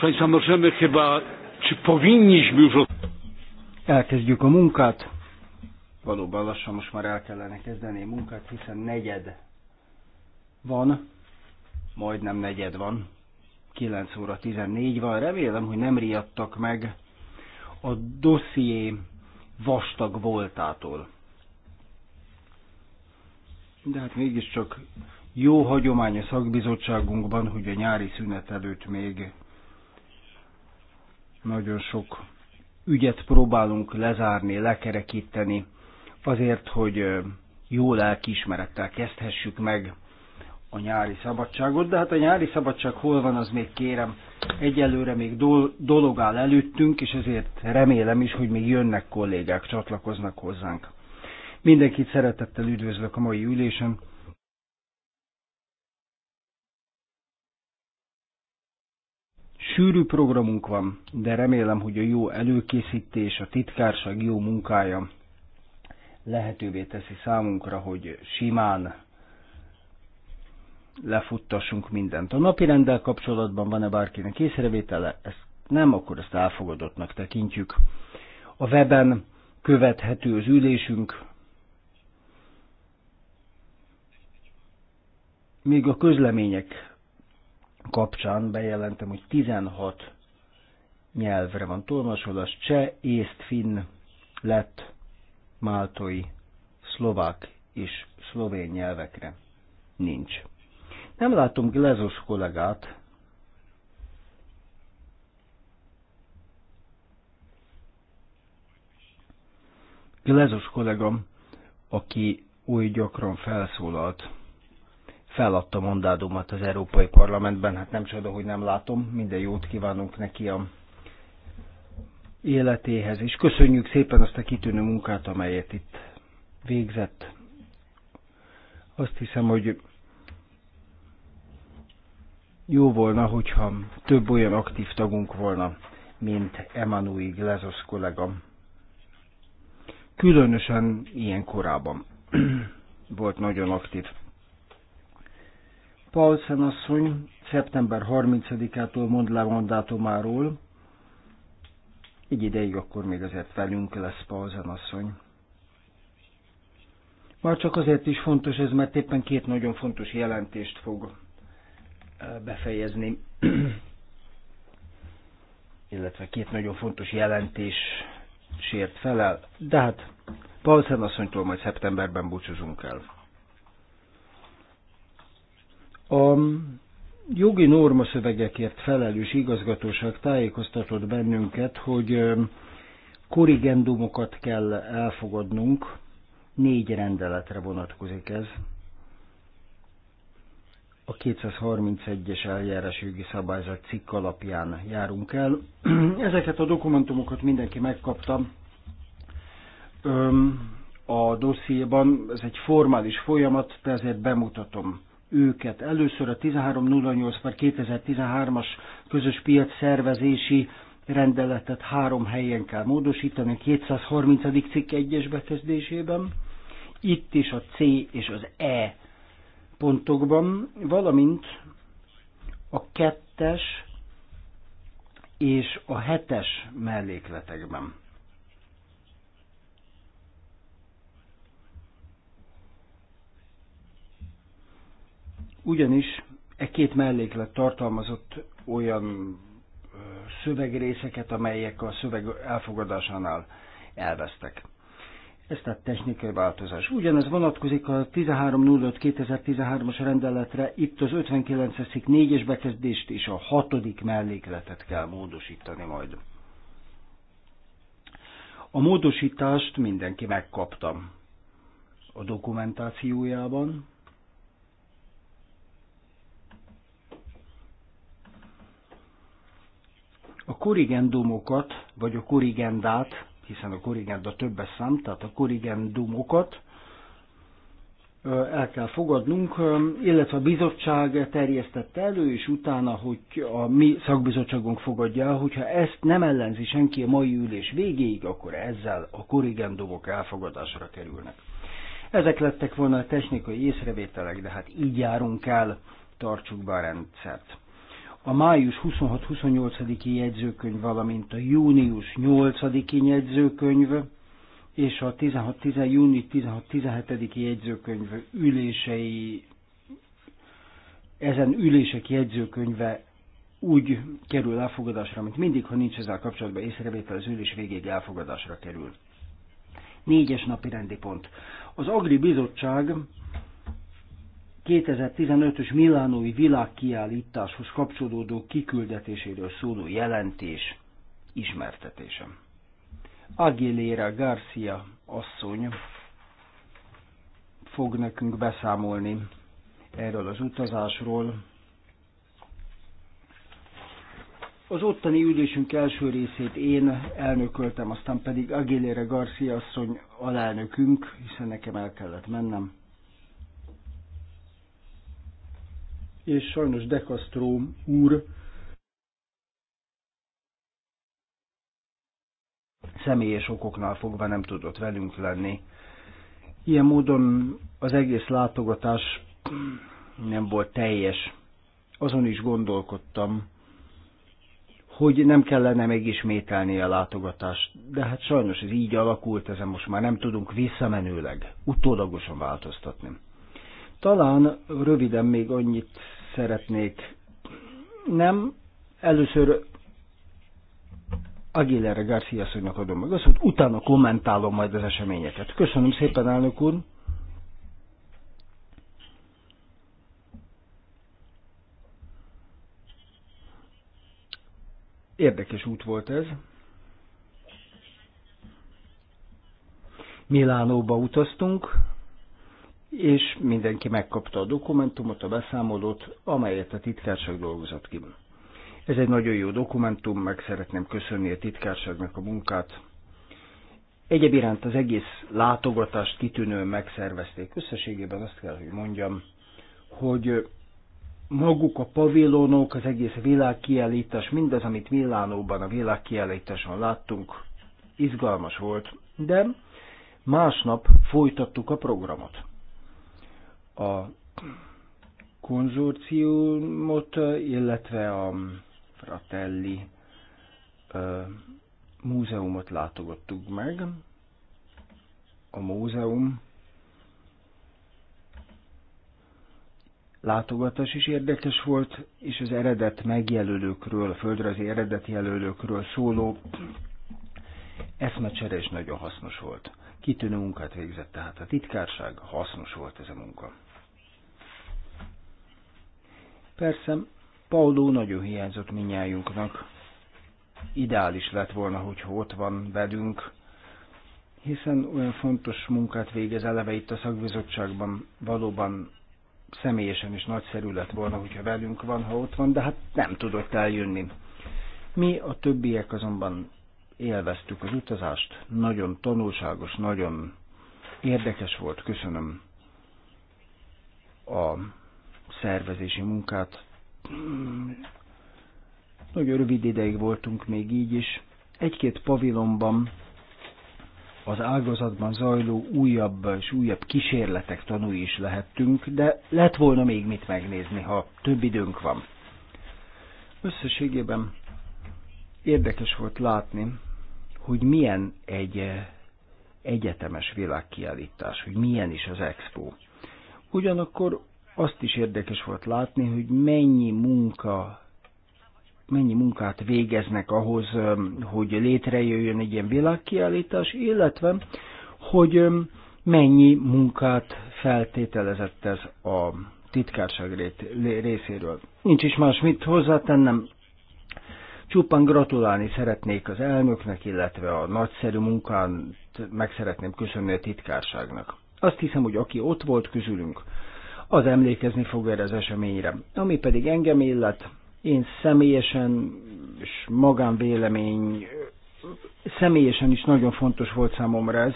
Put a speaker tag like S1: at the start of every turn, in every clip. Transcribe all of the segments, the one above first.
S1: Państwa, możemy chyba, czy powinniśmy już...
S2: Elkezdjük a munkát. Valóban lassan most már el kellene kezdeni a munkát, hiszen negyed van, majdnem negyed van, 9 óra 14 van. Remélem, hogy nem riadtak meg a dosszié vastag voltától. De hát mégiscsak jó hagyomány a szakbizottságunkban, hogy a nyári szünet előtt még nagyon sok ügyet próbálunk lezárni, lekerekíteni, azért, hogy jó lelkiismerettel kezdhessük meg a nyári szabadságot, de hát a nyári szabadság hol van, az még kérem, egyelőre még dolog áll előttünk, és ezért remélem is, hogy még jönnek kollégák, csatlakoznak hozzánk. Mindenkit szeretettel üdvözlök a mai ülésen, Sűrű programunk van, de remélem, hogy a jó előkészítés, a titkárság jó munkája lehetővé teszi számunkra, hogy simán lefuttassunk mindent. A napi rendel kapcsolatban van-e bárkinek észrevétele? Ezt nem, akkor ezt elfogadottnak tekintjük. A weben követhető az ülésünk, még a közlemények kapcsán bejelentem, hogy 16 nyelvre van tolmásolás, cseh, észt, finn, lett, máltai, szlovák és szlovén nyelvekre nincs. Nem látom Glezos kollégát, Glezos kollégám, aki oly gyakran felszólalt feladta mandátumát az Európai Parlamentben, hát nem csoda, hogy nem látom, minden jót kívánunk neki a életéhez, és köszönjük szépen azt a kitűnő munkát, amelyet itt végzett. Azt hiszem, hogy jó volna, hogyha több olyan aktív tagunk volna, mint Emanuel Glezos kollégam. Különösen ilyen korában volt nagyon aktív. Paulsen asszony szeptember 30-ától mond le mandátumáról, egy ideig akkor még azért velünk lesz Paulsen asszony. Már csak azért is fontos ez, mert éppen két nagyon fontos jelentést fog eh, befejezni, illetve két nagyon fontos jelentésért felel, de hát Paulsen asszonytól majd szeptemberben búcsúzunk el. A jogi norma szövegekért felelős igazgatóság tájékoztatott bennünket, hogy korrigendumokat kell elfogadnunk, négy rendeletre vonatkozik ez. A 231-es jogi szabályzat cikk alapján járunk el. Ezeket a dokumentumokat mindenki megkapta a dossziéban. Ez egy formális folyamat, de ezért bemutatom őket. Először a 1308 per 2013-as közös piac szervezési rendeletet három helyen kell módosítani, a 230. cikk egyes bekezdésében, itt is a C és az E pontokban, valamint a kettes és a hetes mellékletekben. Ugyanis e két melléklet tartalmazott olyan szövegrészeket, amelyek a szöveg elfogadásánál elvesztek. Ez tehát technikai változás. Ugyanez vonatkozik a 1305-2013-as rendeletre, itt az 59-es szik 4-es bekezdést és a hatodik mellékletet kell módosítani majd. A módosítást mindenki megkaptam a dokumentációjában, korrigendumokat, vagy a korrigendát, hiszen a korrigenda többes szám, tehát a korrigendumokat el kell fogadnunk, illetve a bizottság terjesztette elő, és utána, hogy a mi szakbizottságunk fogadja el, hogyha ezt nem ellenzi senki a mai ülés végéig, akkor ezzel a korrigendumok elfogadásra kerülnek. Ezek lettek volna a technikai észrevételek, de hát így járunk el, tartsuk be a rendszert a május 26-28-i jegyzőkönyv, valamint a június 8-i jegyzőkönyv és a 16 10, júni 16-17-i jegyzőkönyv ülései, ezen ülések jegyzőkönyve úgy kerül elfogadásra, mint mindig, ha nincs ezzel kapcsolatban észrevétel, az ülés végéig elfogadásra kerül. Négyes napi rendi pont. Az Agri Bizottság 2015-ös Milánói világkiállításhoz kapcsolódó kiküldetéséről szóló jelentés ismertetésem. Aguilera Garcia asszony fog nekünk beszámolni erről az utazásról. Az ottani ülésünk első részét én elnököltem, aztán pedig Aguilera Garcia asszony alelnökünk, hiszen nekem el kellett mennem. és sajnos Dekasztróm úr személyes okoknál fogva nem tudott velünk lenni. Ilyen módon az egész látogatás nem volt teljes. Azon is gondolkodtam, hogy nem kellene megismételni a látogatást, de hát sajnos ez így alakult, ezen most már nem tudunk visszamenőleg, utólagosan változtatni. Talán röviden még annyit szeretnék. Nem, először Aguilera García asszonynak adom meg azt, hogy utána kommentálom majd az eseményeket. Köszönöm szépen, elnök úr! Érdekes út volt ez. Milánóba utaztunk, és mindenki megkapta a dokumentumot, a beszámolót, amelyet a titkárság dolgozott ki. Ez egy nagyon jó dokumentum, meg szeretném köszönni a titkárságnak a munkát. Egyéb iránt az egész látogatást kitűnően megszervezték. Összességében azt kell, hogy mondjam, hogy maguk a pavilonok, az egész világkiállítás, mindaz, amit Milánóban a világkiállításon láttunk, izgalmas volt, de másnap folytattuk a programot a konzorciumot, illetve a Fratelli múzeumot látogattuk meg. A múzeum látogatás is érdekes volt, és az eredet megjelölőkről, a földrajzi jelölőkről szóló eszmecsere is nagyon hasznos volt. Kitűnő munkát végzett tehát a titkárság, hasznos volt ez a munka. Persze, Pauló nagyon hiányzott minnyájunknak. Ideális lett volna, hogy ott van velünk, hiszen olyan fontos munkát végez eleve itt a szakbizottságban, valóban személyesen is nagyszerű lett volna, hogyha velünk van, ha ott van, de hát nem tudott eljönni. Mi a többiek azonban élveztük az utazást, nagyon tanulságos, nagyon érdekes volt, köszönöm a szervezési munkát. Nagyon rövid ideig voltunk még így is. Egy-két pavilonban az ágazatban zajló újabb és újabb kísérletek tanúi is lehettünk, de lett volna még mit megnézni, ha több időnk van. Összességében érdekes volt látni, hogy milyen egy eh, egyetemes világkiállítás, hogy milyen is az expo. Ugyanakkor azt is érdekes volt látni, hogy mennyi munka mennyi munkát végeznek ahhoz, hogy létrejöjjön egy ilyen világkiállítás, illetve hogy mennyi munkát feltételezett ez a titkárság részéről. Nincs is más mit hozzátennem. Csupán gratulálni szeretnék az elnöknek, illetve a nagyszerű munkán meg szeretném köszönni a titkárságnak. Azt hiszem, hogy aki ott volt közülünk, az emlékezni fog erre az eseményre. Ami pedig engem illet, én személyesen és magánvélemény, személyesen is nagyon fontos volt számomra ez,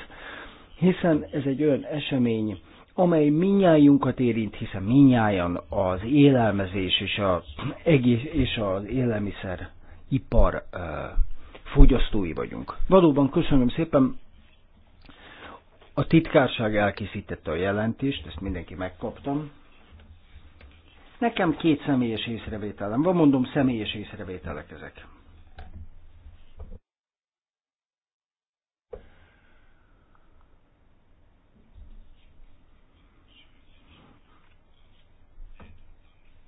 S2: hiszen ez egy olyan esemény, amely minnyájunkat érint, hiszen minnyájan az élelmezés és, a, egész, és az élelmiszer ipar fogyasztói vagyunk. Valóban köszönöm szépen, a titkárság elkészítette a jelentést, ezt mindenki megkaptam. Nekem két személyes észrevételem van, mondom személyes észrevételek ezek.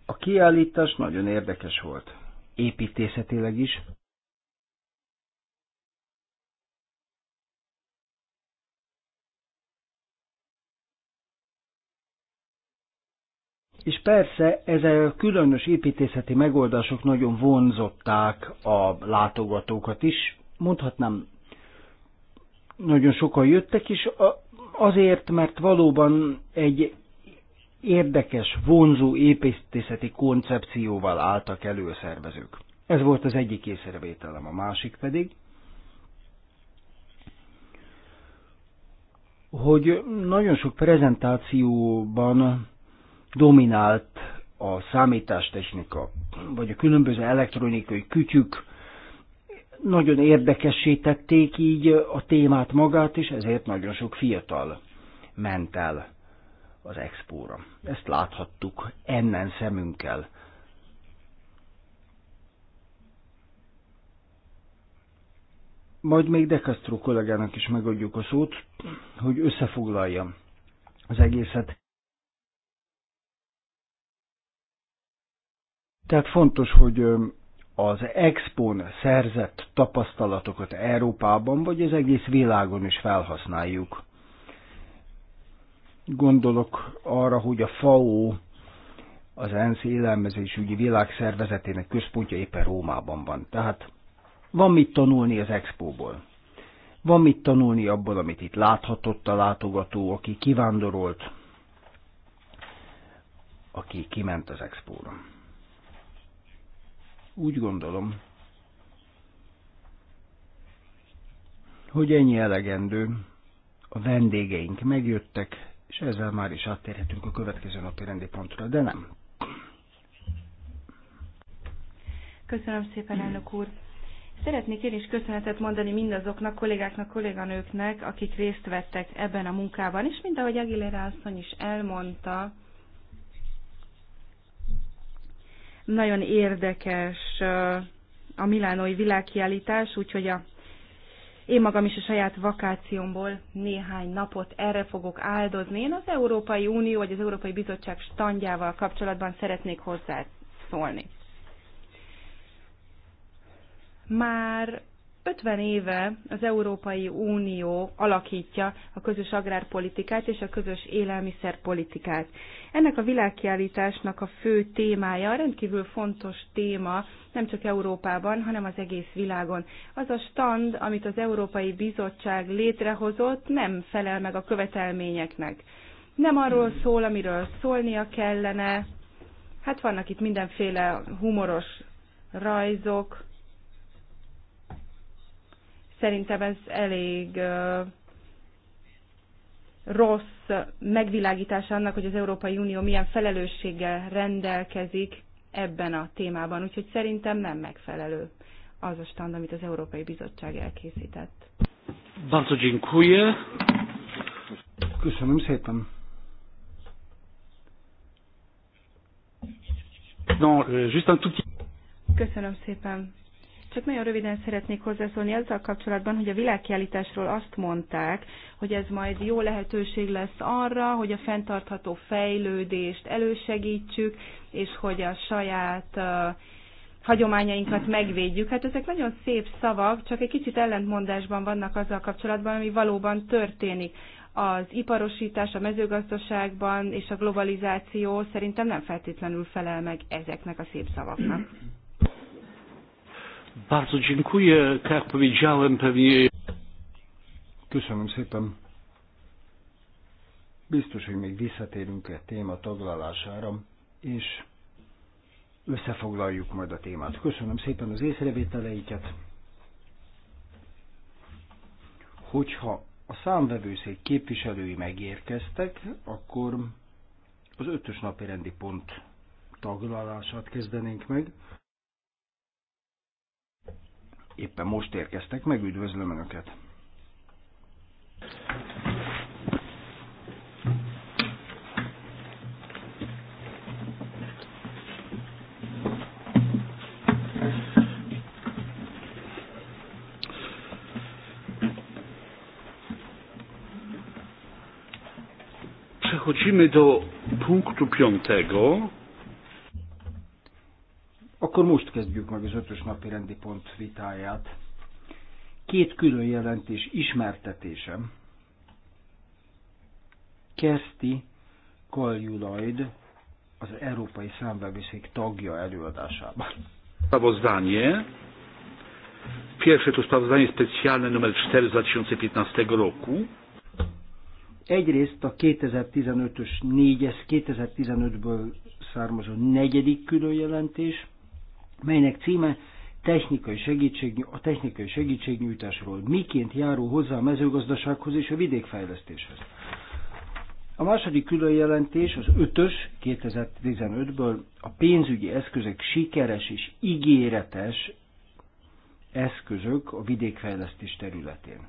S2: A kiállítás nagyon érdekes volt, építészetileg is, És persze ezek a különös építészeti megoldások nagyon vonzották a látogatókat is. Mondhatnám, nagyon sokan jöttek is, azért, mert valóban egy érdekes, vonzó építészeti koncepcióval álltak elő a szervezők. Ez volt az egyik észrevételem, a másik pedig, hogy nagyon sok prezentációban dominált a számítástechnika, vagy a különböző elektronikai kütyük, nagyon érdekessé tették így a témát magát, és ezért nagyon sok fiatal ment el az expóra. Ezt láthattuk ennen szemünkkel. Majd még De kollégának is megadjuk a szót, hogy összefoglalja az egészet. Tehát fontos, hogy az Expon szerzett tapasztalatokat Európában, vagy az egész világon is felhasználjuk. Gondolok arra, hogy a FAO, az ENSZ élelmezésügyi világszervezetének központja éppen Rómában van. Tehát van mit tanulni az Expóból. Van mit tanulni abból, amit itt láthatott a látogató, aki kivándorolt, aki kiment az expóra. Úgy gondolom, hogy ennyi elegendő. A vendégeink megjöttek, és ezzel már is áttérhetünk a következő napi rendi pontra, de nem.
S3: Köszönöm szépen, elnök úr. Szeretnék én is köszönetet mondani mindazoknak, kollégáknak, kolléganőknek, akik részt vettek ebben a munkában, és mind ahogy Aguilera asszony is elmondta, Nagyon érdekes a milánói világkiállítás, úgyhogy a én magam is a saját vakációmból néhány napot erre fogok áldozni. Én az Európai Unió vagy az Európai Bizottság standjával kapcsolatban szeretnék hozzá szólni. Már 50 éve az Európai Unió alakítja a közös agrárpolitikát és a közös élelmiszerpolitikát. Ennek a világkiállításnak a fő témája, rendkívül fontos téma, nem csak Európában, hanem az egész világon. Az a stand, amit az Európai Bizottság létrehozott, nem felel meg a követelményeknek. Nem arról szól, amiről szólnia kellene. Hát vannak itt mindenféle humoros rajzok, Szerintem ez elég rossz megvilágítása annak, hogy az Európai Unió milyen felelősséggel rendelkezik ebben a témában. Úgyhogy szerintem nem megfelelő az a stand, amit az Európai Bizottság elkészített.
S2: Bardzo dziękuję. Köszönöm szépen.
S1: Non, juste un tout petit...
S3: Köszönöm szépen. Csak nagyon röviden szeretnék hozzászólni azzal kapcsolatban, hogy a világkiállításról azt mondták, hogy ez majd jó lehetőség lesz arra, hogy a fenntartható fejlődést elősegítsük, és hogy a saját hagyományainkat megvédjük. Hát ezek nagyon szép szavak, csak egy kicsit ellentmondásban vannak azzal kapcsolatban, ami valóban történik. Az iparosítás a mezőgazdaságban és a globalizáció szerintem nem feltétlenül felel meg ezeknek a szép szavaknak.
S1: Bardzo dziękuję. Tak jak powiedziałem, pewnie...
S2: Köszönöm szépen. Biztos, hogy még visszatérünk a téma taglalására, és összefoglaljuk majd a témát. Köszönöm szépen az észrevételeiket. Hogyha a számvevőszék képviselői megérkeztek, akkor az ötös napi rendi pont taglalását kezdenénk meg éppen most érkeztek meg, üdvözlöm Önöket!
S1: Przechodzimy do punktu piątego. Akkor
S2: most kezdjük meg az ötös napi rendi pont vitáját. Két külön jelentés ismertetésem. Kersti Kaljulajd, az Európai Számvevőszék tagja előadásában.
S1: Sprawozdanie. Pierwsze to sprawozdanie specjalne numer 4
S3: z 2015 roku.
S2: Egyrészt a 2015-ös 4-es 2015-ből származó negyedik jelentés melynek címe technikai segítség, a technikai segítségnyújtásról, miként járul hozzá a mezőgazdasághoz és a vidékfejlesztéshez. A második külön jelentés az 5-ös 2015-ből a pénzügyi eszközök sikeres és ígéretes eszközök a vidékfejlesztés területén.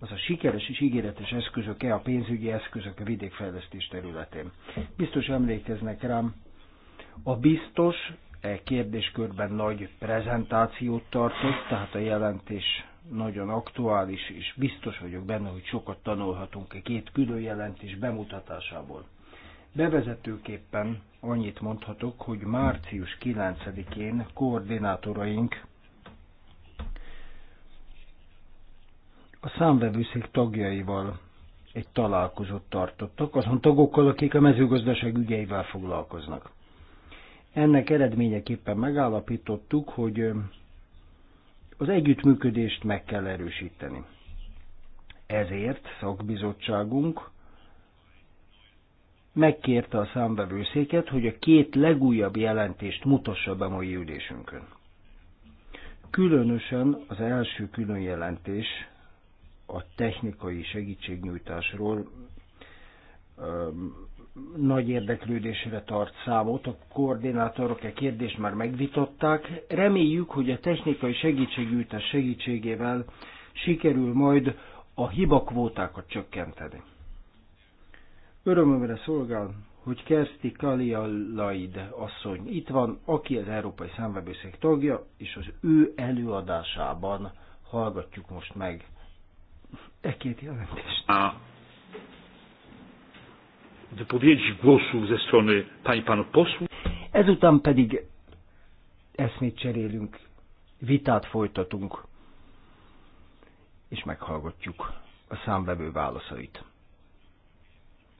S2: Az a sikeres és ígéretes eszközök-e a pénzügyi eszközök a vidékfejlesztés területén. Biztos emlékeznek rám, a biztos E, kérdéskörben nagy prezentációt tartott, tehát a jelentés nagyon aktuális, és biztos vagyok benne, hogy sokat tanulhatunk a e két külön jelentés bemutatásából. Bevezetőképpen annyit mondhatok, hogy március 9-én koordinátoraink a számvevőszék tagjaival egy találkozót tartottak, azon tagokkal, akik a mezőgazdaság ügyeivel foglalkoznak. Ennek eredményeképpen megállapítottuk, hogy az együttműködést meg kell erősíteni. Ezért szakbizottságunk megkérte a számbevőszéket, hogy a két legújabb jelentést mutassa be mai ülésünkön. Különösen az első külön jelentés a technikai segítségnyújtásról nagy érdeklődésre tart számot. A koordinátorok e kérdést már megvitatták. Reméljük, hogy a technikai segítségültes segítségével sikerül majd a hibakvótákat csökkenteni. Örömömre szolgál, hogy Kersti Kalialaid asszony itt van, aki az Európai Számvevőszék tagja, és az ő előadásában hallgatjuk most meg e két jelentést
S1: wypowiedzi, głosów ze strony pań i panów posłów.
S2: Ezután pedig eszmét cserélünk, vitát folytatunk, és meghallgatjuk a számbevő válaszait.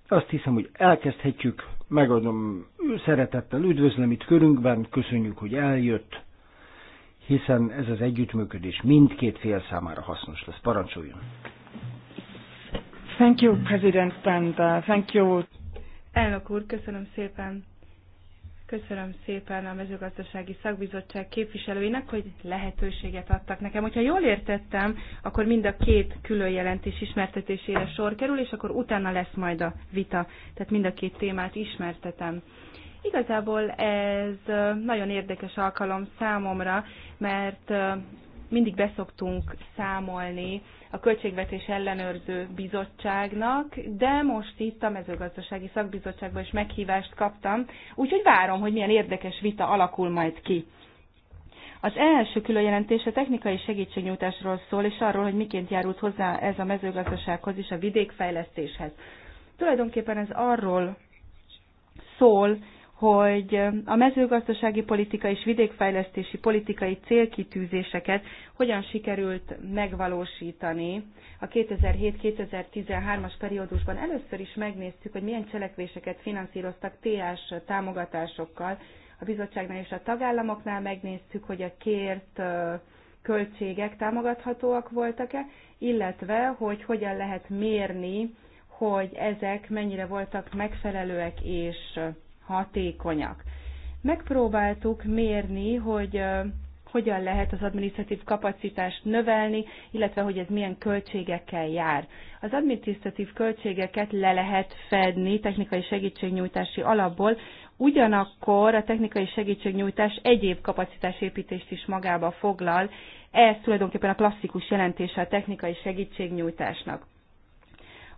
S2: Azt hiszem, hogy elkezdhetjük, megadom szeretettel, üdvözlöm itt körünkben, köszönjük, hogy eljött, hiszen ez az együttműködés mindkét fél számára hasznos lesz. Parancsoljon! Thank you, President, and uh, thank you.
S3: Elnök úr, köszönöm szépen. Köszönöm szépen a mezőgazdasági szakbizottság képviselőinek, hogy lehetőséget adtak nekem. Hogyha jól értettem, akkor mind a két külön jelentés ismertetésére sor kerül, és akkor utána lesz majd a vita. Tehát mind a két témát ismertetem. Igazából ez nagyon érdekes alkalom számomra, mert mindig beszoktunk számolni a Költségvetés Ellenőrző Bizottságnak, de most itt a mezőgazdasági szakbizottságban is meghívást kaptam, úgyhogy várom, hogy milyen érdekes vita alakul majd ki. Az első különjelentés a technikai segítségnyújtásról szól, és arról, hogy miként járult hozzá ez a mezőgazdasághoz és a vidékfejlesztéshez. Tulajdonképpen ez arról szól, hogy a mezőgazdasági politika és vidékfejlesztési politikai célkitűzéseket hogyan sikerült megvalósítani. A 2007-2013-as periódusban először is megnéztük, hogy milyen cselekvéseket finanszíroztak TS támogatásokkal. A bizottságnál és a tagállamoknál megnéztük, hogy a kért költségek támogathatóak voltak-e, illetve hogy hogyan lehet mérni, hogy ezek mennyire voltak megfelelőek és hatékonyak. Megpróbáltuk mérni, hogy hogyan lehet az adminisztratív kapacitást növelni, illetve hogy ez milyen költségekkel jár. Az adminisztratív költségeket le lehet fedni technikai segítségnyújtási alapból, ugyanakkor a technikai segítségnyújtás egyéb kapacitásépítést is magába foglal. Ez tulajdonképpen a klasszikus jelentése a technikai segítségnyújtásnak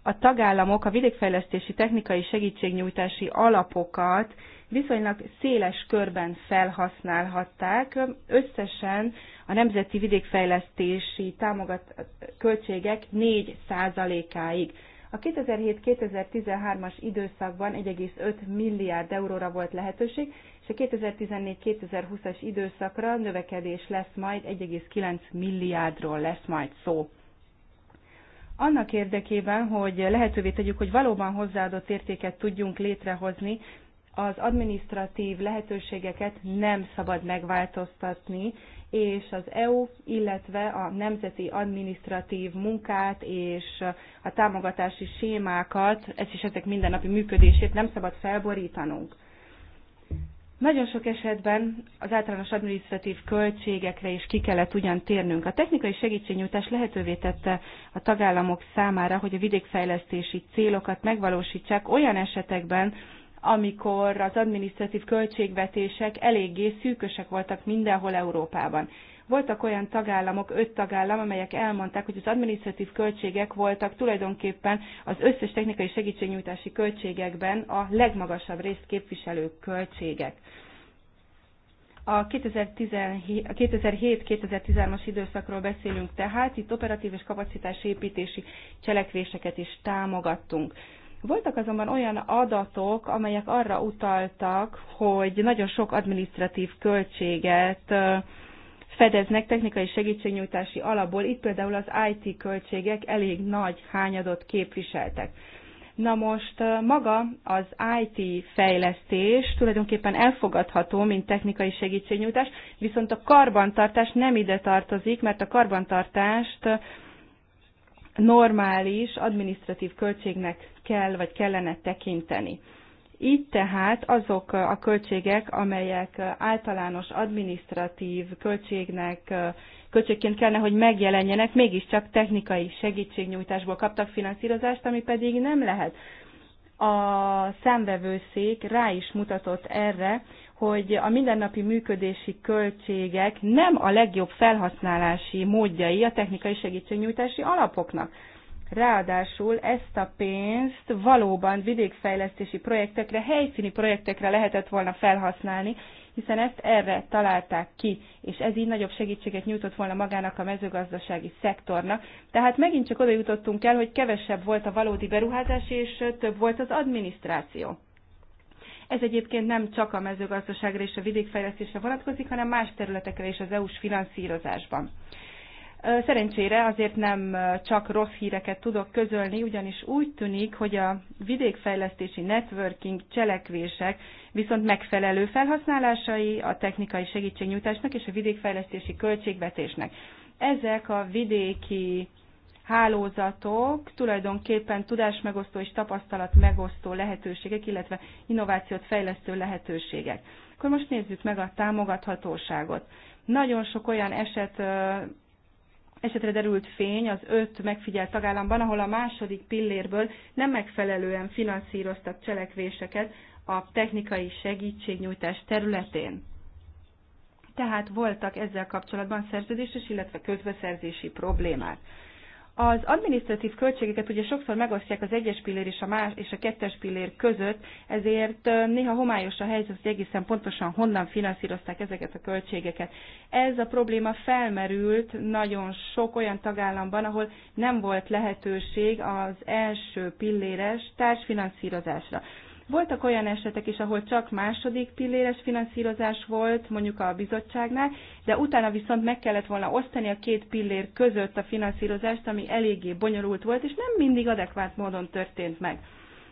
S3: a tagállamok a vidékfejlesztési technikai segítségnyújtási alapokat viszonylag széles körben felhasználhatták. Összesen a nemzeti vidékfejlesztési támogat költségek 4%-áig. A 2007-2013-as időszakban 1,5 milliárd euróra volt lehetőség, és a 2014-2020-as időszakra növekedés lesz majd, 1,9 milliárdról lesz majd szó annak érdekében, hogy lehetővé tegyük, hogy valóban hozzáadott értéket tudjunk létrehozni, az administratív lehetőségeket nem szabad megváltoztatni, és az EU, illetve a nemzeti administratív munkát és a támogatási sémákat, ez is ezek mindennapi működését nem szabad felborítanunk. Nagyon sok esetben az általános adminisztratív költségekre is ki kellett ugyan térnünk. A technikai segítségnyújtás lehetővé tette a tagállamok számára, hogy a vidékfejlesztési célokat megvalósítsák olyan esetekben, amikor az adminisztratív költségvetések eléggé szűkösek voltak mindenhol Európában. Voltak olyan tagállamok, öt tagállam, amelyek elmondták, hogy az adminisztratív költségek voltak tulajdonképpen az összes technikai segítségnyújtási költségekben a legmagasabb részt képviselő költségek. A 2007-2013-as időszakról beszélünk tehát, itt operatív és építési cselekvéseket is támogattunk. Voltak azonban olyan adatok, amelyek arra utaltak, hogy nagyon sok administratív költséget fedeznek technikai segítségnyújtási alapból. Itt például az IT költségek elég nagy hányadot képviseltek. Na most maga az IT fejlesztés tulajdonképpen elfogadható, mint technikai segítségnyújtás, viszont a karbantartás nem ide tartozik, mert a karbantartást normális, administratív költségnek kell vagy kellene tekinteni. Így tehát azok a költségek, amelyek általános adminisztratív költségnek, költségként kellene, hogy megjelenjenek, mégiscsak technikai segítségnyújtásból kaptak finanszírozást, ami pedig nem lehet. A szemvevőszék rá is mutatott erre, hogy a mindennapi működési költségek nem a legjobb felhasználási módjai a technikai segítségnyújtási alapoknak Ráadásul ezt a pénzt valóban vidékfejlesztési projektekre, helyszíni projektekre lehetett volna felhasználni, hiszen ezt erre találták ki, és ez így nagyobb segítséget nyújtott volna magának a mezőgazdasági szektornak. Tehát megint csak oda jutottunk el, hogy kevesebb volt a valódi beruházás, és több volt az adminisztráció. Ez egyébként nem csak a mezőgazdaságra és a vidékfejlesztésre vonatkozik, hanem más területekre is az EU-s finanszírozásban. Szerencsére azért nem csak rossz híreket tudok közölni, ugyanis úgy tűnik, hogy a vidékfejlesztési networking cselekvések viszont megfelelő felhasználásai a technikai segítségnyújtásnak és a vidékfejlesztési költségvetésnek. Ezek a vidéki hálózatok tulajdonképpen tudásmegosztó és tapasztalat megosztó lehetőségek, illetve innovációt fejlesztő lehetőségek. Akkor most nézzük meg a támogathatóságot. Nagyon sok olyan eset esetre derült fény az öt megfigyelt tagállamban, ahol a második pillérből nem megfelelően finanszíroztak cselekvéseket a technikai segítségnyújtás területén. Tehát voltak ezzel kapcsolatban szerződéses, illetve közbeszerzési problémák. Az adminisztratív költségeket ugye sokszor megosztják az egyes pillér és a, más, és a kettes pillér között, ezért néha homályos a helyzet, hogy egészen pontosan honnan finanszírozták ezeket a költségeket. Ez a probléma felmerült nagyon sok olyan tagállamban, ahol nem volt lehetőség az első pilléres társfinanszírozásra. Voltak olyan esetek is, ahol csak második pilléres finanszírozás volt, mondjuk a bizottságnál, de utána viszont meg kellett volna osztani a két pillér között a finanszírozást, ami eléggé bonyolult volt, és nem mindig adekvát módon történt meg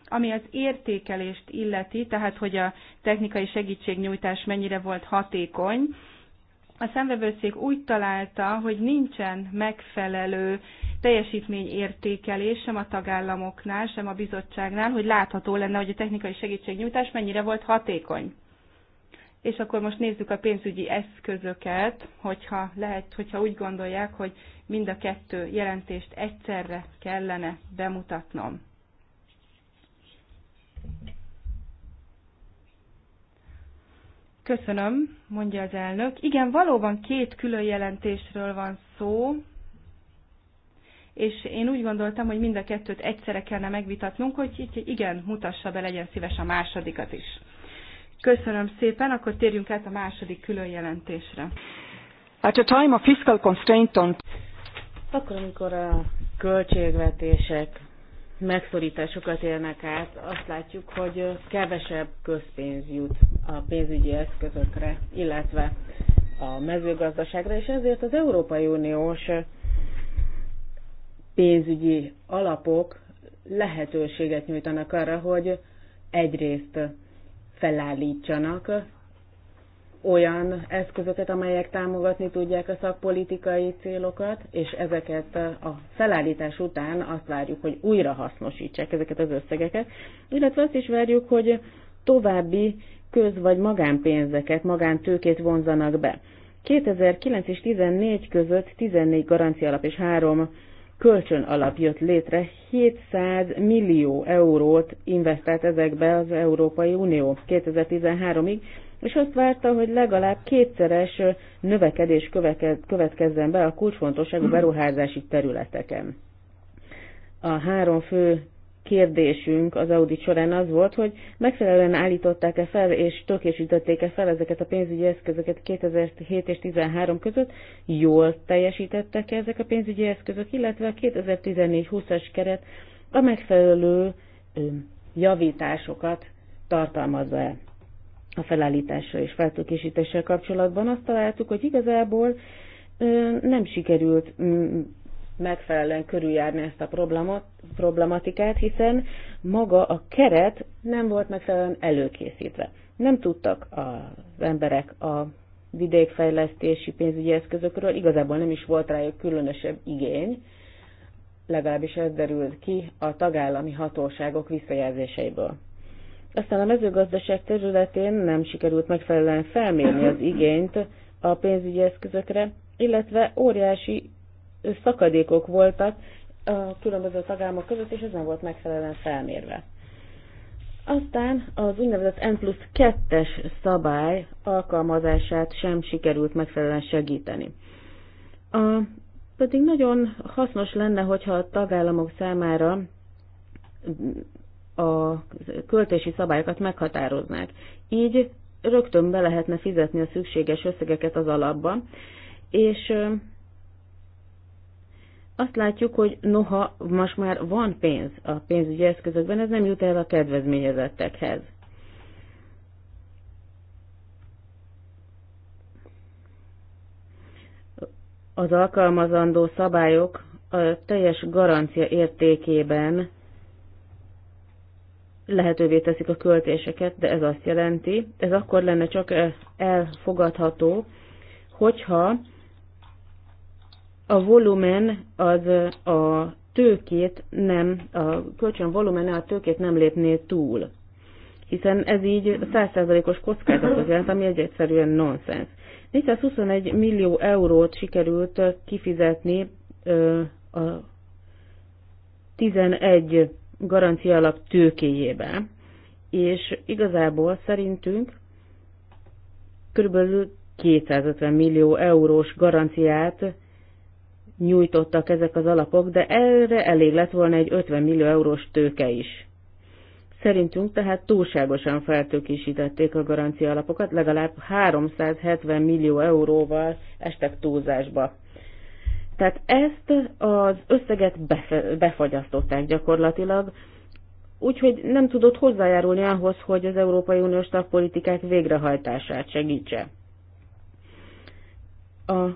S3: ami az értékelést illeti, tehát hogy a technikai segítségnyújtás mennyire volt hatékony. A szemvevőszék úgy találta, hogy nincsen megfelelő értékelés sem a tagállamoknál, sem a bizottságnál, hogy látható lenne, hogy a technikai segítségnyújtás mennyire volt hatékony. És akkor most nézzük a pénzügyi eszközöket, hogyha, lehet, hogyha úgy gondolják, hogy mind a kettő jelentést egyszerre kellene bemutatnom. Köszönöm, mondja az elnök. Igen, valóban két külön jelentésről van szó, és én úgy gondoltam, hogy mind a kettőt egyszerre kellene megvitatnunk, hogy így igen, mutassa be, legyen szíves a másodikat is. Köszönöm szépen, akkor térjünk át a második külön jelentésre.
S2: At a time of fiscal constraint on...
S4: Akkor, amikor a költségvetések megszorításokat élnek át, azt látjuk, hogy kevesebb közpénz jut a pénzügyi eszközökre, illetve a mezőgazdaságra, és ezért az Európai Uniós pénzügyi alapok lehetőséget nyújtanak arra, hogy egyrészt felállítsanak olyan eszközöket, amelyek támogatni tudják a szakpolitikai célokat, és ezeket a felállítás után azt várjuk, hogy újra hasznosítsák ezeket az összegeket, illetve azt is várjuk, hogy további köz- vagy magánpénzeket, magántőkét vonzanak be. 2009 és 2014 között 14 garancia alap és 3 kölcsön alap jött létre, 700 millió eurót investált ezekbe az Európai Unió 2013-ig, és azt várta, hogy legalább kétszeres növekedés következzen be a kulcsfontosságú beruházási területeken. A három fő kérdésünk az audit során az volt, hogy megfelelően állították-e fel és tökésítették-e fel ezeket a pénzügyi eszközöket 2007 és 2013 között, jól teljesítettek -e ezek a pénzügyi eszközök, illetve a 2014-20-as keret a megfelelő javításokat tartalmazza e a felállítással és feltökésítéssel kapcsolatban. Azt találtuk, hogy igazából nem sikerült megfelelően körüljárni ezt a problematikát, hiszen maga a keret nem volt megfelelően előkészítve. Nem tudtak az emberek a vidékfejlesztési pénzügyi eszközökről, igazából nem is volt rájuk különösebb igény, legalábbis ez derült ki a tagállami hatóságok visszajelzéseiből. Aztán a mezőgazdaság területén nem sikerült megfelelően felmérni az igényt a pénzügyi eszközökre, illetve óriási szakadékok voltak a különböző tagállamok között, és ez nem volt megfelelően felmérve. Aztán az úgynevezett N plusz 2-es szabály alkalmazását sem sikerült megfelelően segíteni. A, pedig nagyon hasznos lenne, hogyha a tagállamok számára a költési szabályokat meghatároznák. Így rögtön be lehetne fizetni a szükséges összegeket az alapba, és azt látjuk, hogy noha most már van pénz a pénzügyi eszközökben, ez nem jut el a kedvezményezettekhez. Az alkalmazandó szabályok a teljes garancia értékében lehetővé teszik a költéseket, de ez azt jelenti, ez akkor lenne csak elfogadható, hogyha a volumen az a tőkét nem, a kölcsön volumene a tőkét nem lépné túl. Hiszen ez így 100%-os kockázatot jelent, ami egy egyszerűen nonsens. 421 millió eurót sikerült kifizetni a 11 garancia alap tőkéjébe, és igazából szerintünk körülbelül 250 millió eurós garanciát nyújtottak ezek az alapok, de erre elég lett volna egy 50 millió eurós tőke is. Szerintünk tehát túlságosan feltökésítették a garancia alapokat, legalább 370 millió euróval estek túlzásba. Tehát ezt az összeget befagyasztották gyakorlatilag, úgyhogy nem tudott hozzájárulni ahhoz, hogy az Európai Uniós tagpolitikák végrehajtását segítse. A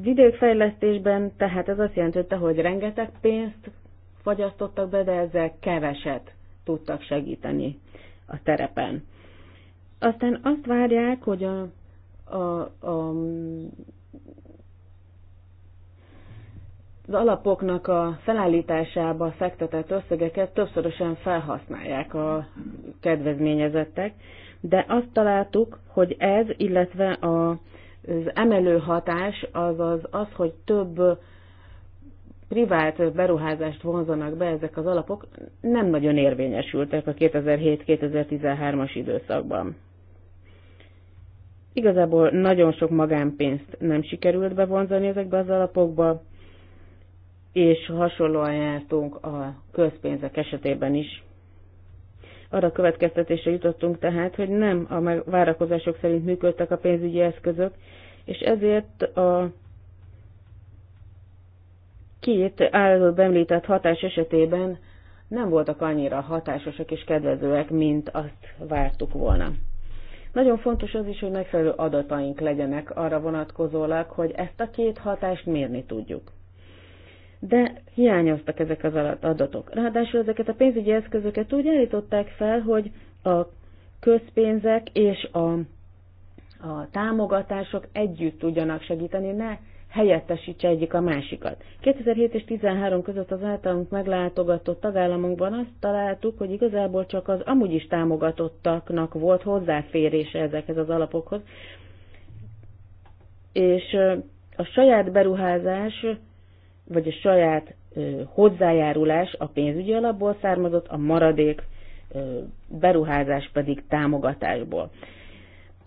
S4: vidékfejlesztésben tehát ez azt jelentette, hogy rengeteg pénzt fogyasztottak be, de ezzel keveset tudtak segíteni a terepen. Aztán azt várják, hogy a, a, a, az alapoknak a felállításába fektetett összegeket többszörösen felhasználják a kedvezményezettek, de azt találtuk, hogy ez, illetve a az emelő hatás azaz az, hogy több privát beruházást vonzanak be ezek az alapok, nem nagyon érvényesültek a 2007-2013-as időszakban. Igazából nagyon sok magánpénzt nem sikerült bevonzani ezekbe az alapokba, és hasonlóan jártunk a közpénzek esetében is. Arra következtetésre jutottunk tehát, hogy nem a várakozások szerint működtek a pénzügyi eszközök, és ezért a két előbb említett hatás esetében nem voltak annyira hatásosak és kedvezőek, mint azt vártuk volna. Nagyon fontos az is, hogy megfelelő adataink legyenek arra vonatkozólag, hogy ezt a két hatást mérni tudjuk de hiányoztak ezek az adatok. Ráadásul ezeket a pénzügyi eszközöket úgy állították fel, hogy a közpénzek és a, a támogatások együtt tudjanak segíteni, ne helyettesítse egyik a másikat. 2007 és 2013 között az általunk meglátogatott tagállamokban azt találtuk, hogy igazából csak az amúgy is támogatottaknak volt hozzáférése ezekhez az alapokhoz, és a saját beruházás vagy a saját ö, hozzájárulás a pénzügyi alapból származott, a maradék ö, beruházás pedig támogatásból.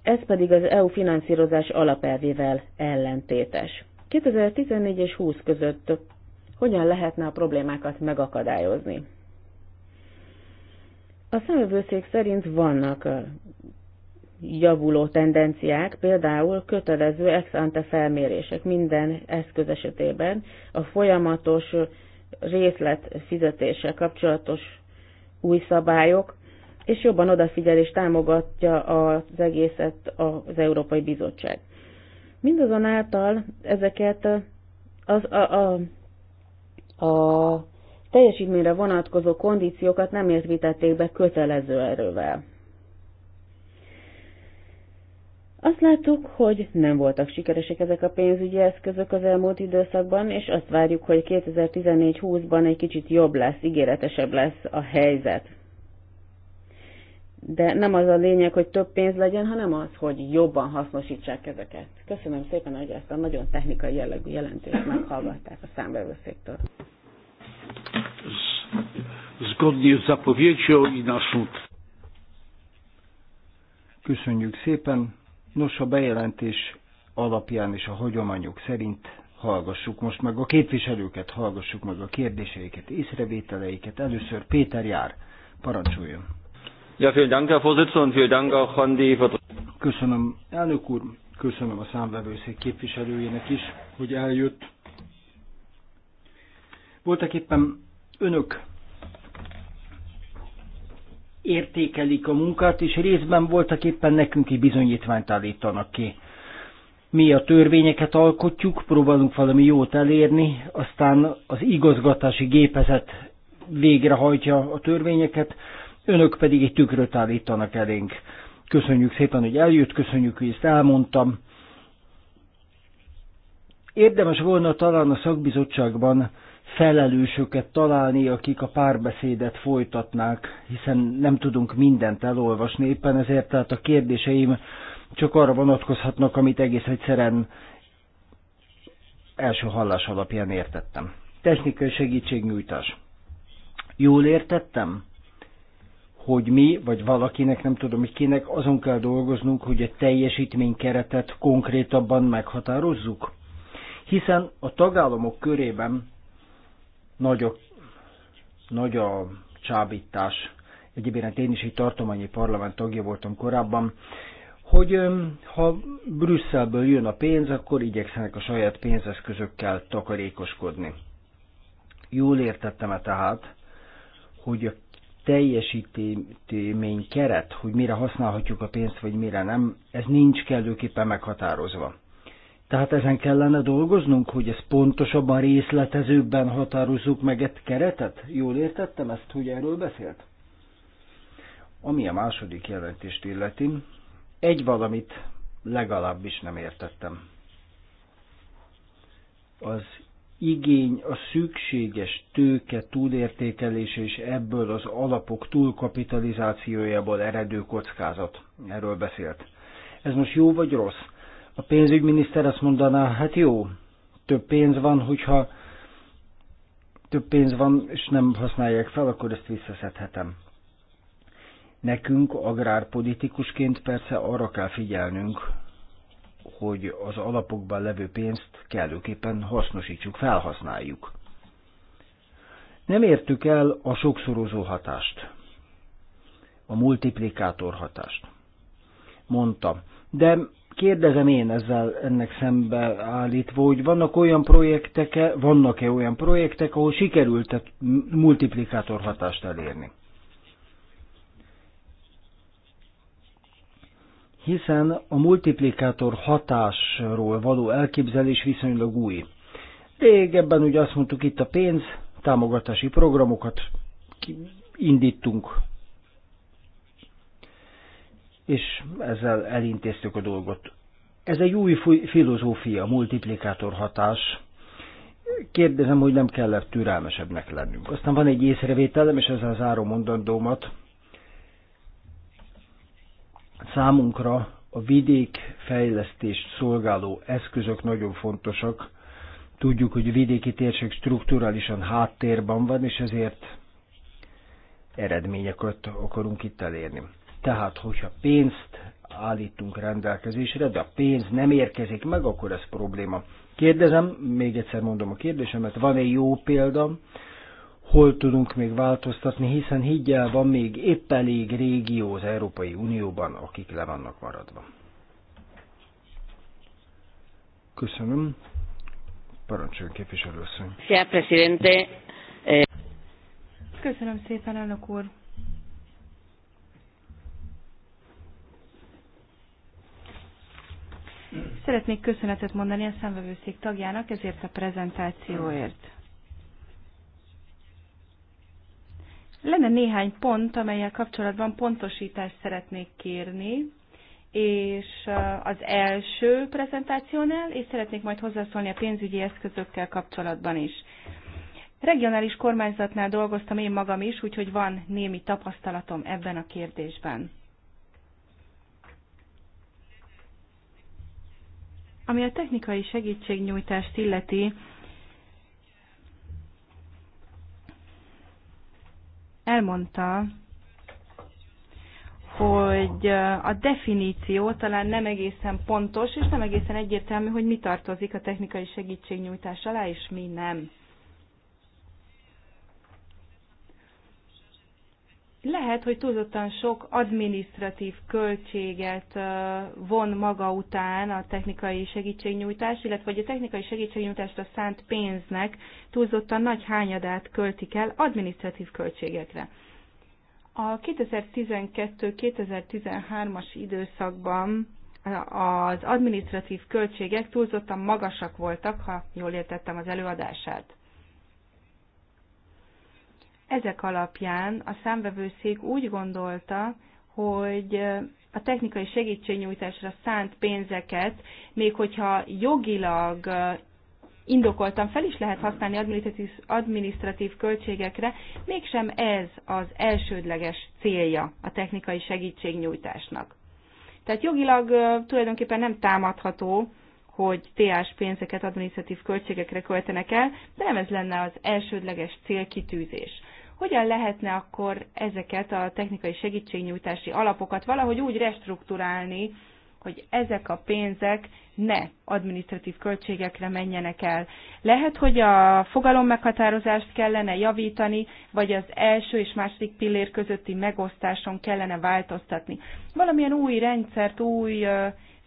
S4: Ez pedig az EU finanszírozás alapelvével ellentétes. 2014 és 20 között hogyan lehetne a problémákat megakadályozni? A szemövőszék szerint vannak javuló tendenciák, például kötelező ex ante felmérések minden eszköz esetében, a folyamatos részlet fizetéssel kapcsolatos új szabályok, és jobban odafigyel és támogatja az egészet az Európai Bizottság. Mindazonáltal ezeket az, a, a, a teljesítményre vonatkozó kondíciókat nem érvítették be kötelező erővel. Azt láttuk, hogy nem voltak sikeresek ezek a pénzügyi eszközök az elmúlt időszakban, és azt várjuk, hogy 2014-20-ban egy kicsit jobb lesz, ígéretesebb lesz a helyzet. De nem az a lényeg, hogy több pénz legyen, hanem az, hogy jobban hasznosítsák ezeket. Köszönöm szépen, hogy ezt a nagyon technikai jellegű jelentést meghallgatták a számbevőszéktől.
S1: Zgodnie z zapowiedzią i naszą
S2: Köszönjük szépen! Nos, a bejelentés alapján és a hagyományok szerint hallgassuk most meg a képviselőket, hallgassuk meg a kérdéseiket, észrevételeiket. Először Péter Jár, parancsoljon. Ja, vielen Dank, Herr Vorsitzender, und vielen Dank auch an die Köszönöm, elnök úr, köszönöm a számvevőszék képviselőjének is, hogy eljött. Voltak éppen önök értékelik a munkát, és részben voltak éppen nekünk egy bizonyítványt állítanak ki. Mi a törvényeket alkotjuk, próbálunk valami jót elérni, aztán az igazgatási gépezet végrehajtja a törvényeket, önök pedig egy tükröt állítanak elénk. Köszönjük szépen, hogy eljött, köszönjük, hogy ezt elmondtam. Érdemes volna talán a szakbizottságban felelősöket találni, akik a párbeszédet folytatnák, hiszen nem tudunk mindent elolvasni, éppen ezért tehát a kérdéseim csak arra vonatkozhatnak, amit egész egyszerűen első hallás alapján értettem. Technikai segítségnyújtás. Jól értettem? hogy mi, vagy valakinek, nem tudom, hogy kinek, azon kell dolgoznunk, hogy a teljesítménykeretet konkrétabban meghatározzuk? Hiszen a tagállamok körében nagy a, nagy a csábítás. Egyébként én is egy tartományi parlament tagja voltam korábban, hogy ha Brüsszelből jön a pénz, akkor igyekszenek a saját pénzeszközökkel takarékoskodni. Jól értettem-e tehát, hogy a teljesítmény keret, hogy mire használhatjuk a pénzt, vagy mire nem, ez nincs kellőképpen meghatározva. Tehát ezen kellene dolgoznunk, hogy ez pontosabban, részletezőbben határozzuk meg egy keretet? Jól értettem ezt, hogy erről beszélt? Ami a második jelentést illeti, egy valamit legalábbis nem értettem. Az igény, a szükséges tőke túlértékelése és ebből az alapok túlkapitalizációjából eredő kockázat. Erről beszélt. Ez most jó vagy rossz? A pénzügyminiszter azt mondaná, hát jó, több pénz van, hogyha több pénz van, és nem használják fel, akkor ezt visszaszedhetem. Nekünk agrárpolitikusként persze arra kell figyelnünk, hogy az alapokban levő pénzt kellőképpen hasznosítsuk, felhasználjuk. Nem értük el a sokszorozó hatást, a multiplikátor hatást. Mondta, de Kérdezem én ezzel ennek szembe állítva, hogy vannak olyan projektek, -e, vannak-e olyan projektek, ahol sikerült a multiplikátor hatást elérni? Hiszen a multiplikátor hatásról való elképzelés viszonylag új. Régebben ugye azt mondtuk, itt a pénz, támogatási programokat indítunk, és ezzel elintéztük a dolgot. Ez egy új filozófia, multiplikátor hatás. Kérdezem, hogy nem kellett türelmesebbnek lennünk. Aztán van egy észrevételem, és ezzel zárom mondandómat. Számunkra a vidékfejlesztést szolgáló eszközök nagyon fontosak. Tudjuk, hogy a vidéki térség strukturálisan háttérben van, és ezért eredményeket akarunk itt elérni. Tehát, hogyha pénzt állítunk rendelkezésre, de a pénz nem érkezik meg, akkor ez probléma. Kérdezem, még egyszer mondom a kérdésemet, van-e jó példa, hol tudunk még változtatni, hiszen higgyel van még épp elég régió az Európai Unióban, akik le vannak maradva. Köszönöm. Parancsoljon képviselőasszony. Szia,
S4: eh,
S3: Köszönöm szépen, elnök úr. Szeretnék köszönetet mondani a szemvevőszék tagjának ezért a prezentációért. Lenne néhány pont, amelyel kapcsolatban pontosítást szeretnék kérni, és uh, az első prezentációnál, és szeretnék majd hozzászólni a pénzügyi eszközökkel kapcsolatban is. Regionális kormányzatnál dolgoztam én magam is, úgyhogy van némi tapasztalatom ebben a kérdésben. Ami a technikai segítségnyújtást illeti, elmondta, hogy a definíció talán nem egészen pontos, és nem egészen egyértelmű, hogy mi tartozik a technikai segítségnyújtás alá, és mi nem. lehet, hogy túlzottan sok administratív költséget von maga után a technikai segítségnyújtás, illetve hogy a technikai segítségnyújtást a szánt pénznek túlzottan nagy hányadát költik el administratív költségekre. A 2012-2013-as időszakban az administratív költségek túlzottan magasak voltak, ha jól értettem az előadását. Ezek alapján a számvevőszék úgy gondolta, hogy a technikai segítségnyújtásra szánt pénzeket, még hogyha jogilag indokoltan fel is lehet használni adminisztratív, adminisztratív költségekre, mégsem ez az elsődleges célja a technikai segítségnyújtásnak. Tehát jogilag tulajdonképpen nem támadható, hogy TS pénzeket adminisztratív költségekre költenek el, de nem ez lenne az elsődleges célkitűzés hogyan lehetne akkor ezeket a technikai segítségnyújtási alapokat valahogy úgy restruktúrálni, hogy ezek a pénzek ne administratív költségekre menjenek el. Lehet, hogy a fogalom meghatározást kellene javítani, vagy az első és második pillér közötti megosztáson kellene változtatni. Valamilyen új rendszert, új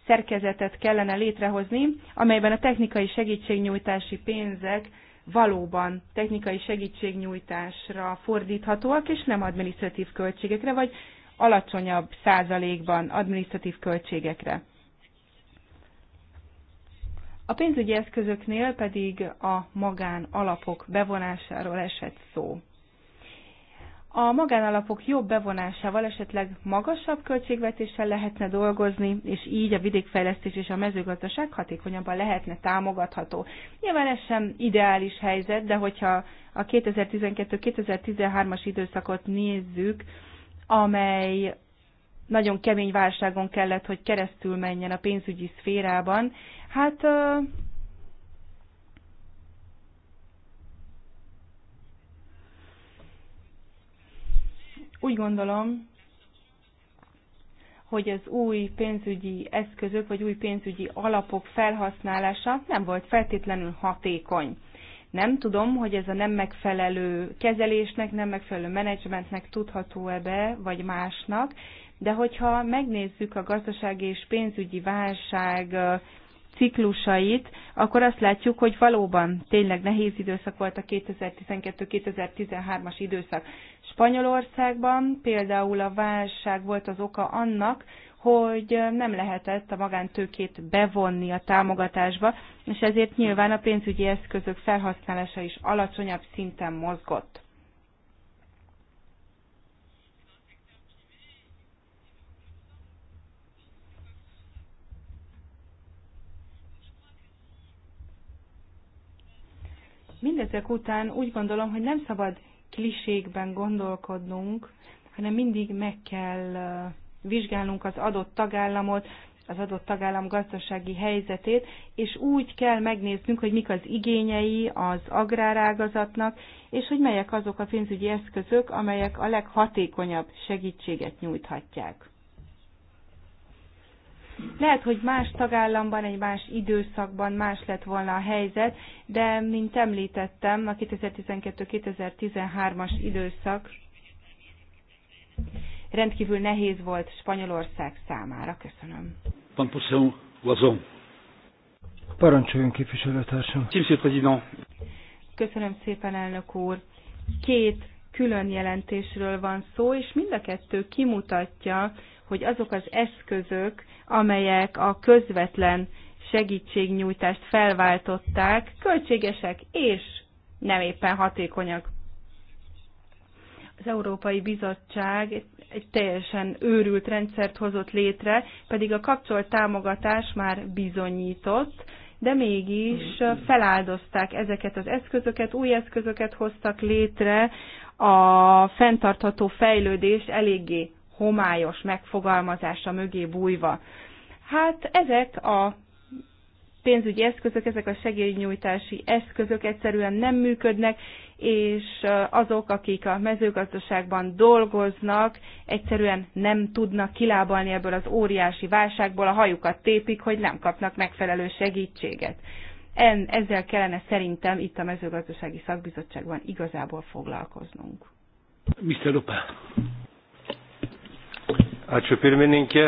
S3: szerkezetet kellene létrehozni, amelyben a technikai segítségnyújtási pénzek valóban technikai segítségnyújtásra fordíthatóak, és nem administratív költségekre, vagy alacsonyabb százalékban administratív költségekre. A pénzügyi eszközöknél pedig a magán alapok bevonásáról esett szó a magánalapok jobb bevonásával, esetleg magasabb költségvetéssel lehetne dolgozni, és így a vidékfejlesztés és a mezőgazdaság hatékonyabban lehetne támogatható. Nyilván ez sem ideális helyzet, de hogyha a 2012-2013-as időszakot nézzük, amely nagyon kemény válságon kellett, hogy keresztül menjen a pénzügyi szférában, hát Úgy gondolom, hogy az új pénzügyi eszközök vagy új pénzügyi alapok felhasználása nem volt feltétlenül hatékony. Nem tudom, hogy ez a nem megfelelő kezelésnek, nem megfelelő menedzsmentnek tudható-e be, vagy másnak, de hogyha megnézzük a gazdasági és pénzügyi válság ciklusait, akkor azt látjuk, hogy valóban tényleg nehéz időszak volt a 2012-2013-as időszak. Spanyolországban például a válság volt az oka annak, hogy nem lehetett a magántőkét bevonni a támogatásba, és ezért nyilván a pénzügyi eszközök felhasználása is alacsonyabb szinten mozgott. Mindezek után úgy gondolom, hogy nem szabad klisékben gondolkodnunk, hanem mindig meg kell vizsgálnunk az adott tagállamot, az adott tagállam gazdasági helyzetét, és úgy kell megnéznünk, hogy mik az igényei az agrárágazatnak, és hogy melyek azok a pénzügyi eszközök, amelyek a leghatékonyabb segítséget nyújthatják. Lehet, hogy más tagállamban, egy más időszakban más lett volna a helyzet, de mint említettem, a 2012-2013-as időszak rendkívül nehéz volt Spanyolország számára. Köszönöm.
S2: Parancsoljon képviselőtársam.
S3: Köszönöm szépen, elnök úr. Két külön jelentésről van szó, és mind a kettő kimutatja, hogy azok az eszközök, amelyek a közvetlen segítségnyújtást felváltották, költségesek és nem éppen hatékonyak. Az Európai Bizottság egy teljesen őrült rendszert hozott létre, pedig a kapcsolt támogatás már bizonyított, de mégis feláldozták ezeket az eszközöket, új eszközöket hoztak létre, a fenntartható fejlődés eléggé homályos megfogalmazása mögé bújva. Hát ezek a pénzügyi eszközök, ezek a segélynyújtási eszközök egyszerűen nem működnek, és azok, akik a mezőgazdaságban dolgoznak, egyszerűen nem tudnak kilábalni ebből az óriási válságból, a hajukat tépik, hogy nem kapnak megfelelő segítséget. En, ezzel kellene szerintem itt a mezőgazdasági szakbizottságban igazából foglalkoznunk.
S1: Mr. Lupa. Ačiū pirmininkė.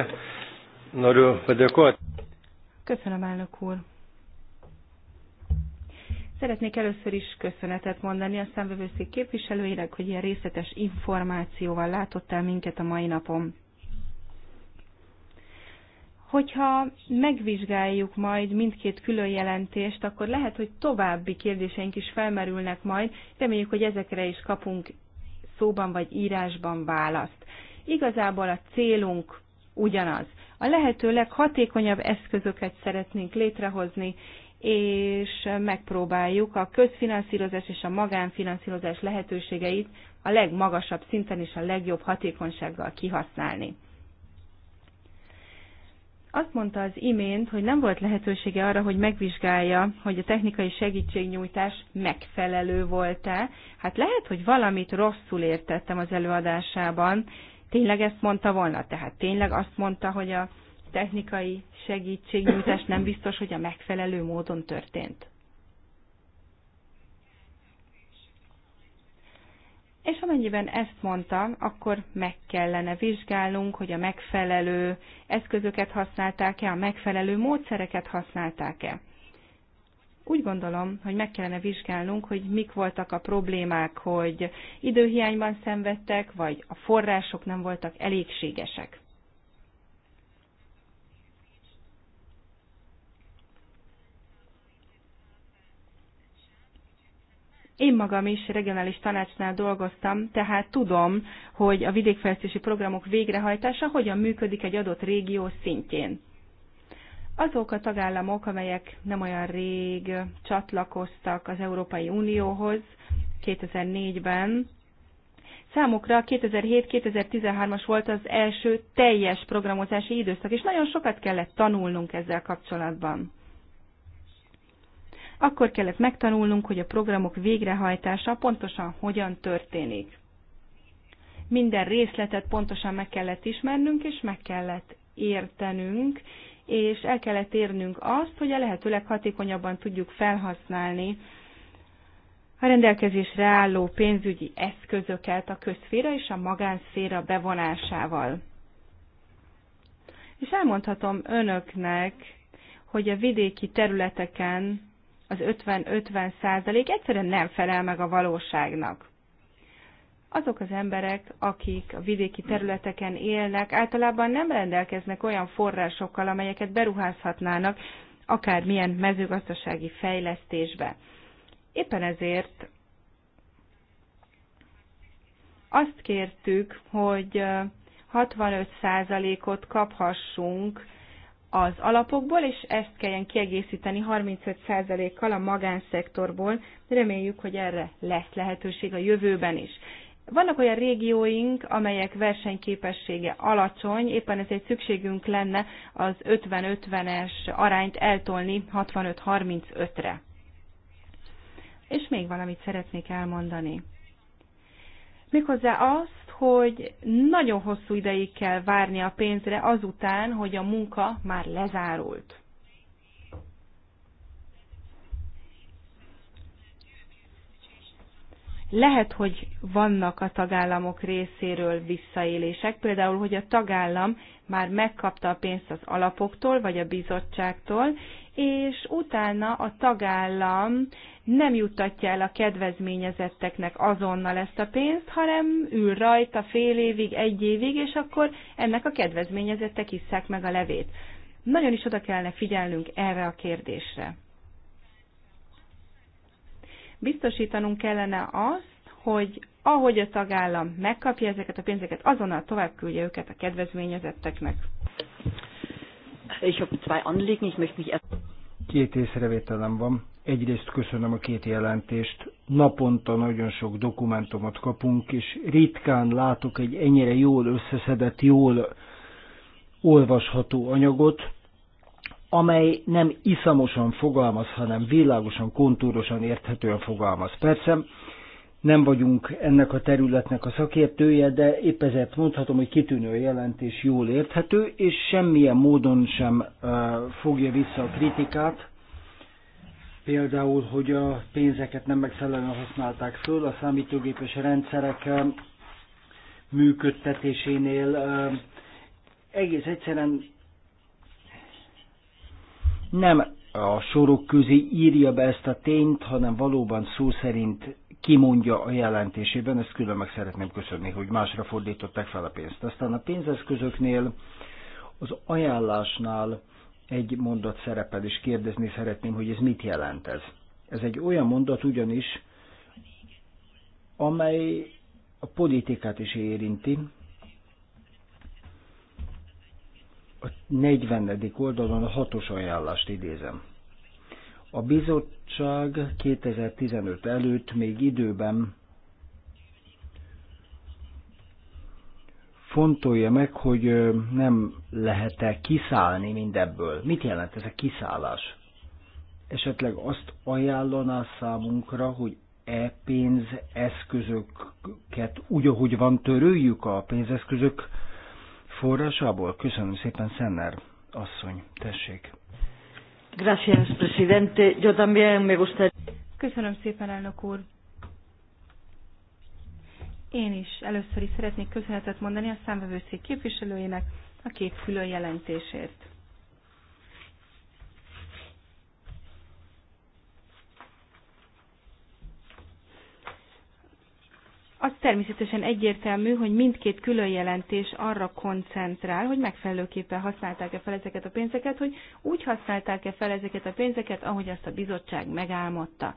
S1: Noriu padėkoti.
S3: Köszönöm, elnök úr. Szeretnék először is köszönetet mondani a szemvevőszék képviselőinek, hogy ilyen részletes információval látott el minket a mai napon. Hogyha megvizsgáljuk majd mindkét külön jelentést, akkor lehet, hogy további kérdéseink is felmerülnek majd. Reméljük, hogy ezekre is kapunk szóban vagy írásban választ. Igazából a célunk ugyanaz. A lehető leghatékonyabb eszközöket szeretnénk létrehozni, és megpróbáljuk a közfinanszírozás és a magánfinanszírozás lehetőségeit a legmagasabb szinten és a legjobb hatékonysággal kihasználni. Azt mondta az imént, hogy nem volt lehetősége arra, hogy megvizsgálja, hogy a technikai segítségnyújtás megfelelő volt-e. Hát lehet, hogy valamit rosszul értettem az előadásában, tényleg ezt mondta volna? Tehát tényleg azt mondta, hogy a technikai segítségnyújtás nem biztos, hogy a megfelelő módon történt. És amennyiben ezt mondta, akkor meg kellene vizsgálnunk, hogy a megfelelő eszközöket használták-e, a megfelelő módszereket használták-e úgy gondolom, hogy meg kellene vizsgálnunk, hogy mik voltak a problémák, hogy időhiányban szenvedtek, vagy a források nem voltak elégségesek. Én magam is regionális tanácsnál dolgoztam, tehát tudom, hogy a vidékfejlesztési programok végrehajtása hogyan működik egy adott régió szintjén azok a tagállamok, amelyek nem olyan rég csatlakoztak az Európai Unióhoz 2004-ben, számukra 2007-2013-as volt az első teljes programozási időszak, és nagyon sokat kellett tanulnunk ezzel kapcsolatban. Akkor kellett megtanulnunk, hogy a programok végrehajtása pontosan hogyan történik. Minden részletet pontosan meg kellett ismernünk, és meg kellett értenünk, és el kellett érnünk azt, hogy a lehető leghatékonyabban tudjuk felhasználni a rendelkezésre álló pénzügyi eszközöket a közféra és a magánszféra bevonásával. És elmondhatom önöknek, hogy a vidéki területeken az 50-50 százalék -50 egyszerűen nem felel meg a valóságnak azok az emberek, akik a vidéki területeken élnek, általában nem rendelkeznek olyan forrásokkal, amelyeket beruházhatnának akármilyen mezőgazdasági fejlesztésbe. Éppen ezért azt kértük, hogy 65%-ot kaphassunk az alapokból, és ezt kelljen kiegészíteni 35%-kal a magánszektorból. Reméljük, hogy erre lesz lehetőség a jövőben is. Vannak olyan régióink, amelyek versenyképessége alacsony, éppen ezért szükségünk lenne az 50-50-es arányt eltolni 65-35-re. És még valamit szeretnék elmondani. Méghozzá azt, hogy nagyon hosszú ideig kell várni a pénzre azután, hogy a munka már lezárult. Lehet, hogy vannak a tagállamok részéről visszaélések, például, hogy a tagállam már megkapta a pénzt az alapoktól vagy a bizottságtól, és utána a tagállam nem juttatja el a kedvezményezetteknek azonnal ezt a pénzt, hanem ül rajta fél évig, egy évig, és akkor ennek a kedvezményezettek isszák meg a levét. Nagyon is oda kellene figyelnünk erre a kérdésre. Biztosítanunk kellene azt, hogy ahogy a tagállam megkapja ezeket a pénzeket, azonnal tovább küldje őket a kedvezményezetteknek.
S2: Két észrevételem van. Egyrészt köszönöm a két jelentést. Naponta nagyon sok dokumentumot kapunk, és ritkán látok egy ennyire jól összeszedett, jól olvasható anyagot amely nem iszamosan fogalmaz, hanem világosan, kontúrosan érthetően fogalmaz. Persze nem vagyunk ennek a területnek a szakértője, de épp ezért mondhatom, hogy kitűnő jelentés jól érthető, és semmilyen módon sem uh, fogja vissza a kritikát, például, hogy a pénzeket nem megfelelően használták föl, a számítógépes rendszerek működtetésénél egész egyszerűen nem a sorok közé írja be ezt a tényt, hanem valóban szó szerint kimondja a jelentésében, ezt külön meg szeretném köszönni, hogy másra fordították fel a pénzt. Aztán a pénzeszközöknél, az ajánlásnál egy mondat szerepel, és kérdezni szeretném, hogy ez mit jelent ez. Ez egy olyan mondat ugyanis, amely a politikát is érinti, a 40. oldalon a hatos ajánlást idézem. A bizottság 2015 előtt még időben fontolja meg, hogy nem lehet-e kiszállni mindebből. Mit jelent ez a kiszállás? Esetleg azt ajánlaná számunkra, hogy e pénzeszközöket úgy, ahogy van, törőjük a pénzeszközök forrásából. Köszönöm szépen, Szenner asszony. Tessék.
S1: Gracias,
S3: presidente.
S2: Yo también me gustaría... Köszönöm szépen, elnök úr.
S3: Én is először is szeretnék köszönetet mondani a számvevőszék képviselőjének a két külön jelentésért. Az természetesen egyértelmű, hogy mindkét külön jelentés arra koncentrál, hogy megfelelőképpen használták-e fel ezeket a pénzeket, hogy úgy használták-e fel ezeket a pénzeket, ahogy azt a bizottság megálmodta.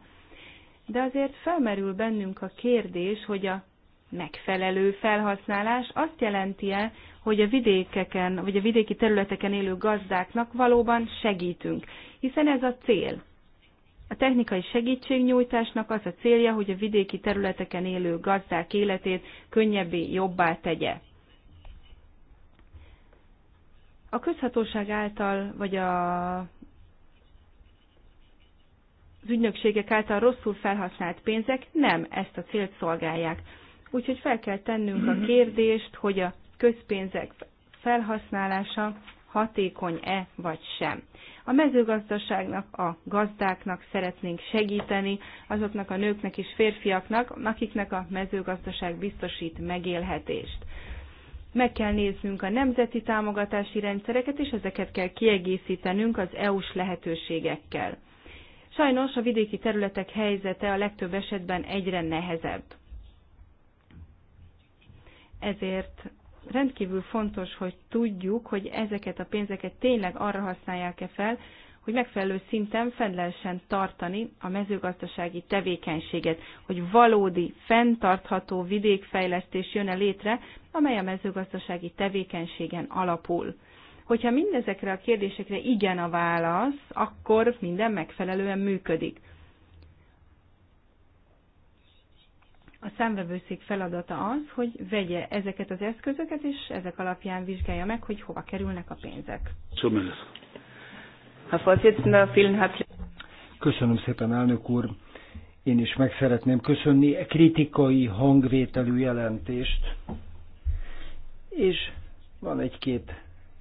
S3: De azért felmerül bennünk a kérdés, hogy a megfelelő felhasználás azt jelenti-e, hogy a vidékeken, vagy a vidéki területeken élő gazdáknak valóban segítünk, hiszen ez a cél. A technikai segítségnyújtásnak az a célja, hogy a vidéki területeken élő gazdák életét könnyebbé, jobbá tegye. A közhatóság által, vagy a, az ügynökségek által rosszul felhasznált pénzek nem ezt a célt szolgálják. Úgyhogy fel kell tennünk a kérdést, hogy a közpénzek felhasználása hatékony-e vagy sem. A mezőgazdaságnak, a gazdáknak szeretnénk segíteni, azoknak a nőknek és férfiaknak, akiknek a mezőgazdaság biztosít megélhetést. Meg kell néznünk a nemzeti támogatási rendszereket, és ezeket kell kiegészítenünk az EU-s lehetőségekkel. Sajnos a vidéki területek helyzete a legtöbb esetben egyre nehezebb. Ezért rendkívül fontos, hogy tudjuk, hogy ezeket a pénzeket tényleg arra használják-e fel, hogy megfelelő szinten fenn lehessen tartani a mezőgazdasági tevékenységet, hogy valódi, fenntartható vidékfejlesztés jön-e létre, amely a mezőgazdasági tevékenységen alapul. Hogyha mindezekre a kérdésekre igen a válasz, akkor minden megfelelően működik. a számvevőszék feladata az, hogy vegye ezeket az eszközöket, és ezek alapján vizsgálja meg, hogy hova kerülnek a pénzek.
S2: Köszönöm szépen, elnök úr! Én is meg szeretném köszönni a kritikai hangvételű jelentést. És van egy-két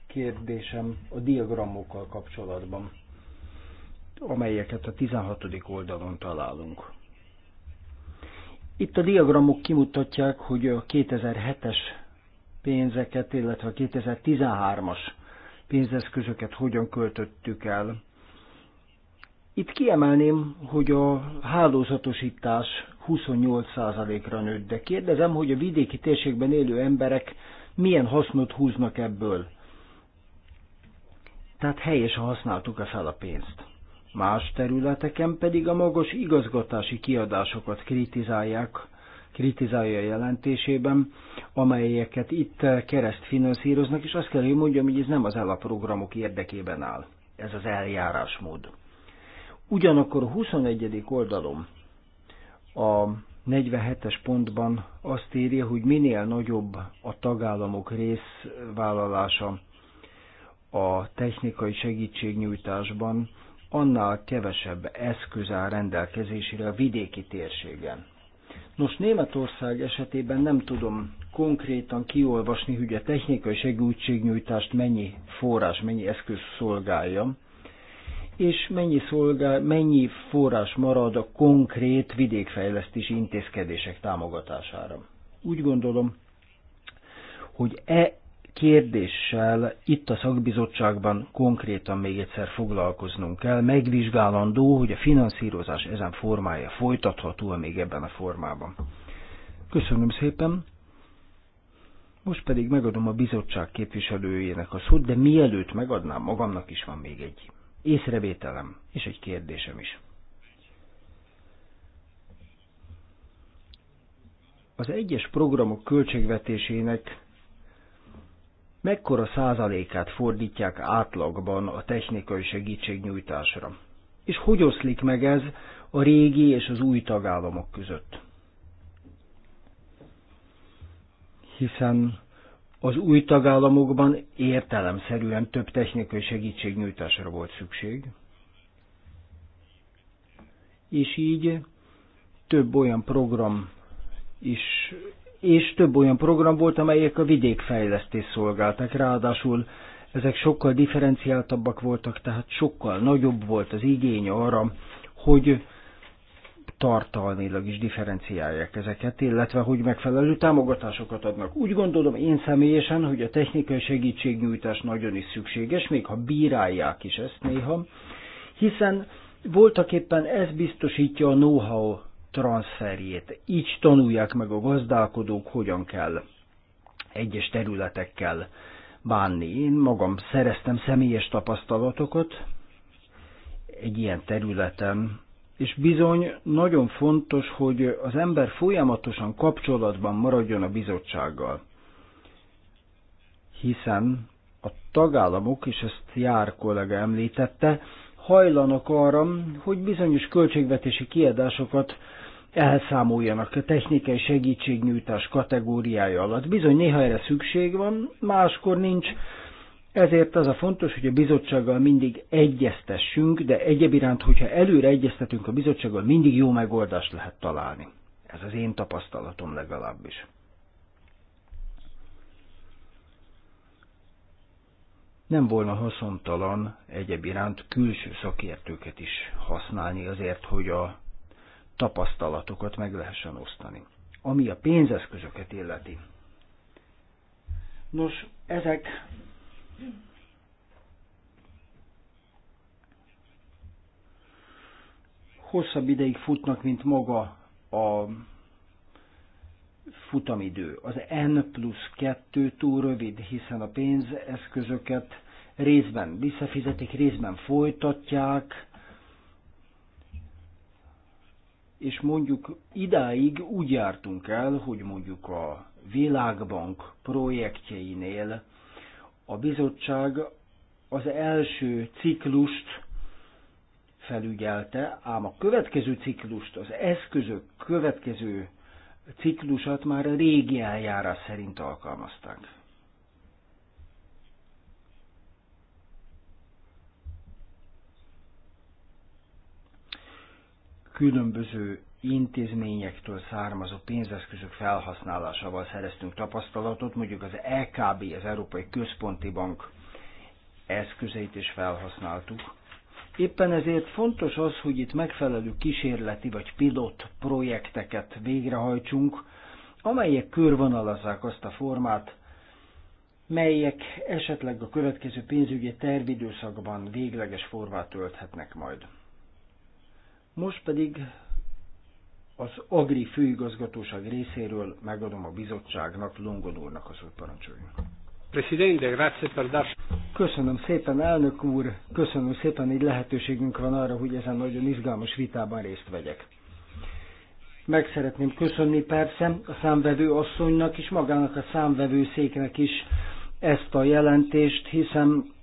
S2: kérdésem a diagramokkal kapcsolatban, amelyeket a 16. oldalon találunk. Itt a diagramok kimutatják, hogy a 2007-es pénzeket, illetve a 2013-as pénzeszközöket hogyan költöttük el. Itt kiemelném, hogy a hálózatosítás 28%-ra nőtt, de kérdezem, hogy a vidéki térségben élő emberek milyen hasznot húznak ebből. Tehát helyesen használtuk a fel a pénzt. Más területeken pedig a magas igazgatási kiadásokat kritizálják, kritizálja a jelentésében, amelyeket itt finanszíroznak, és azt kell, hogy mondjam, hogy ez nem az alapprogramok érdekében áll. Ez az eljárásmód. Ugyanakkor a 21. oldalom a 47-es pontban azt írja, hogy minél nagyobb a tagállamok részvállalása a technikai segítségnyújtásban, annál kevesebb eszköz áll rendelkezésére a vidéki térségen. Nos, Németország esetében nem tudom konkrétan kiolvasni, hogy a technikai segítségnyújtást mennyi forrás, mennyi eszköz szolgálja, és mennyi, szolgál, mennyi forrás marad a konkrét vidékfejlesztési intézkedések támogatására. Úgy gondolom, hogy e kérdéssel itt a szakbizottságban konkrétan még egyszer foglalkoznunk kell, megvizsgálandó, hogy a finanszírozás ezen formája folytatható-e még ebben a formában. Köszönöm szépen! Most pedig megadom a bizottság képviselőjének a szót, de mielőtt megadnám, magamnak is van még egy észrevételem és egy kérdésem is. Az egyes programok költségvetésének mekkora százalékát fordítják átlagban a technikai segítségnyújtásra? És hogy oszlik meg ez a régi és az új tagállamok között? Hiszen az új tagállamokban értelemszerűen több technikai segítségnyújtásra volt szükség, és így több olyan program is és több olyan program volt, amelyek a vidékfejlesztést szolgálták. Ráadásul ezek sokkal differenciáltabbak voltak, tehát sokkal nagyobb volt az igény arra, hogy tartalmilag is differenciálják ezeket, illetve hogy megfelelő támogatásokat adnak. Úgy gondolom én személyesen, hogy a technikai segítségnyújtás nagyon is szükséges, még ha bírálják is ezt néha, hiszen voltak éppen ez biztosítja a know-how transferjét. Így tanulják meg a gazdálkodók, hogyan kell egyes területekkel bánni. Én magam szereztem személyes tapasztalatokat egy ilyen területen, és bizony nagyon fontos, hogy az ember folyamatosan kapcsolatban maradjon a bizottsággal, hiszen a tagállamok, és ezt jár kollega említette, hajlanak arra, hogy bizonyos költségvetési kiadásokat elszámoljanak a technikai segítségnyújtás kategóriája alatt. Bizony néha erre szükség van, máskor nincs. Ezért az a fontos, hogy a bizottsággal mindig egyeztessünk, de egyebiránt, hogyha előre egyeztetünk a bizottsággal, mindig jó megoldást lehet találni. Ez az én tapasztalatom legalábbis. nem volna haszontalan egyéb iránt külső szakértőket is használni azért, hogy a tapasztalatokat meg lehessen osztani. Ami a pénzeszközöket illeti. Nos, ezek hosszabb ideig futnak, mint maga a futamidő. Az N plusz 2 túl rövid, hiszen a pénzeszközöket részben visszafizetik, részben folytatják, és mondjuk idáig úgy jártunk el, hogy mondjuk a Világbank projektjeinél a bizottság az első ciklust felügyelte, ám a következő ciklust, az eszközök következő ciklusát már a régi eljárás szerint alkalmazták. különböző intézményektől származó pénzeszközök felhasználásával szereztünk tapasztalatot, mondjuk az EKB, az Európai Központi Bank eszközeit is felhasználtuk. Éppen ezért fontos az, hogy itt megfelelő kísérleti vagy pilot projekteket végrehajtsunk, amelyek körvonalazzák azt a formát, melyek esetleg a következő pénzügyi tervidőszakban végleges formát ölthetnek majd. Most pedig az Agri főigazgatóság részéről megadom a bizottságnak, Longon úrnak az, hogy parancsoljunk. Presidente, Köszönöm szépen, elnök úr, köszönöm szépen, így lehetőségünk van arra, hogy ezen nagyon izgalmas vitában részt vegyek. Meg szeretném köszönni persze a számvevő asszonynak és magának a számvevő széknek is ezt a jelentést, hiszen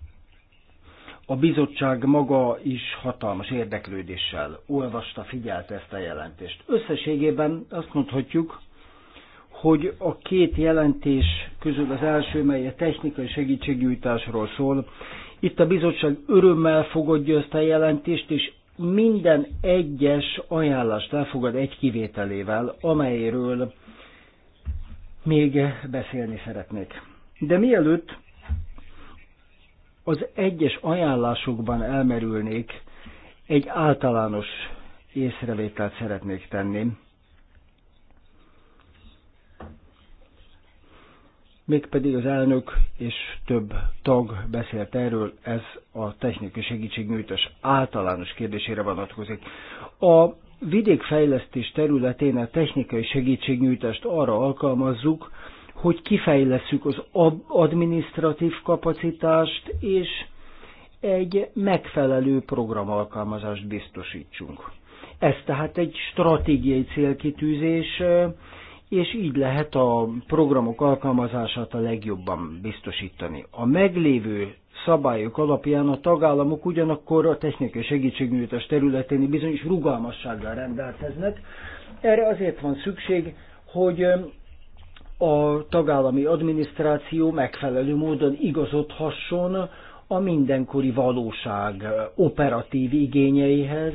S2: a bizottság maga is hatalmas érdeklődéssel olvasta, figyelte ezt a jelentést. Összességében azt mondhatjuk, hogy a két jelentés közül az első, mely a technikai segítségnyújtásról szól, itt a bizottság örömmel fogadja ezt a jelentést, és minden egyes ajánlást elfogad egy kivételével, amelyről még beszélni szeretnék. De mielőtt az egyes ajánlásokban elmerülnék, egy általános észrevételt szeretnék tenni. Mégpedig az elnök és több tag beszélt erről, ez a technikai segítségnyújtás általános kérdésére vonatkozik. A vidékfejlesztés területén a technikai segítségnyújtást arra alkalmazzuk, hogy kifejlesszük az administratív kapacitást, és egy megfelelő programalkalmazást biztosítsunk. Ez tehát egy stratégiai célkitűzés, és így lehet a programok alkalmazását a legjobban biztosítani. A meglévő szabályok alapján a tagállamok ugyanakkor a technikai segítségnyújtás területén bizonyos rugalmassággal rendelkeznek. Erre azért van szükség, hogy a tagállami adminisztráció megfelelő módon igazodhasson a mindenkori valóság operatív igényeihez,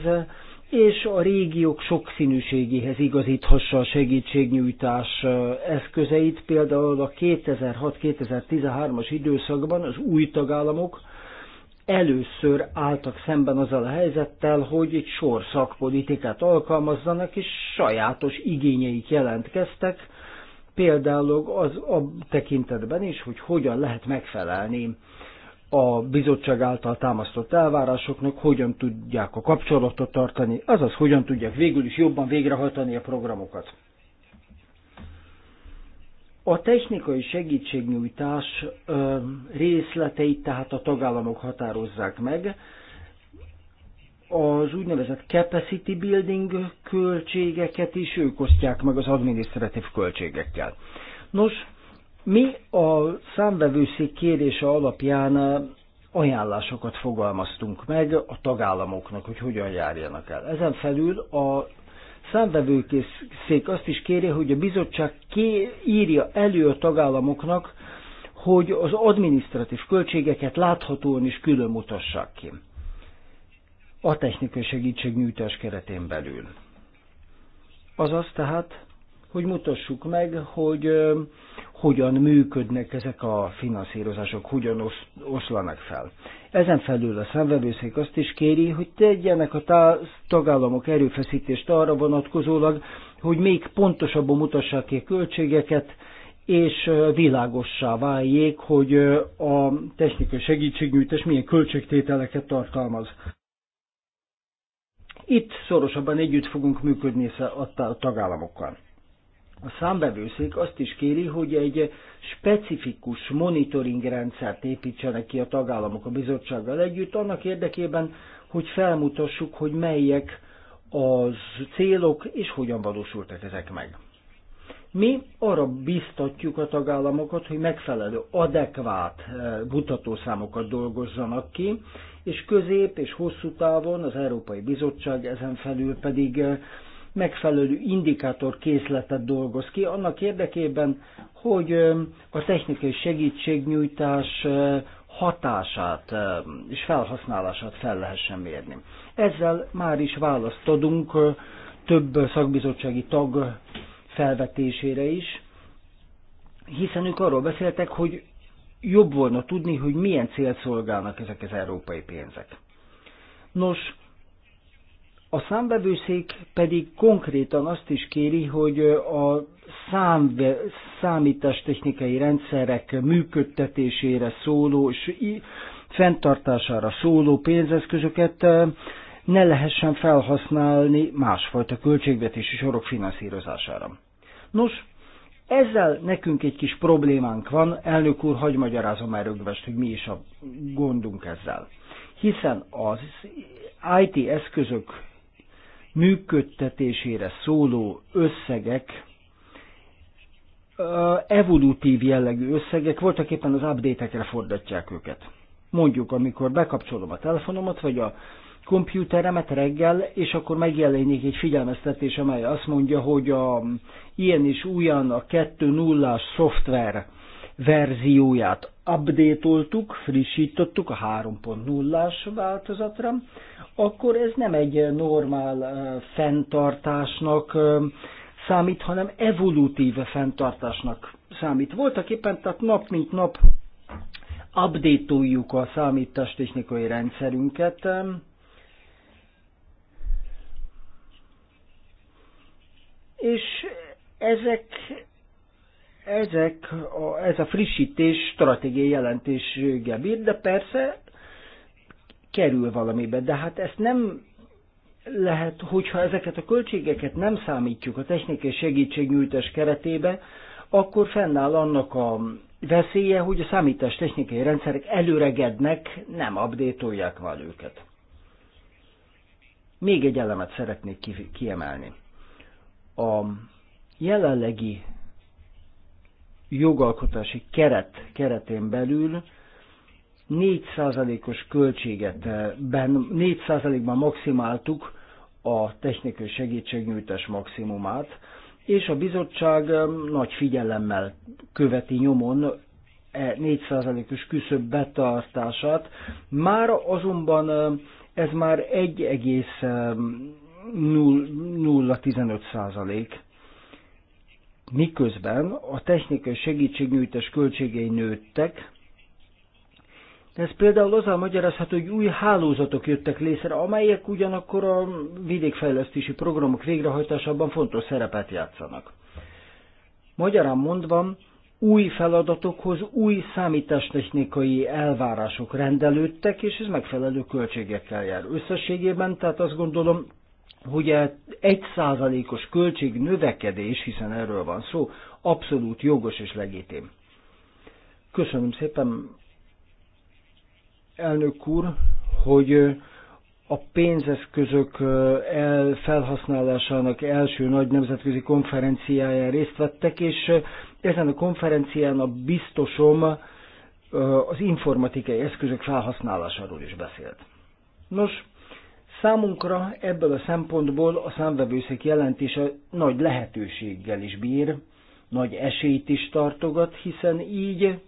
S2: és a régiók sokszínűségéhez igazíthassa a segítségnyújtás eszközeit. Például a 2006-2013-as időszakban az új tagállamok először álltak szemben azzal a helyzettel, hogy egy sor szakpolitikát alkalmazzanak, és sajátos igényeik jelentkeztek, például az a tekintetben is, hogy hogyan lehet megfelelni a bizottság által támasztott elvárásoknak, hogyan tudják a kapcsolatot tartani, azaz hogyan tudják végül is jobban végrehajtani a programokat. A technikai segítségnyújtás részleteit tehát a tagállamok határozzák meg, az úgynevezett capacity building költségeket is ők osztják meg az adminisztratív költségekkel. Nos, mi a számbevőszék kérése alapján eh, ajánlásokat fogalmaztunk meg a tagállamoknak, hogy hogyan járjanak el. Ezen felül a számbevőszék azt is kéri, hogy a bizottság ké írja elő a tagállamoknak, hogy az adminisztratív költségeket láthatóan is külön mutassák ki a technikai segítségnyújtás keretén belül. Azaz tehát, hogy mutassuk meg, hogy hogyan működnek ezek a finanszírozások, hogyan oszlanak fel. Ezen felül a szemvevőszék azt is kéri, hogy tegyenek a tagállamok erőfeszítést arra vonatkozólag, hogy még pontosabban mutassák ki a költségeket, és világossá váljék, hogy a technikai segítségnyújtás milyen költségtételeket tartalmaz. Itt szorosabban együtt fogunk működni a tagállamokkal. A számbevőszék azt is kéri, hogy egy specifikus monitoring rendszert építsenek ki a tagállamok a bizottsággal együtt, annak érdekében, hogy felmutassuk, hogy melyek az célok, és hogyan valósultak ezek meg. Mi arra biztatjuk a tagállamokat, hogy megfelelő, adekvát mutatószámokat eh, dolgozzanak ki, és közép és hosszú távon az Európai Bizottság ezen felül pedig eh, megfelelő indikátor készletet dolgoz ki, annak érdekében, hogy eh, a technikai segítségnyújtás hatását és felhasználását fel lehessen mérni. Ezzel már is választ adunk több szakbizottsági tag felvetésére is, hiszen ők arról beszéltek, hogy jobb volna tudni, hogy milyen célt szolgálnak ezek az európai pénzek. Nos, a számbevőszék pedig konkrétan azt is kéri, hogy a számve, számítástechnikai rendszerek működtetésére szóló és fenntartására szóló pénzeszközöket eh, ne lehessen felhasználni másfajta költségvetési sorok finanszírozására. Nos, ezzel nekünk egy kis problémánk van, elnök úr, hagy magyarázom már rögvest, hogy mi is a gondunk ezzel. Hiszen az IT eszközök működtetésére szóló összegek evolutív jellegű összegek, voltak éppen az update-ekre fordítják őket. Mondjuk, amikor bekapcsolom a telefonomat, vagy a komputeremet reggel, és akkor megjelenik egy figyelmeztetés, amely azt mondja, hogy a, ilyen és ugyan a 2.0-as szoftver verzióját updatoltuk, frissítottuk a 3.0-as változatra, akkor ez nem egy normál fenntartásnak számít, hanem evolutív fenntartásnak számít. Voltak éppen, tehát nap mint nap updatoljuk a számítástechnikai rendszerünket, és ezek, ezek a, ez a frissítés stratégiai jelentőséggel bír, de persze kerül valamibe. De hát ezt nem lehet, hogyha ezeket a költségeket nem számítjuk a technikai segítségnyújtás keretébe, akkor fennáll annak a veszélye, hogy a számítás technikai rendszerek előregednek, nem updatolják már őket. Még egy elemet szeretnék kiemelni a jelenlegi jogalkotási keret keretén belül 4%-os költséget, eh, ben 4%-ban maximáltuk a technikai segítségnyújtás maximumát, és a bizottság eh, nagy figyelemmel követi nyomon 4%-os e küszöbb betartását. Már azonban eh, ez már egész 0,15 százalék, miközben a technikai segítségnyújtás költségei nőttek, ez például azzal magyarázható, hogy új hálózatok jöttek létre, amelyek ugyanakkor a vidékfejlesztési programok végrehajtásában fontos szerepet játszanak. Magyarán mondva, új feladatokhoz új számítástechnikai elvárások rendelődtek, és ez megfelelő költségekkel jár. Összességében, tehát azt gondolom, hogy egy százalékos költség növekedés, hiszen erről van szó, abszolút jogos és legitim. Köszönöm szépen, elnök úr, hogy a pénzeszközök felhasználásának első nagy nemzetközi konferenciáján részt vettek, és ezen a konferencián a biztosom az informatikai eszközök felhasználásáról is beszélt. Nos, Számunkra ebből a szempontból a számvevőszék jelentése nagy lehetőséggel is bír, nagy esélyt is tartogat, hiszen így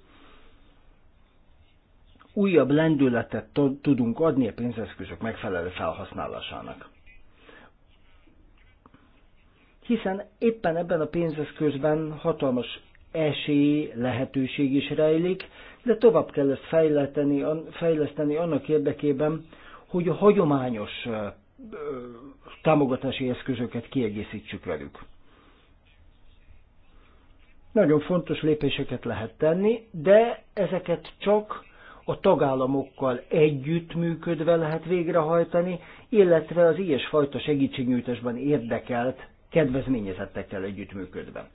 S2: újabb lendületet tudunk adni a pénzeszközök megfelelő felhasználásának. Hiszen éppen ebben a pénzeszközben hatalmas esély, lehetőség is rejlik, de tovább kell ezt fejleszteni, fejleszteni annak érdekében, hogy a hagyományos támogatási eszközöket kiegészítsük velük. Nagyon fontos lépéseket lehet tenni, de ezeket csak a tagállamokkal együttműködve lehet végrehajtani, illetve az ilyesfajta segítségnyújtásban érdekelt kedvezményezettekkel együttműködve.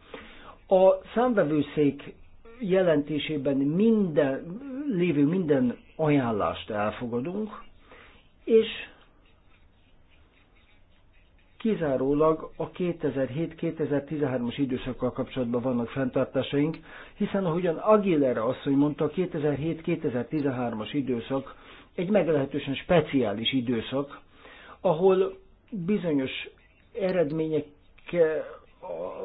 S2: A számvevőszék jelentésében minden, lévő minden ajánlást elfogadunk, és kizárólag a 2007-2013-as időszakkal kapcsolatban vannak fenntartásaink, hiszen ahogyan Aguilera asszony mondta, a 2007-2013-as időszak egy meglehetősen speciális időszak, ahol bizonyos eredmények,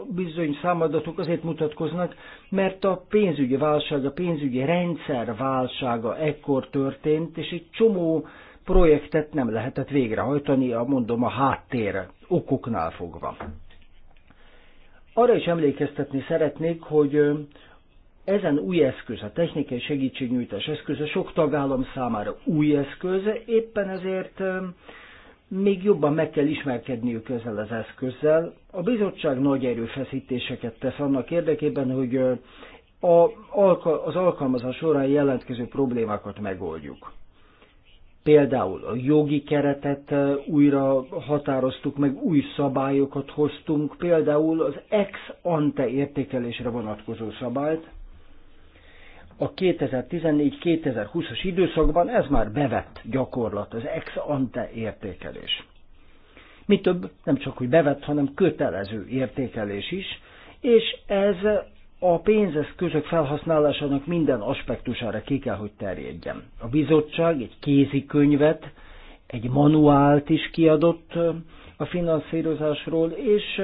S2: bizonyos számadatok azért mutatkoznak, mert a pénzügyi válság, a pénzügyi rendszer válsága ekkor történt, és egy csomó projektet nem lehetett végrehajtani, a mondom a háttér okoknál fogva. Arra is emlékeztetni szeretnék, hogy ezen új eszköz, a technikai segítségnyújtás eszköze sok tagállam számára új eszköz, éppen ezért még jobban meg kell ismerkedniük ezzel az eszközzel. A bizottság nagy erőfeszítéseket tesz annak érdekében, hogy az alkalmazás során jelentkező problémákat megoldjuk. Például a jogi keretet újra határoztuk meg, új szabályokat hoztunk, például az ex ante értékelésre vonatkozó szabályt. A 2014-2020-as időszakban ez már bevett gyakorlat, az ex ante értékelés. Mi több, nem csak hogy bevett, hanem kötelező értékelés is, és ez a pénzeszközök felhasználásának minden aspektusára ki kell, hogy terjedjen. A bizottság egy kézikönyvet, egy manuált is kiadott a finanszírozásról, és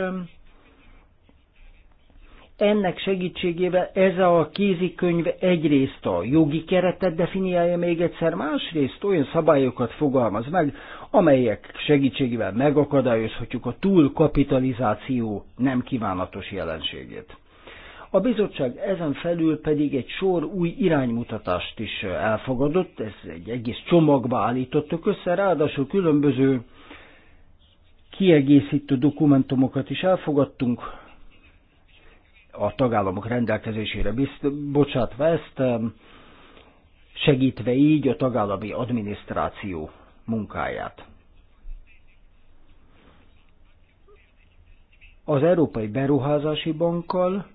S2: ennek segítségével ez a kézikönyv egyrészt a jogi keretet definiálja még egyszer, másrészt olyan szabályokat fogalmaz meg, amelyek segítségével megakadályozhatjuk a túlkapitalizáció nem kívánatos jelenségét. A bizottság ezen felül pedig egy sor új iránymutatást is elfogadott, ez egy egész csomagba állítottuk össze, ráadásul különböző kiegészítő dokumentumokat is elfogadtunk, a tagállamok rendelkezésére bizt, bocsátva ezt, segítve így a tagállami adminisztráció munkáját. Az Európai Beruházási Bankkal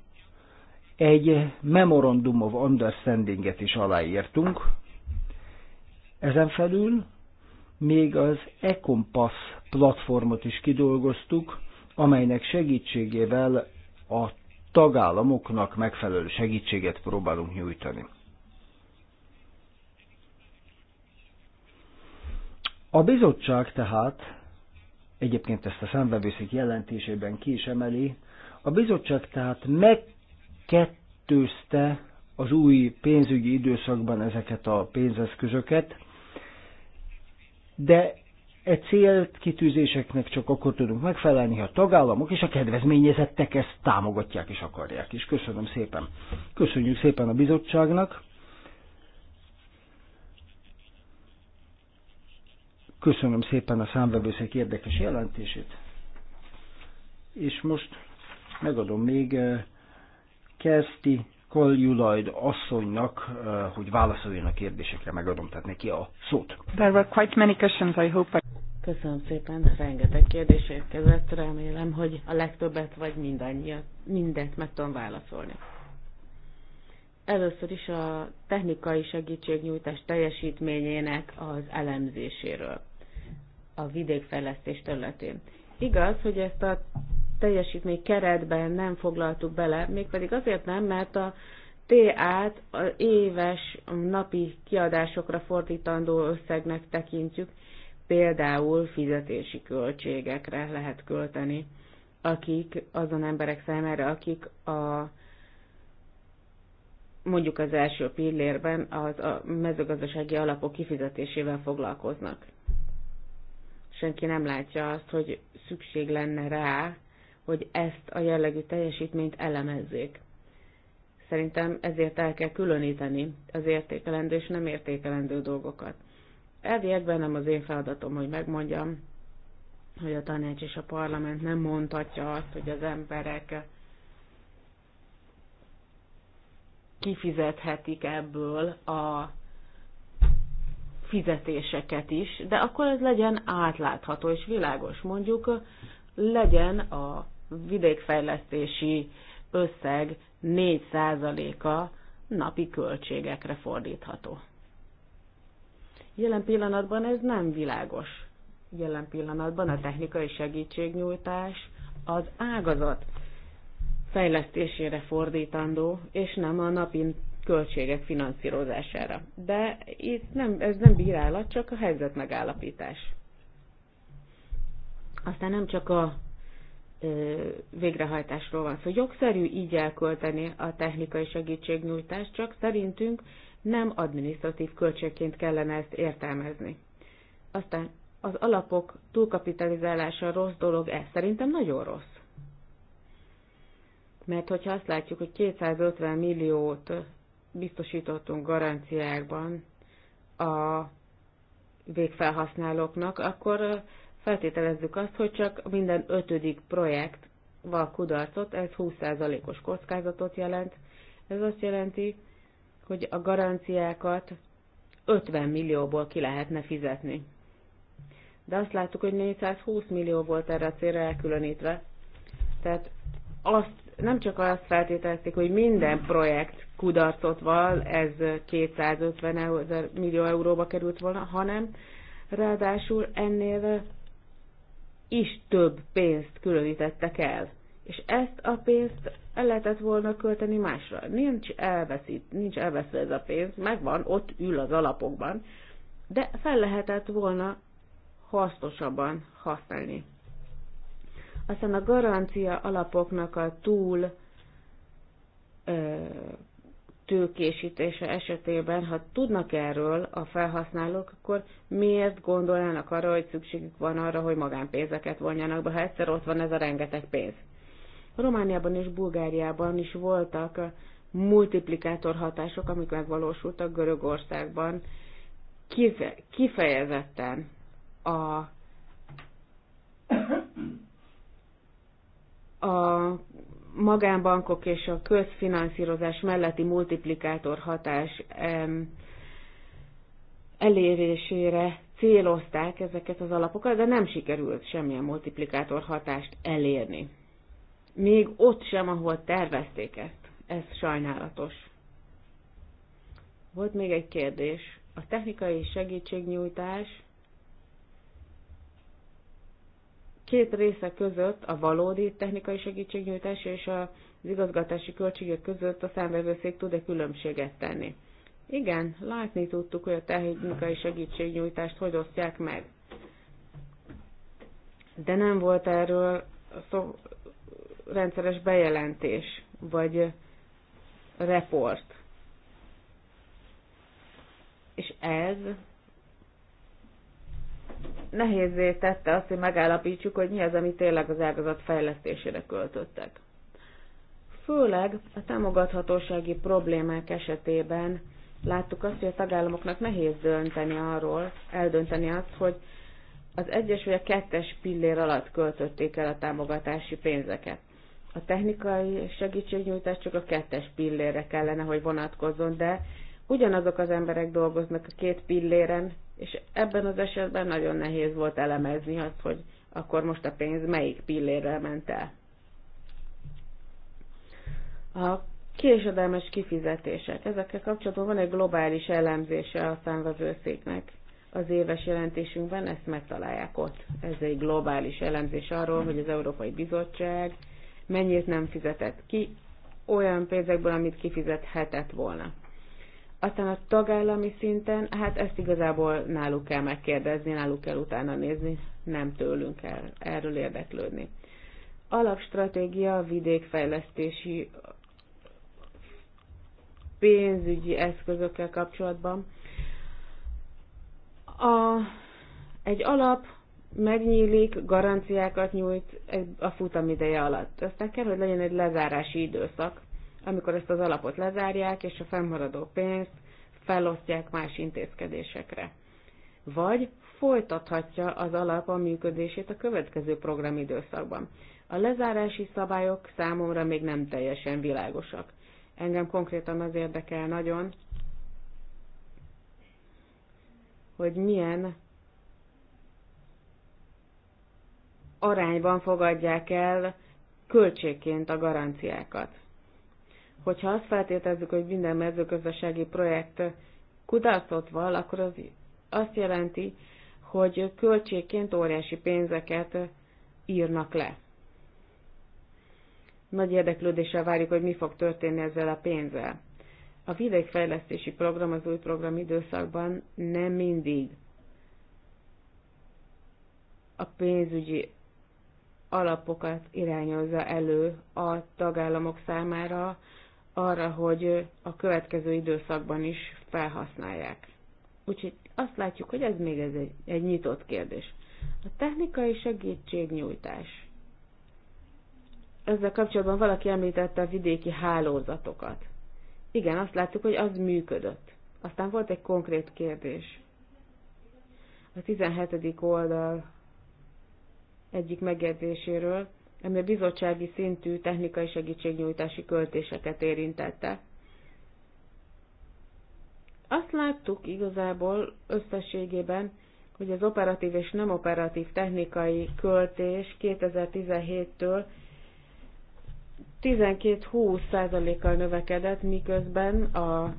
S2: egy Memorandum of Understanding-et is aláírtunk. Ezen felül még az Ecompass platformot is kidolgoztuk, amelynek segítségével a tagállamoknak megfelelő segítséget próbálunk nyújtani. A bizottság tehát, egyébként ezt a szemvevőszék jelentésében ki is emeli, a bizottság tehát meg kettőzte az új pénzügyi időszakban ezeket a pénzeszközöket, de e célkitűzéseknek csak akkor tudunk megfelelni, ha a tagállamok és a kedvezményezettek ezt támogatják és akarják is. Köszönöm szépen. Köszönjük szépen a bizottságnak. Köszönöm szépen a számvevőszék érdekes jelentését. És most megadom még eh, Kersti Koljulajd asszonynak, eh, hogy válaszoljon a kérdésekre, megadom tehát neki a szót.
S4: There were quite many questions, I hope I... Köszönöm szépen, rengeteg kérdés érkezett, remélem, hogy a legtöbbet vagy mindannyian mindent meg tudom válaszolni. Először is a technikai segítségnyújtás teljesítményének az elemzéséről a vidékfejlesztés területén. Igaz, hogy ezt a teljesítmény keretben nem foglaltuk bele, mégpedig azért nem, mert a TA-t az éves napi kiadásokra fordítandó összegnek tekintjük, például fizetési költségekre lehet költeni, akik azon emberek számára, akik a mondjuk az első pillérben az a mezőgazdasági alapok kifizetésével foglalkoznak. Senki nem látja azt, hogy szükség lenne rá hogy ezt a jellegű teljesítményt elemezzék. Szerintem ezért el kell különíteni az értékelendő és nem értékelendő dolgokat. Elviekben nem az én feladatom, hogy megmondjam, hogy a tanács és a parlament nem mondhatja azt, hogy az emberek kifizethetik ebből a fizetéseket is, de akkor ez legyen átlátható és világos. Mondjuk legyen a vidékfejlesztési összeg 4%-a napi költségekre fordítható. Jelen pillanatban ez nem világos. Jelen pillanatban a technikai segítségnyújtás az ágazat fejlesztésére fordítandó, és nem a napi költségek finanszírozására. De itt nem, ez nem bírálat, csak a helyzet megállapítás. Aztán nem csak a végrehajtásról van szó. Szóval jogszerű így elkölteni a technikai segítségnyújtást, csak szerintünk nem adminisztratív költségként kellene ezt értelmezni. Aztán az alapok túlkapitalizálása rossz dolog, ez szerintem nagyon rossz. Mert hogyha azt látjuk, hogy 250 milliót biztosítottunk garanciákban a végfelhasználóknak, akkor Feltételezzük azt, hogy csak minden ötödik projekt val kudarcot, ez 20%-os kockázatot jelent. Ez azt jelenti, hogy a garanciákat 50 millióból ki lehetne fizetni. De azt láttuk, hogy 420 millió volt erre a célra elkülönítve. Tehát azt, nem csak azt feltételezték, hogy minden projekt kudarcot val, ez 250 millió euróba került volna, hanem ráadásul ennél is több pénzt különítettek el. És ezt a pénzt el lehetett volna költeni másra. Nincs, elveszít, nincs elveszve ez a pénz, megvan, ott ül az alapokban, de fel lehetett volna hasznosabban használni. Aztán a garancia alapoknak a túl ö, tőkésítése esetében, ha tudnak erről a felhasználók, akkor miért gondolnának arra, hogy szükségük van arra, hogy magánpénzeket vonjanak be, ha egyszer ott van ez a rengeteg pénz. Romániában és Bulgáriában is voltak uh, multiplikátor hatások, amik megvalósultak Görögországban, kifejezetten a, a magánbankok és a közfinanszírozás melletti multiplikátor hatás elérésére célozták ezeket az alapokat, de nem sikerült semmilyen multiplikátor hatást elérni. Még ott sem, ahol tervezték ezt. Ez sajnálatos. Volt még egy kérdés. A technikai segítségnyújtás két része között, a valódi technikai segítségnyújtás és az igazgatási költségek között a számvevőszék tud-e különbséget tenni. Igen, látni tudtuk, hogy a technikai segítségnyújtást hogy osztják meg. De nem volt erről szó, rendszeres bejelentés, vagy report. És ez nehézé tette azt, hogy megállapítsuk, hogy mi az, amit tényleg az ágazat fejlesztésére költöttek. Főleg a támogathatósági problémák esetében láttuk azt, hogy a tagállamoknak nehéz dönteni arról, eldönteni azt, hogy az egyes vagy a kettes pillér alatt költötték el a támogatási pénzeket. A technikai segítségnyújtás csak a kettes pillére kellene, hogy vonatkozzon, de ugyanazok az emberek dolgoznak a két pilléren, és ebben az esetben nagyon nehéz volt elemezni azt, hogy akkor most a pénz melyik pillérrel ment el. A késedelmes kifizetések. Ezekkel kapcsolatban van egy globális elemzése a számvevőszéknek. Az éves jelentésünkben ezt megtalálják ott. Ez egy globális elemzés arról, hogy az Európai Bizottság mennyit nem fizetett ki olyan pénzekből, amit kifizethetett volna. Aztán a tagállami szinten, hát ezt igazából náluk kell megkérdezni, náluk kell utána nézni, nem tőlünk kell erről érdeklődni. Alapstratégia vidékfejlesztési pénzügyi eszközökkel kapcsolatban. A, egy alap megnyílik, garanciákat nyújt a futamideje alatt. Aztán kell, hogy legyen egy lezárási időszak, amikor ezt az alapot lezárják, és a fennmaradó pénzt felosztják más intézkedésekre. Vagy folytathatja az alap a működését a következő programidőszakban. A lezárási szabályok számomra még nem teljesen világosak. Engem konkrétan az érdekel nagyon, hogy milyen arányban fogadják el költségként a garanciákat. Hogyha azt feltételezzük, hogy minden mezőgazdasági projekt kudarcot val, akkor az azt jelenti, hogy költségként óriási pénzeket írnak le. Nagy érdeklődéssel várjuk, hogy mi fog történni ezzel a pénzzel. A vidékfejlesztési program az új program időszakban nem mindig a pénzügyi alapokat irányozza elő a tagállamok számára arra, hogy a következő időszakban is felhasználják. Úgyhogy azt látjuk, hogy ez még ez egy, egy nyitott kérdés. A technikai segítségnyújtás. Ezzel kapcsolatban valaki említette a vidéki hálózatokat. Igen, azt láttuk, hogy az működött. Aztán volt egy konkrét kérdés. A 17. oldal egyik megjegyzéséről ami a bizottsági szintű technikai segítségnyújtási költéseket érintette. Azt láttuk igazából összességében, hogy az operatív és nem operatív technikai költés 2017-től 12-20%-kal növekedett, miközben a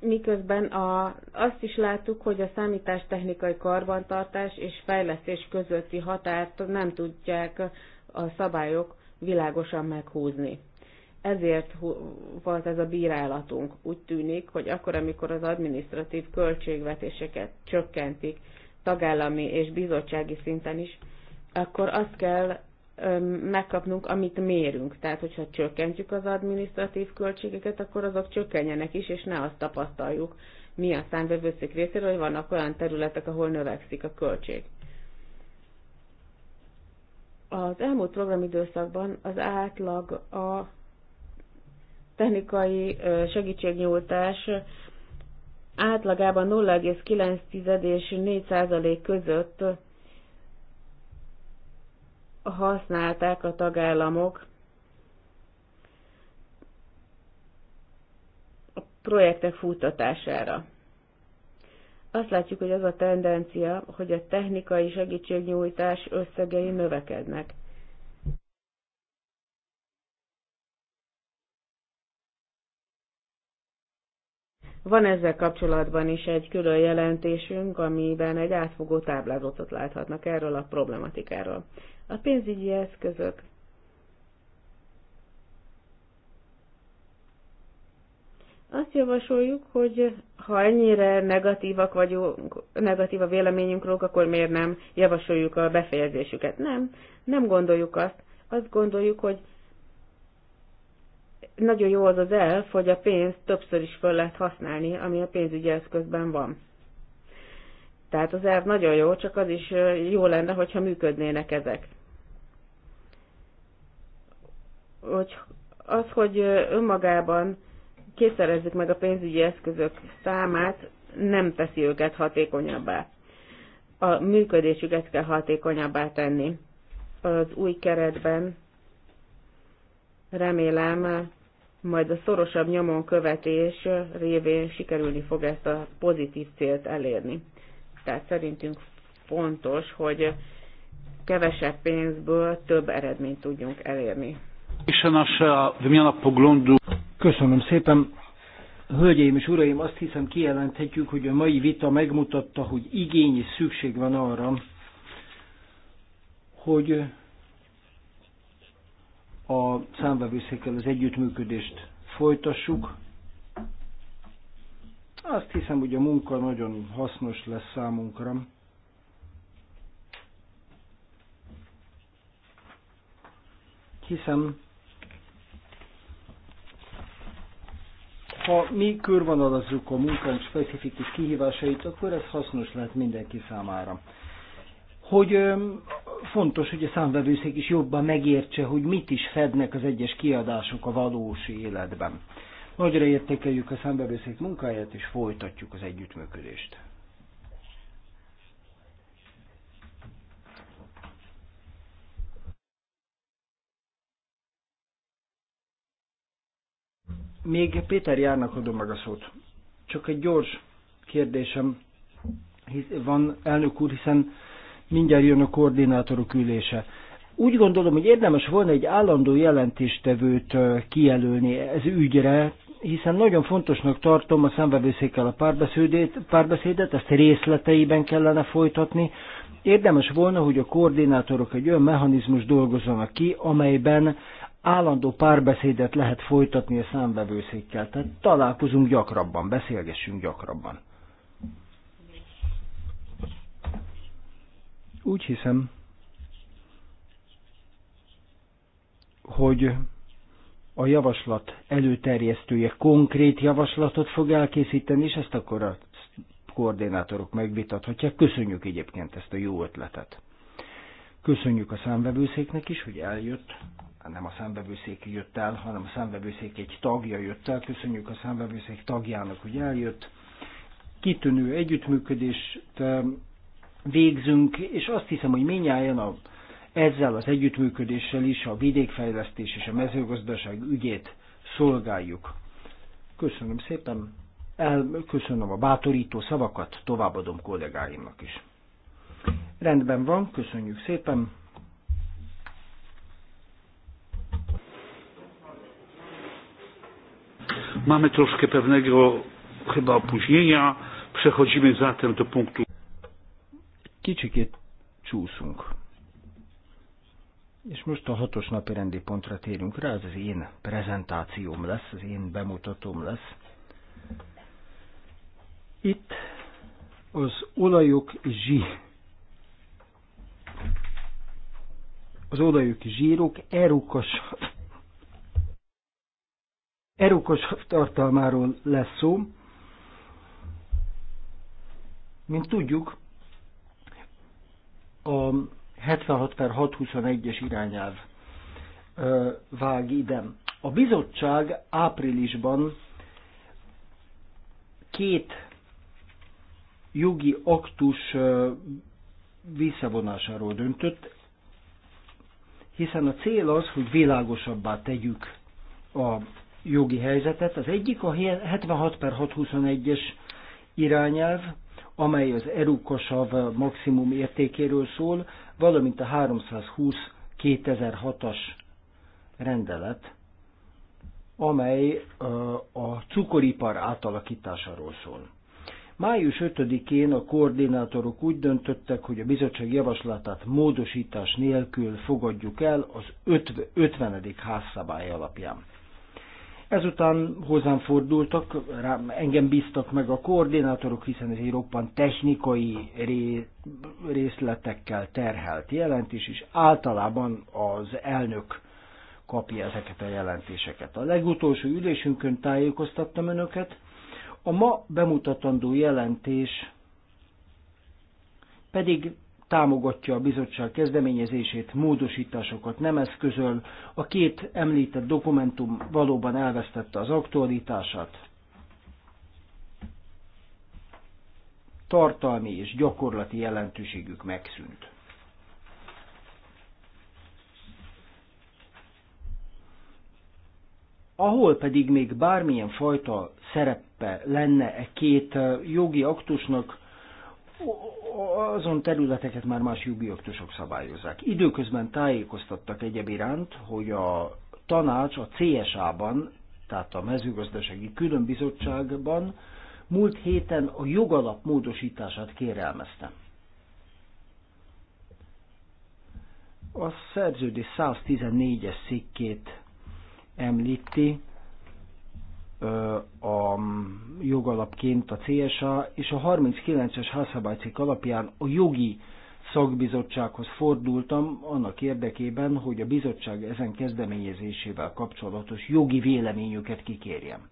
S4: miközben a, azt is láttuk, hogy a számítástechnikai karbantartás és fejlesztés közötti határt nem tudják a szabályok világosan meghúzni. Ezért volt ez a bírálatunk. Úgy tűnik, hogy akkor, amikor az administratív költségvetéseket csökkentik tagállami és bizottsági szinten is, akkor azt kell megkapnunk, amit mérünk. Tehát, hogyha csökkentjük az adminisztratív költségeket, akkor azok csökkenjenek is, és ne azt tapasztaljuk mi a számvevőszék részéről, hogy vannak olyan területek, ahol növekszik a költség. Az elmúlt programidőszakban az átlag a technikai segítségnyújtás átlagában 0,9 és 4 között használták a tagállamok a projektek futtatására. Azt látjuk, hogy az a tendencia, hogy a technikai segítségnyújtás összegei növekednek. Van ezzel kapcsolatban is egy külön jelentésünk, amiben egy átfogó táblázatot láthatnak erről a problematikáról. A pénzügyi eszközök Azt javasoljuk, hogy ha ennyire negatívak vagyunk, negatív a véleményünk róluk, akkor miért nem javasoljuk a befejezésüket? Nem, nem gondoljuk azt. Azt gondoljuk, hogy nagyon jó az az elf, hogy a pénzt többször is föl lehet használni, ami a pénzügyi eszközben van. Tehát az elf nagyon jó, csak az is jó lenne, hogyha működnének ezek. Hogy az, hogy önmagában kétszerezzük meg a pénzügyi eszközök számát, nem teszi őket hatékonyabbá. A működésüket kell hatékonyabbá tenni. Az új keretben remélem majd a szorosabb nyomon követés révén sikerülni fog ezt a pozitív célt elérni. Tehát szerintünk fontos, hogy kevesebb pénzből több eredményt tudjunk elérni.
S2: Köszönöm szépen. Hölgyeim és uraim, azt hiszem kijelenthetjük, hogy a mai vita megmutatta, hogy igény és szükség van arra, hogy a számvevőszékkel az együttműködést folytassuk. Azt hiszem, hogy a munka nagyon hasznos lesz számunkra. Hiszem, ha mi körvonalazzuk a munkánk specifikus kihívásait, akkor ez hasznos lehet mindenki számára. Hogy fontos, hogy a számvevőszék is jobban megértse, hogy mit is fednek az egyes kiadások a valós életben. Nagyra értékeljük a számbevőszék munkáját, és folytatjuk az együttműködést. Még Péter Járnak adom meg a szót. Csak egy gyors kérdésem van, elnök úr, hiszen mindjárt jön a koordinátorok ülése. Úgy gondolom, hogy érdemes volna egy állandó jelentéstevőt kijelölni ez ügyre, hiszen nagyon fontosnak tartom a szembevőszékkel a párbeszédét, párbeszédet, ezt részleteiben kellene folytatni. Érdemes volna, hogy a koordinátorok egy olyan mechanizmus dolgozzanak ki, amelyben állandó párbeszédet lehet folytatni a számbevőszékkel. Tehát találkozunk gyakrabban, beszélgessünk gyakrabban. Úgy hiszem, hogy a javaslat előterjesztője konkrét javaslatot fog elkészíteni, és ezt akkor a koordinátorok megvitathatják. Köszönjük egyébként ezt a jó ötletet. Köszönjük a számvevőszéknek is, hogy eljött. Nem a számvevőszék jött el, hanem a számvevőszék egy tagja jött el. Köszönjük a számvevőszék tagjának, hogy eljött. Kitűnő együttműködést végzünk, és azt hiszem, hogy minnyáján a, ezzel az együttműködéssel is a vidékfejlesztés és a mezőgazdaság ügyét szolgáljuk. Köszönöm szépen, elköszönöm a bátorító szavakat, továbbadom kollégáimnak is. Rendben van, köszönjük szépen.
S1: Mamy troszkę pewnego chyba opóźnienia. Przechodzimy zatem do punktu kicsikét
S2: csúszunk. És most a hatos napi rendi pontra térünk rá, ez az én prezentációm lesz, az én bemutatóm lesz. Itt az olajok zsí. Az olajok zsírok erukas erukas tartalmáról lesz szó. Mint tudjuk, a 76 per 621-es irányelv vág ide. A bizottság áprilisban két jogi aktus visszavonásáról döntött, hiszen a cél az, hogy világosabbá tegyük a jogi helyzetet. Az egyik a 76 per 621-es irányelv, amely az erukosav maximum értékéről szól, valamint a 320 2006-as rendelet, amely a cukoripar átalakításáról szól. Május 5-én a koordinátorok úgy döntöttek, hogy a bizottság javaslatát módosítás nélkül fogadjuk el az 50. házszabály alapján. Ezután hozzám fordultak, rám, engem bíztak meg a koordinátorok, hiszen ez egy roppan technikai ré, részletekkel terhelt jelentés, és általában az elnök kapja ezeket a jelentéseket. A legutolsó ülésünkön tájékoztattam önöket. A ma bemutatandó jelentés pedig támogatja a bizottság kezdeményezését, módosításokat nem eszközöl, a két említett dokumentum valóban elvesztette az aktualitását. Tartalmi és gyakorlati jelentőségük megszűnt. ahol pedig még bármilyen fajta szerepe lenne e két eh, jogi aktusnak, azon területeket már más jubioktusok szabályozzák. Időközben tájékoztattak egyéb iránt, hogy a tanács a CSA-ban, tehát a mezőgazdasági különbizottságban múlt héten a jogalap módosítását kérelmezte. A szerződés 114-es szikkét említi, a jogalapként a CSA, és a 39-es házszabálycikk alapján a jogi szakbizottsághoz fordultam annak érdekében, hogy a bizottság ezen kezdeményezésével kapcsolatos jogi véleményüket kikérjem.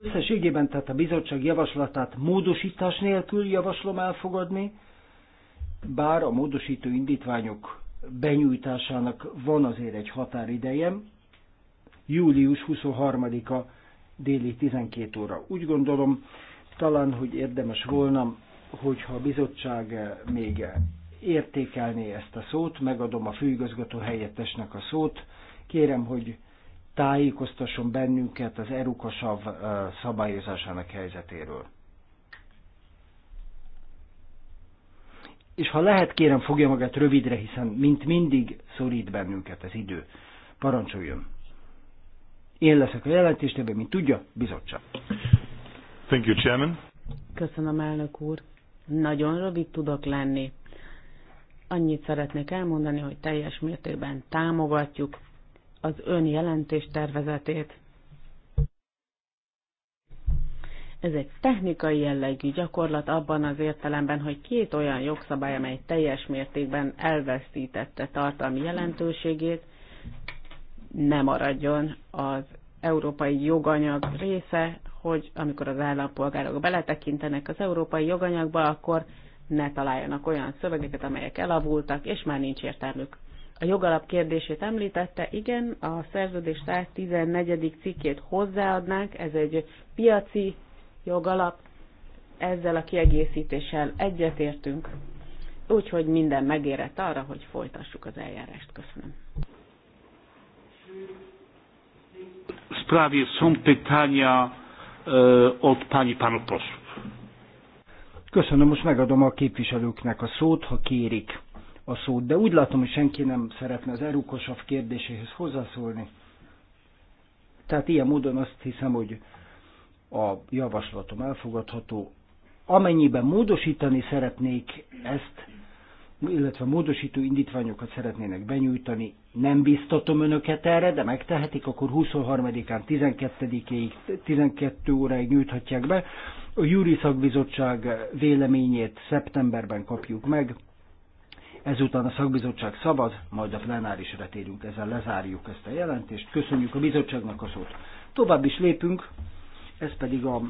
S2: Összességében tehát a bizottság javaslatát módosítás nélkül javaslom elfogadni, bár a módosító indítványok benyújtásának van azért egy határideje, július 23-a déli 12 óra. Úgy gondolom, talán, hogy érdemes volna, hogyha a bizottság még értékelné ezt a szót, megadom a főigazgató helyettesnek a szót, kérem, hogy tájékoztasson bennünket az erukasav eh, szabályozásának helyzetéről. és ha lehet, kérem, fogja magát rövidre, hiszen mint mindig szorít bennünket az idő. Parancsoljon! Én leszek a jelentéstevő, mint tudja, bizottság. Thank you, Chairman.
S4: Köszönöm, elnök úr. Nagyon rövid tudok lenni. Annyit szeretnék elmondani, hogy teljes mértékben támogatjuk az ön jelentés tervezetét, Ez egy technikai jellegű gyakorlat abban az értelemben, hogy két olyan jogszabály, amely teljes mértékben elvesztítette tartalmi jelentőségét, nem maradjon az európai joganyag része, hogy amikor az állampolgárok beletekintenek az európai joganyagba, akkor ne találjanak olyan szövegeket, amelyek elavultak, és már nincs értelmük. A jogalap kérdését említette, igen, a szerződés 114. cikkét hozzáadnánk, ez egy piaci jogalap. Ezzel a kiegészítéssel egyetértünk, úgyhogy minden megérett arra, hogy folytassuk az eljárást. Köszönöm.
S1: sprawie są pytania e, od pani panów posłów.
S2: Köszönöm, most megadom a képviselőknek a szót, ha kérik a szót, de úgy látom, hogy senki nem szeretne az Erukosav kérdéséhez hozzászólni. Tehát ilyen módon azt hiszem, hogy a javaslatom elfogadható. Amennyiben módosítani szeretnék ezt, illetve módosító indítványokat szeretnének benyújtani, nem biztatom önöket erre, de megtehetik, akkor 23-án 12-ig, 12 óráig nyújthatják be. A Júri Szakbizottság véleményét szeptemberben kapjuk meg, ezután a szakbizottság szabad, majd a plenárisra térünk, ezzel lezárjuk ezt a jelentést. Köszönjük a bizottságnak a szót. Tovább is lépünk, ez pedig a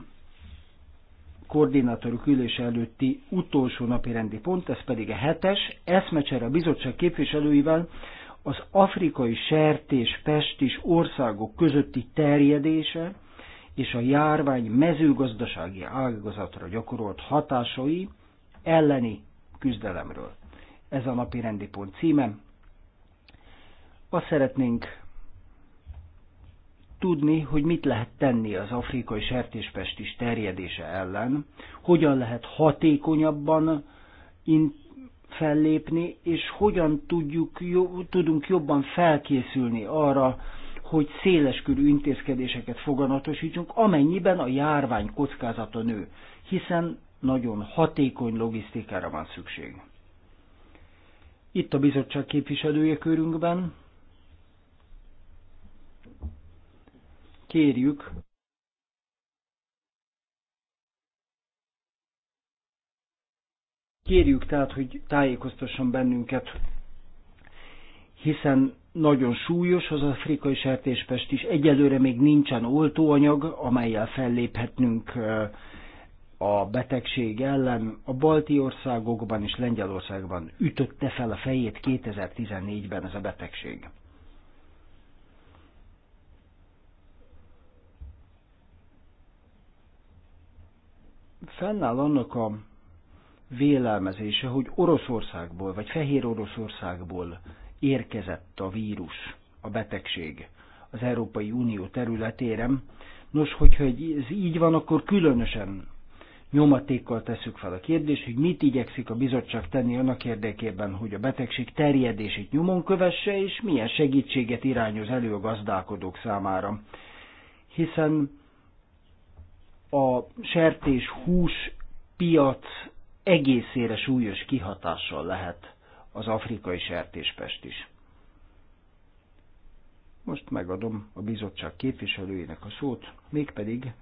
S2: koordinátorok ülése előtti utolsó napi rendi pont, ez pedig a hetes, eszmecsere a bizottság képviselőivel az afrikai sertés pestis országok közötti terjedése és a járvány mezőgazdasági ágazatra gyakorolt hatásai elleni küzdelemről. Ez a napi rendi pont címe. Azt szeretnénk tudni, hogy mit lehet tenni az afrikai sertéspestis terjedése ellen, hogyan lehet hatékonyabban fellépni, és hogyan tudjuk, jó, tudunk jobban felkészülni arra, hogy széleskörű intézkedéseket foganatosítsunk, amennyiben a járvány kockázata nő, hiszen nagyon hatékony logisztikára van szükség. Itt a bizottság képviselője körünkben kérjük, kérjük tehát, hogy tájékoztasson bennünket, hiszen nagyon súlyos az afrikai sertéspest is. Egyelőre még nincsen oltóanyag, amelyel felléphetnünk a betegség ellen. A balti országokban és Lengyelországban ütötte fel a fejét 2014-ben ez a betegség. fennáll annak a vélelmezése, hogy Oroszországból, vagy Fehér Oroszországból érkezett a vírus, a betegség az Európai Unió területére. Nos, hogyha ez így van, akkor különösen nyomatékkal tesszük fel a kérdést, hogy mit igyekszik a bizottság tenni annak érdekében, hogy a betegség terjedését nyomon kövesse, és milyen segítséget irányoz elő a gazdálkodók számára. Hiszen a sertés hús piac egészére súlyos kihatással lehet az afrikai sertéspest is. Most megadom a bizottság képviselőjének a szót, mégpedig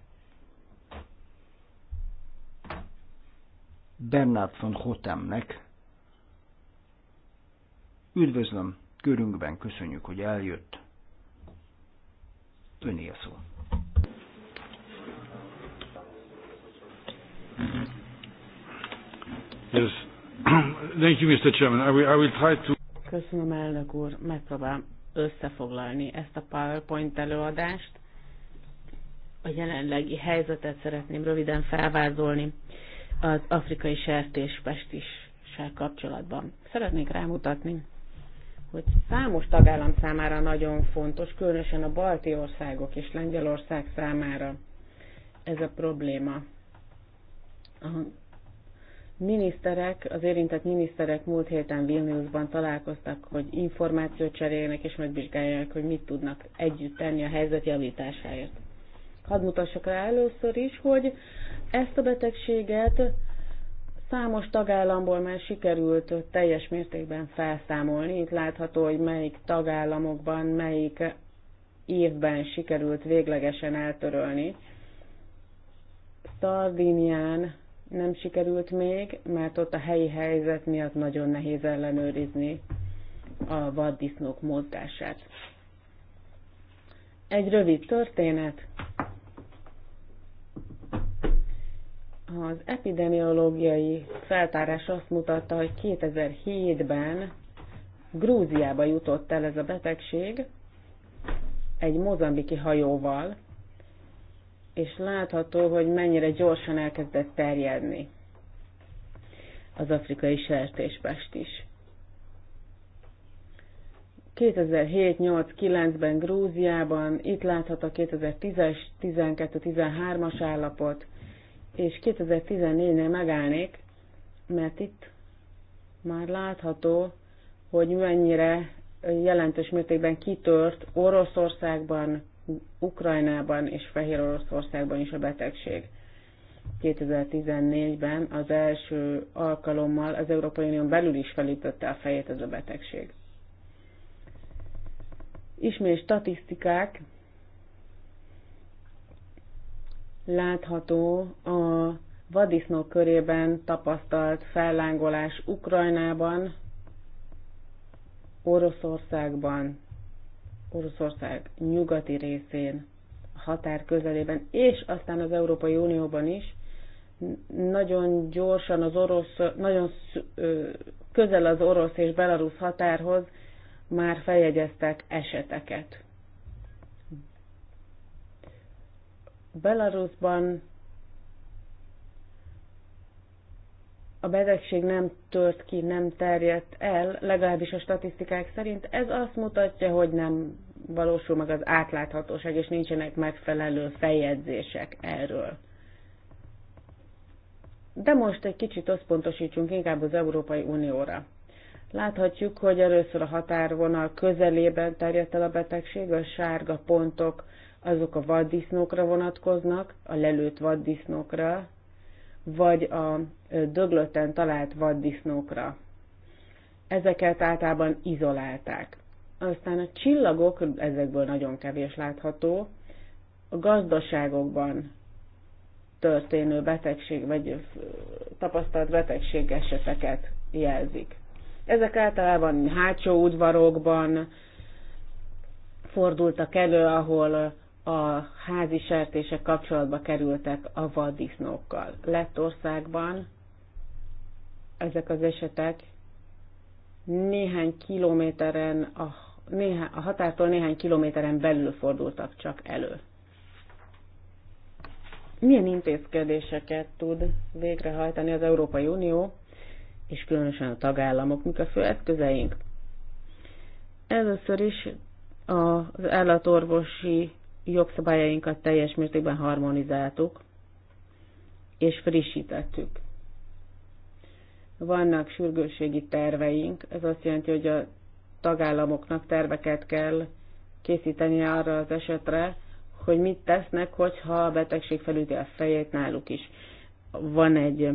S2: Bernard von Hotemnek. Üdvözlöm, körünkben köszönjük, hogy eljött. Öné a szó.
S1: Yes. Thank you, Mr. Chairman. I will, I will try to...
S4: Köszönöm, elnök úr. Megpróbálom összefoglalni ezt a PowerPoint előadást. A jelenlegi helyzetet szeretném röviden felvázolni az afrikai sertéspest is kapcsolatban. Szeretnék rámutatni, hogy számos tagállam számára nagyon fontos, különösen a balti országok és Lengyelország számára ez a probléma. A miniszterek, az érintett miniszterek múlt héten Vilniusban találkoztak, hogy információt cseréljenek és megvizsgálják, hogy mit tudnak együtt tenni a helyzet javításáért. Hadd mutassak rá először is, hogy ezt a betegséget számos tagállamból már sikerült teljes mértékben felszámolni. Itt látható, hogy melyik tagállamokban, melyik évben sikerült véglegesen eltörölni. Szardinián nem sikerült még, mert ott a helyi helyzet miatt nagyon nehéz ellenőrizni a vaddisznók mozgását. Egy rövid történet. Az epidemiológiai feltárás azt mutatta, hogy 2007-ben Grúziába jutott el ez a betegség egy mozambiki hajóval, és látható, hogy mennyire gyorsan elkezdett terjedni az afrikai sertéspest is. 2007-8-9-ben Grúziában, itt látható 2010-es, 12-13-as állapot, és 2014-nél megállnék, mert itt már látható, hogy mennyire jelentős mértékben kitört Oroszországban, Ukrajnában és Fehér Oroszországban is a betegség. 2014-ben az első alkalommal az Európai Unión belül is felütötte a fejét ez a betegség. Ismét statisztikák. Látható a vadisznók körében tapasztalt fellángolás Ukrajnában, Oroszországban, Oroszország nyugati részén, a határ közelében, és aztán az Európai Unióban is nagyon gyorsan az orosz, nagyon közel az orosz és belarusz határhoz már feljegyeztek eseteket. Belarusban a betegség nem tört ki, nem terjedt el, legalábbis a statisztikák szerint. Ez azt mutatja, hogy nem valósul meg az átláthatóság, és nincsenek megfelelő feljegyzések erről. De most egy kicsit összpontosítsunk inkább az Európai Unióra. Láthatjuk, hogy először a határvonal közelében terjedt el a betegség, a sárga pontok azok a vaddisznókra vonatkoznak, a lelőtt vaddisznókra, vagy a döglötten talált vaddisznókra. Ezeket általában izolálták. Aztán a csillagok, ezekből nagyon kevés látható, a gazdaságokban történő betegség, vagy tapasztalt betegség eseteket jelzik. Ezek általában hátsó udvarokban fordultak elő, ahol a házi sertések kapcsolatba kerültek a vaddisznókkal. Lettországban ezek az esetek néhány kilométeren, a, néhá, a határtól néhány kilométeren belül fordultak csak elő. Milyen intézkedéseket tud végrehajtani az Európai Unió, és különösen a tagállamok, mik a fő eszközeink? Először is az állatorvosi jogszabályainkat teljes mértékben harmonizáltuk és frissítettük vannak sürgősségi terveink, ez azt jelenti, hogy a tagállamoknak terveket kell készíteni arra az esetre, hogy mit tesznek, hogyha a betegség felüti a fejét náluk is. Van egy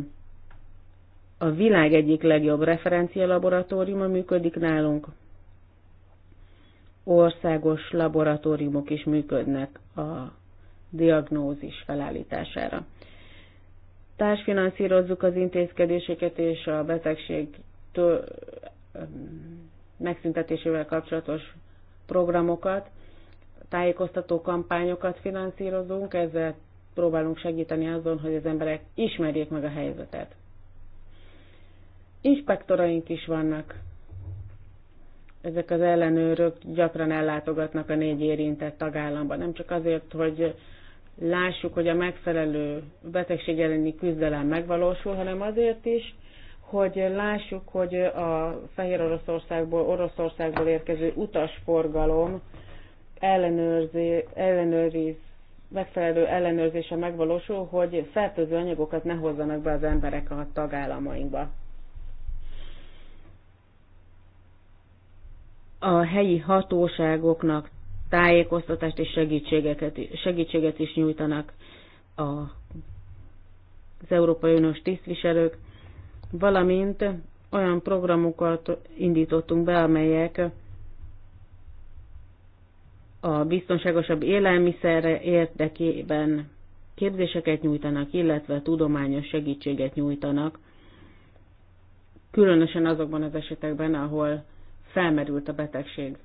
S4: a világ egyik legjobb referencia laboratóriuma működik nálunk. Országos laboratóriumok is működnek a diagnózis felállítására társfinanszírozzuk az intézkedéseket és a betegség megszüntetésével kapcsolatos programokat, tájékoztató kampányokat finanszírozunk, ezzel próbálunk segíteni azon, hogy az emberek ismerjék meg a helyzetet. Inspektoraink is vannak. Ezek az ellenőrök gyakran ellátogatnak a négy érintett tagállamban, nem csak azért, hogy lássuk, hogy a megfelelő betegség elleni küzdelem megvalósul, hanem azért is, hogy lássuk, hogy a Fehér Oroszországból, Oroszországból érkező utasforgalom ellenőrzi, ellenőriz, megfelelő ellenőrzése megvalósul, hogy fertőző anyagokat ne hozzanak be az emberek a tagállamainkba. A helyi hatóságoknak tájékoztatást és segítségeket, segítséget is nyújtanak a, az Európai Uniós tisztviselők, valamint olyan programokat indítottunk be, amelyek a biztonságosabb élelmiszerre érdekében képzéseket nyújtanak, illetve tudományos segítséget nyújtanak, különösen azokban az esetekben, ahol felmerült a betegség.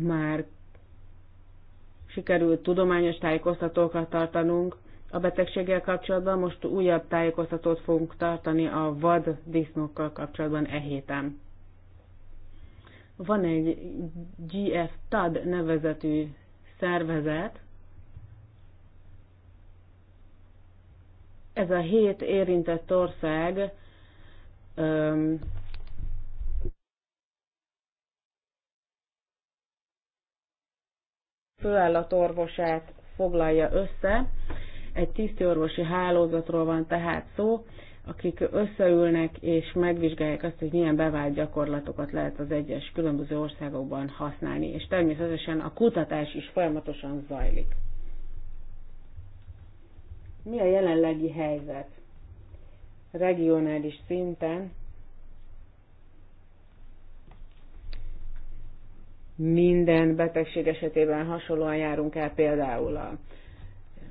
S4: már sikerült tudományos tájékoztatókat tartanunk a betegséggel kapcsolatban, most újabb tájékoztatót fogunk tartani a vad disznókkal kapcsolatban e héten. Van egy GF TAD nevezetű szervezet, ez a hét érintett ország főállatorvosát foglalja össze. Egy tisztiorvosi hálózatról van tehát szó, akik összeülnek és megvizsgálják azt, hogy milyen bevált gyakorlatokat lehet az egyes különböző országokban használni, és természetesen a kutatás is folyamatosan zajlik. Mi a jelenlegi helyzet? Regionális szinten Minden betegség esetében hasonlóan járunk el, például a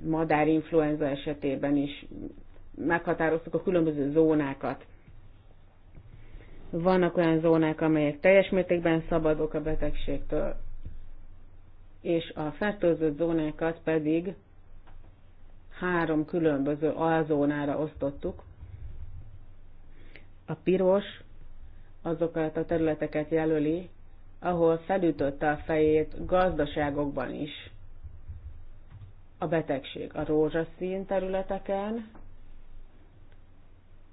S4: madárinfluenza esetében is meghatároztuk a különböző zónákat. Vannak olyan zónák, amelyek teljes mértékben szabadok a betegségtől, és a fertőzött zónákat pedig három különböző alzónára osztottuk. A piros azokat a területeket jelöli, ahol felütötte a fejét gazdaságokban is a betegség. A rózsaszín területeken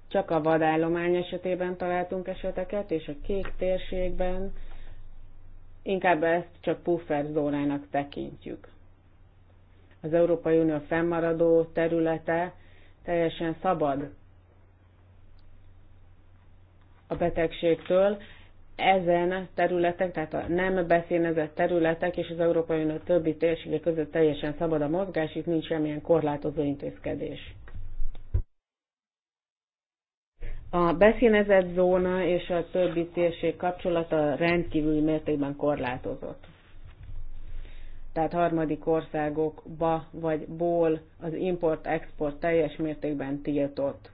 S4: csak a vadállomány esetében találtunk eseteket, és a kék térségben inkább ezt csak puffer zónának tekintjük. Az Európai Unió fennmaradó területe teljesen szabad a betegségtől, ezen területek, tehát a nem beszénezett területek és az Európai Unió többi térsége között teljesen szabad a mozgás, itt nincs semmilyen korlátozó intézkedés. A beszénezett zóna és a többi térség kapcsolata rendkívüli mértékben korlátozott. Tehát harmadik országokba vagy ból az import-export teljes mértékben tiltott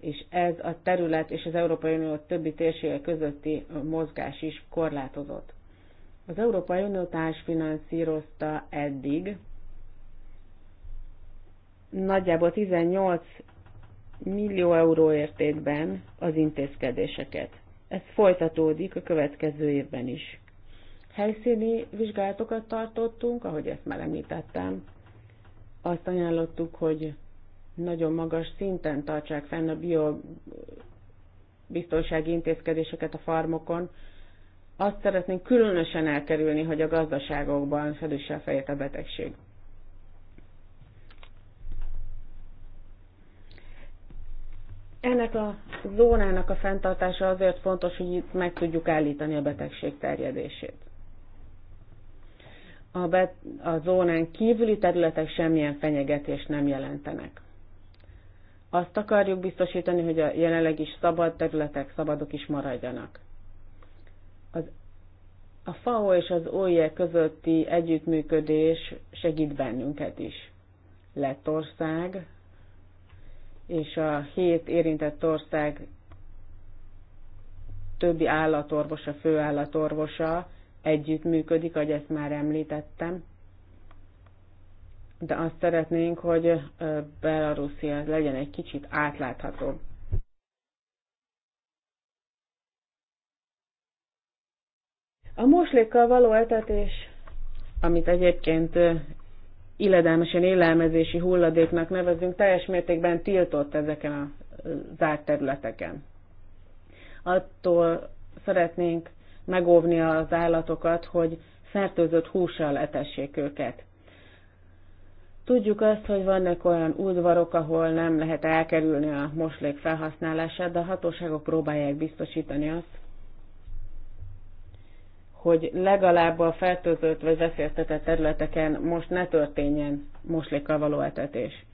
S4: és ez a terület és az Európai Unió többi térsége közötti mozgás is korlátozott. Az Európai Unió finanszírozta eddig nagyjából 18 millió euró értékben az intézkedéseket. Ez folytatódik a következő évben is. Helyszíni vizsgálatokat tartottunk, ahogy ezt már említettem. Azt ajánlottuk, hogy nagyon magas szinten tartsák fenn a biobiztonsági intézkedéseket a farmokon. Azt szeretnénk különösen elkerülni, hogy a gazdaságokban fedüsse a fejét a betegség. Ennek a zónának a fenntartása azért fontos, hogy itt meg tudjuk állítani a betegség terjedését. A, bet, a zónán kívüli területek semmilyen fenyegetést nem jelentenek azt akarjuk biztosítani, hogy a jelenleg is szabad területek szabadok is maradjanak. Az, a FAO és az OIE közötti együttműködés segít bennünket is. Lettország és a hét érintett ország többi állatorvosa, főállatorvosa együttműködik, ahogy ezt már említettem, de azt szeretnénk, hogy Belarusia legyen egy kicsit átláthatóbb. A moslékkal való etetés, amit egyébként illedelmesen élelmezési hulladéknak nevezünk, teljes mértékben tiltott ezeken a zárt területeken. Attól szeretnénk megóvni az állatokat, hogy fertőzött hússal etessék őket. Tudjuk azt, hogy vannak olyan udvarok, ahol nem lehet elkerülni a moslék felhasználását, de a hatóságok próbálják biztosítani azt, hogy legalább a fertőzött vagy veszélyeztetett területeken most ne történjen moslékkal való etetés.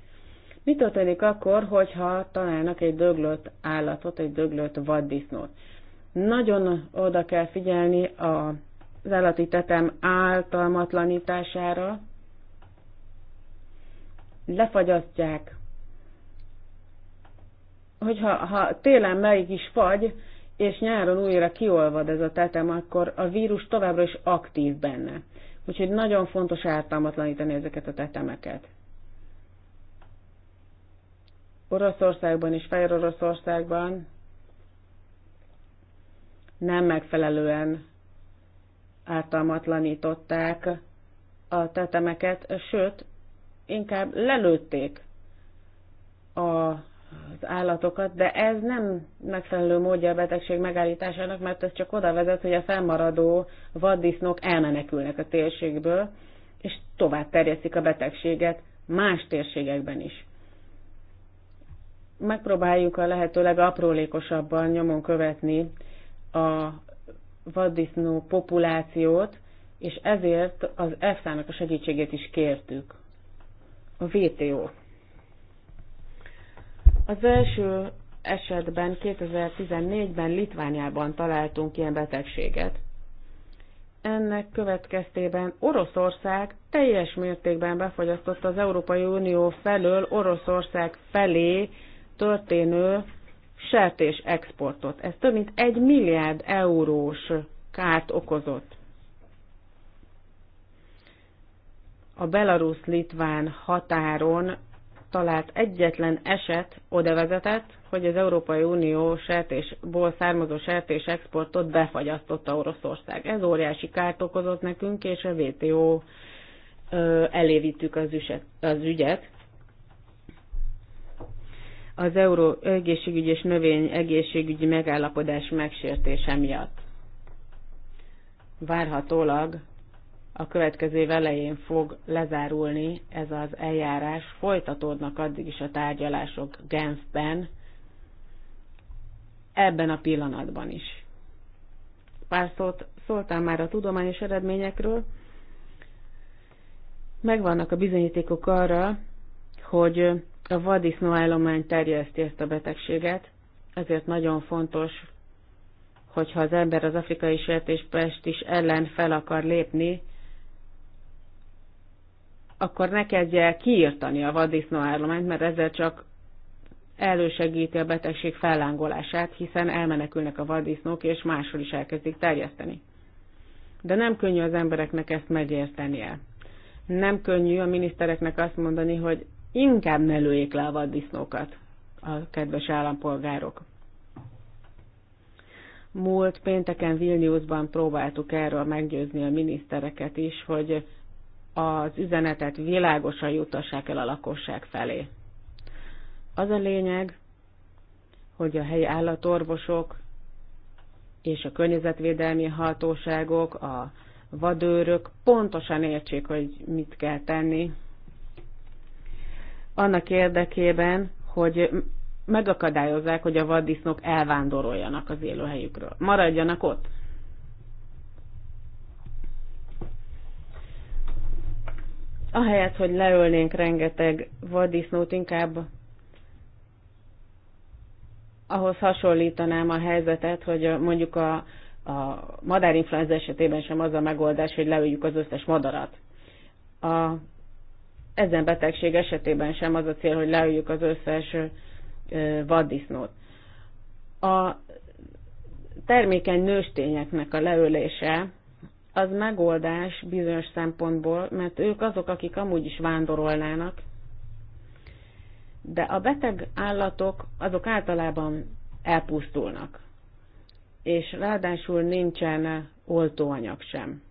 S4: Mi történik akkor, hogyha találnak egy döglött állatot, egy döglött vaddisznót? Nagyon oda kell figyelni az állati tetem általmatlanítására, lefagyasztják, hogyha ha télen melyik is fagy, és nyáron újra kiolvad ez a tetem, akkor a vírus továbbra is aktív benne. Úgyhogy nagyon fontos ártalmatlanítani ezeket a tetemeket. Oroszországban és Fejr Oroszországban nem megfelelően ártalmatlanították a tetemeket, sőt, inkább lelőtték a, az állatokat, de ez nem megfelelő módja a betegség megállításának, mert ez csak oda vezet, hogy a fennmaradó vaddisznók elmenekülnek a térségből, és tovább terjesztik a betegséget más térségekben is. Megpróbáljuk a lehetőleg aprólékosabban nyomon követni a vaddisznó populációt, és ezért az EFSA-nak a segítségét is kértük a VTO. Az első esetben 2014-ben Litvániában találtunk ilyen betegséget. Ennek következtében Oroszország teljes mértékben befogyasztotta az Európai Unió felől Oroszország felé történő sertés exportot. Ez több mint egy milliárd eurós kárt okozott. a belarusz-litván határon talált egyetlen eset oda vezetett, hogy az Európai Unió sertésból származó sertés exportot befagyasztotta Oroszország. Ez óriási kárt okozott nekünk, és a WTO elévítük az, üset, az ügyet. Az Euró egészségügyi és növény egészségügyi megállapodás megsértése miatt. Várhatólag a következő év elején fog lezárulni ez az eljárás, folytatódnak addig is a tárgyalások Genfben, ebben a pillanatban is. Pár szót szóltam már a tudományos eredményekről. Megvannak a bizonyítékok arra, hogy a vaddisznóállomány terjeszti ezt a betegséget, ezért nagyon fontos, hogyha az ember az afrikai sertéspest is ellen fel akar lépni, akkor ne kezdje el kiirtani a vaddisznó állományt, mert ezzel csak elősegíti a betegség fellángolását, hiszen elmenekülnek a vaddisznók, és máshol is elkezdik terjeszteni. De nem könnyű az embereknek ezt megértenie. Nem könnyű a minisztereknek azt mondani, hogy inkább ne lőjék le a vaddisznókat a kedves állampolgárok. Múlt pénteken Vilniusban próbáltuk erről meggyőzni a minisztereket is, hogy az üzenetet világosan jutassák el a lakosság felé. Az a lényeg, hogy a helyi állatorvosok és a környezetvédelmi hatóságok, a vadőrök pontosan értsék, hogy mit kell tenni. Annak érdekében, hogy megakadályozzák, hogy a vaddisznók elvándoroljanak az élőhelyükről. Maradjanak ott. ahelyett, hogy leölnénk rengeteg vaddisznót, inkább ahhoz hasonlítanám a helyzetet, hogy mondjuk a, a madárinfluenza esetében sem az a megoldás, hogy leöljük az összes madarat. A, ezen betegség esetében sem az a cél, hogy leöljük az összes ö, vaddisznót. A termékeny nőstényeknek a leölése az megoldás bizonyos szempontból, mert ők azok, akik amúgy is vándorolnának, de a beteg állatok azok általában elpusztulnak, és ráadásul nincsen oltóanyag sem.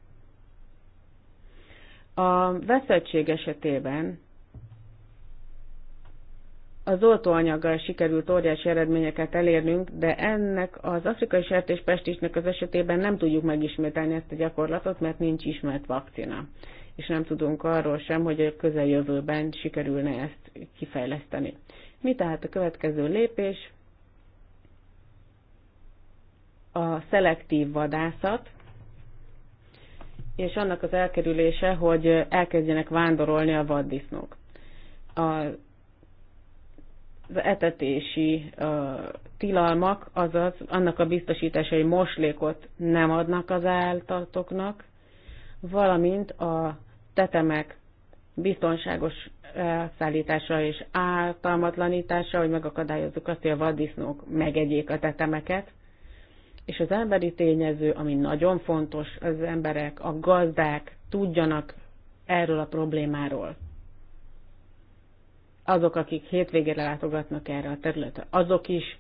S4: A veszettség esetében az oltóanyaggal sikerült óriási eredményeket elérnünk, de ennek az afrikai sertéspestisnek az esetében nem tudjuk megismételni ezt a gyakorlatot, mert nincs ismert vakcina. És nem tudunk arról sem, hogy a közeljövőben sikerülne ezt kifejleszteni. Mi tehát a következő lépés? A szelektív vadászat, és annak az elkerülése, hogy elkezdjenek vándorolni a vaddisznók. A az etetési ö, tilalmak, azaz annak a biztosításai moslékot nem adnak az állatoknak, valamint a tetemek biztonságos szállítása és ártalmatlanítása, hogy megakadályozzuk azt, hogy a vaddisznók megegyék a tetemeket. És az emberi tényező, ami nagyon fontos, az emberek, a gazdák tudjanak erről a problémáról azok, akik hétvégére látogatnak erre a területre, azok is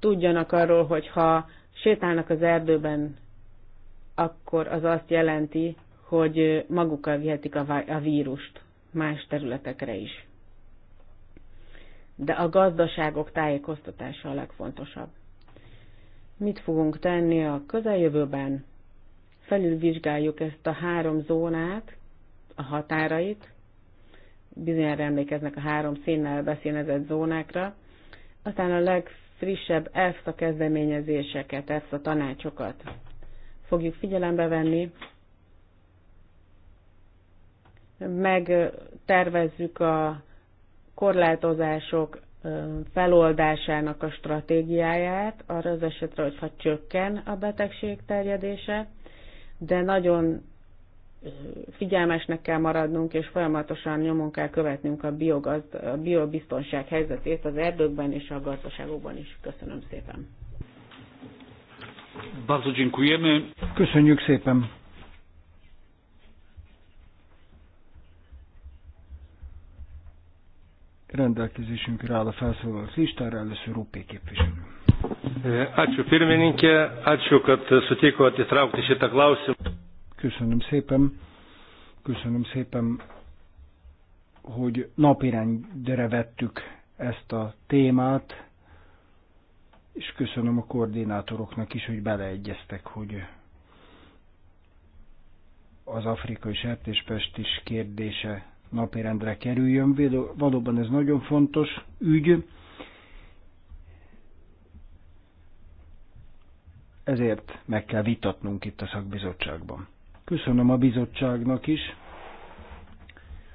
S4: tudjanak arról, hogy ha sétálnak az erdőben, akkor az azt jelenti, hogy magukkal vihetik a vírust más területekre is. De a gazdaságok tájékoztatása a legfontosabb. Mit fogunk tenni a közeljövőben? Felülvizsgáljuk ezt a három zónát, a határait, bizonyára emlékeznek a három színnel beszínezett zónákra. Aztán a legfrissebb EFSA kezdeményezéseket, EFSA tanácsokat fogjuk figyelembe venni. Megtervezzük a korlátozások feloldásának a stratégiáját, arra az esetre, hogyha csökken a betegség terjedése, de nagyon figyelmesnek kell maradnunk, és folyamatosan nyomon kell követnünk a, biogazd, a biobiztonság helyzetét az erdőkben és a gazdaságokban is. Köszönöm szépen.
S1: Bardzo dziękujemy.
S2: Köszönjük szépen. Rendelkezésünkre áll a felszólaló listára, először Rupé képviselő.
S1: Ačiū pirmininkė, ačiū, kad sutikote įtraukti šitą klausimą.
S2: Köszönöm szépen. Köszönöm szépen, hogy napirendre vettük ezt a témát, és köszönöm a koordinátoroknak is, hogy beleegyeztek, hogy az afrikai sertéspest is kérdése napirendre kerüljön. Valóban ez nagyon fontos ügy. Ezért meg kell vitatnunk itt a szakbizottságban. Köszönöm a bizottságnak is,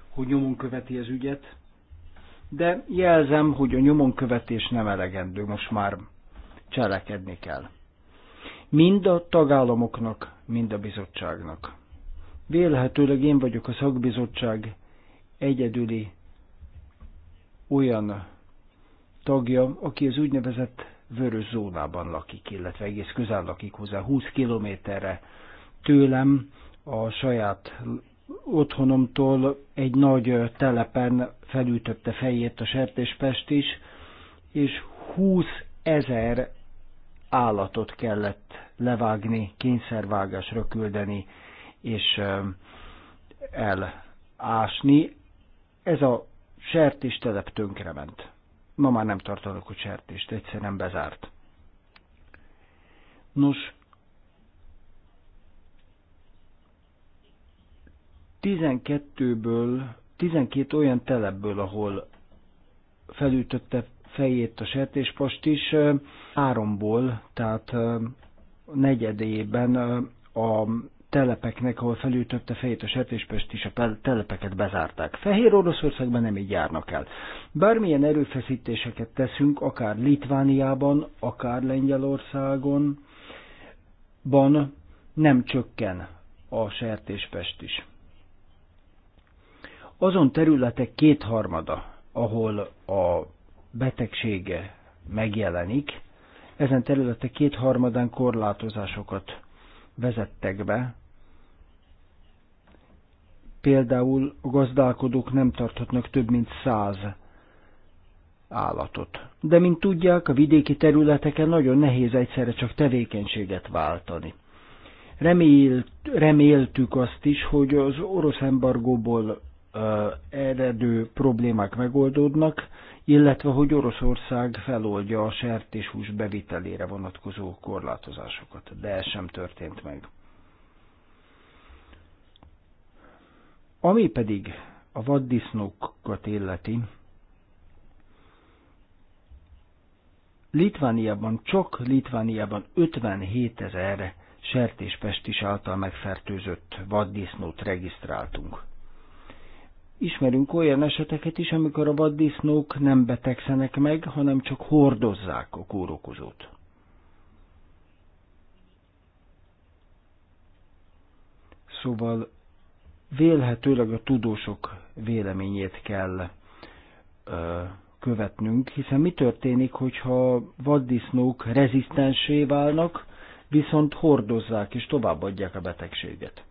S2: hogy nyomon követi az ügyet, de jelzem, hogy a nyomon követés nem elegendő, most már cselekedni kell. Mind a tagállamoknak, mind a bizottságnak. Vélhetőleg én vagyok a szakbizottság egyedüli olyan tagja, aki az úgynevezett vörös zónában lakik, illetve egész közel lakik hozzá, 20 kilométerre tőlem a saját otthonomtól egy nagy telepen felütötte fejét a sertéspest is, és 20 ezer állatot kellett levágni, kényszervágásra küldeni, és elásni. Ez a sertés telep tönkrement. Ma már nem tartanak a sertést, egyszerűen bezárt. Nos, 12-ből, 12 olyan telepből, ahol felütötte fejét a sertéspast is, háromból, tehát negyedében a telepeknek, ahol felütötte fejét a sertéspest is, a telepeket bezárták. Fehér Oroszországban nem így járnak el. Bármilyen erőfeszítéseket teszünk, akár Litvániában, akár Lengyelországon, ban nem csökken a sertéspest is. Azon területek kétharmada, ahol a betegsége megjelenik, ezen területek kétharmadán korlátozásokat vezettek be. Például a gazdálkodók nem tarthatnak több mint száz állatot. De, mint tudják, a vidéki területeken nagyon nehéz egyszerre csak tevékenységet váltani. Remélt, reméltük azt is, hogy az orosz embargóból eredő problémák megoldódnak, illetve hogy Oroszország feloldja a sertéshús bevitelére vonatkozó korlátozásokat, de ez sem történt meg. Ami pedig a vaddisznókat illeti, Litvániában, csak Litvániában 57 ezer sertéspestis által megfertőzött vaddisznót regisztráltunk. Ismerünk olyan eseteket is, amikor a vaddisznók nem betegszenek meg, hanem csak hordozzák a kórokozót. Szóval vélhetőleg a tudósok véleményét kell ö, követnünk, hiszen mi történik, hogyha vaddisznók rezisztensé válnak, viszont hordozzák és továbbadják a betegséget.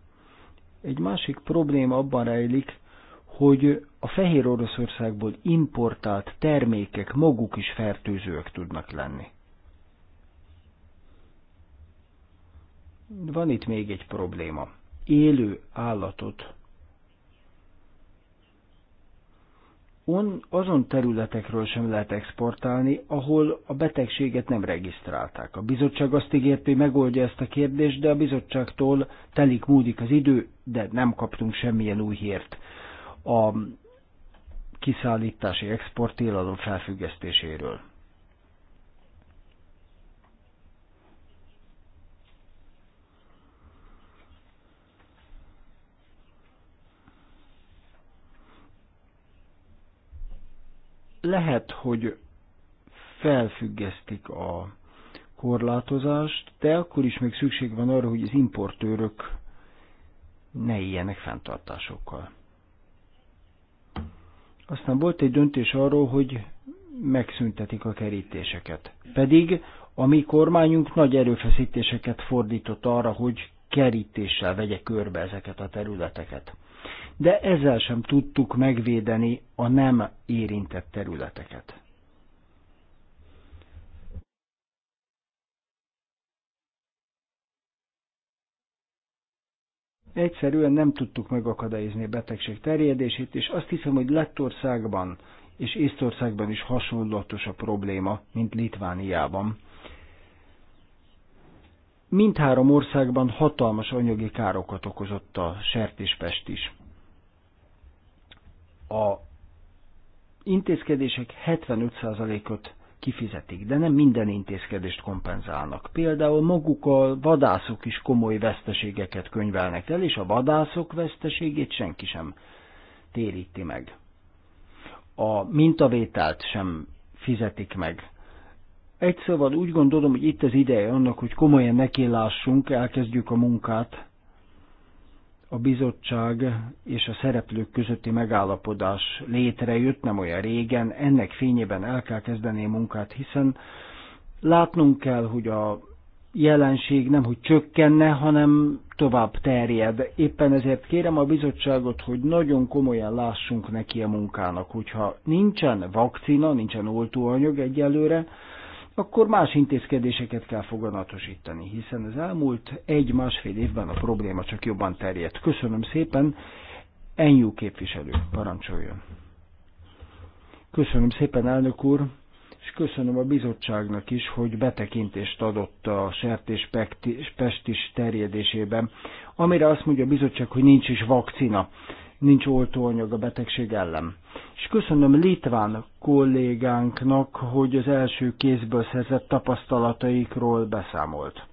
S2: Egy másik probléma abban rejlik, hogy a Fehér Oroszországból importált termékek maguk is fertőzőek tudnak lenni. Van itt még egy probléma. Élő állatot on, azon területekről sem lehet exportálni, ahol a betegséget nem regisztrálták. A bizottság azt ígérte, hogy megoldja ezt a kérdést, de a bizottságtól telik múlik az idő, de nem kaptunk semmilyen új hírt a kiszállítási export tilalom felfüggesztéséről. Lehet, hogy felfüggesztik a korlátozást, de akkor is még szükség van arra, hogy az importőrök ne éljenek fenntartásokkal. Aztán volt egy döntés arról, hogy megszüntetik a kerítéseket. Pedig a mi kormányunk nagy erőfeszítéseket fordított arra, hogy kerítéssel vegye körbe ezeket a területeket. De ezzel sem tudtuk megvédeni a nem érintett területeket. egyszerűen nem tudtuk megakadályozni a betegség terjedését, és azt hiszem, hogy Lettországban és Észtországban is hasonlatos a probléma, mint Litvániában. Mindhárom országban hatalmas anyagi károkat okozott a sertéspest is. A intézkedések 75%-ot kifizetik, de nem minden intézkedést kompenzálnak. Például maguk a vadászok is komoly veszteségeket könyvelnek el, és a vadászok veszteségét senki sem téríti meg. A mintavételt sem fizetik meg. Egy szóval úgy gondolom, hogy itt az ideje annak, hogy komolyan nekilássunk, elkezdjük a munkát, a bizottság és a szereplők közötti megállapodás létrejött nem olyan régen, ennek fényében el kell kezdeni a munkát, hiszen látnunk kell, hogy a jelenség nem, hogy csökkenne, hanem tovább terjed. Éppen ezért kérem a bizottságot, hogy nagyon komolyan lássunk neki a munkának, hogyha nincsen vakcina, nincsen oltóanyag egyelőre, akkor más intézkedéseket kell foganatosítani, hiszen az elmúlt egy-másfél évben a probléma csak jobban terjedt. Köszönöm szépen, Enyú képviselő, parancsoljon. Köszönöm szépen, elnök úr, és köszönöm a bizottságnak is, hogy betekintést adott a sertés pestis terjedésében, amire azt mondja a bizottság, hogy nincs is vakcina nincs oltóanyag a betegség ellen. És köszönöm Litván kollégánknak, hogy az első kézből szerzett tapasztalataikról beszámolt.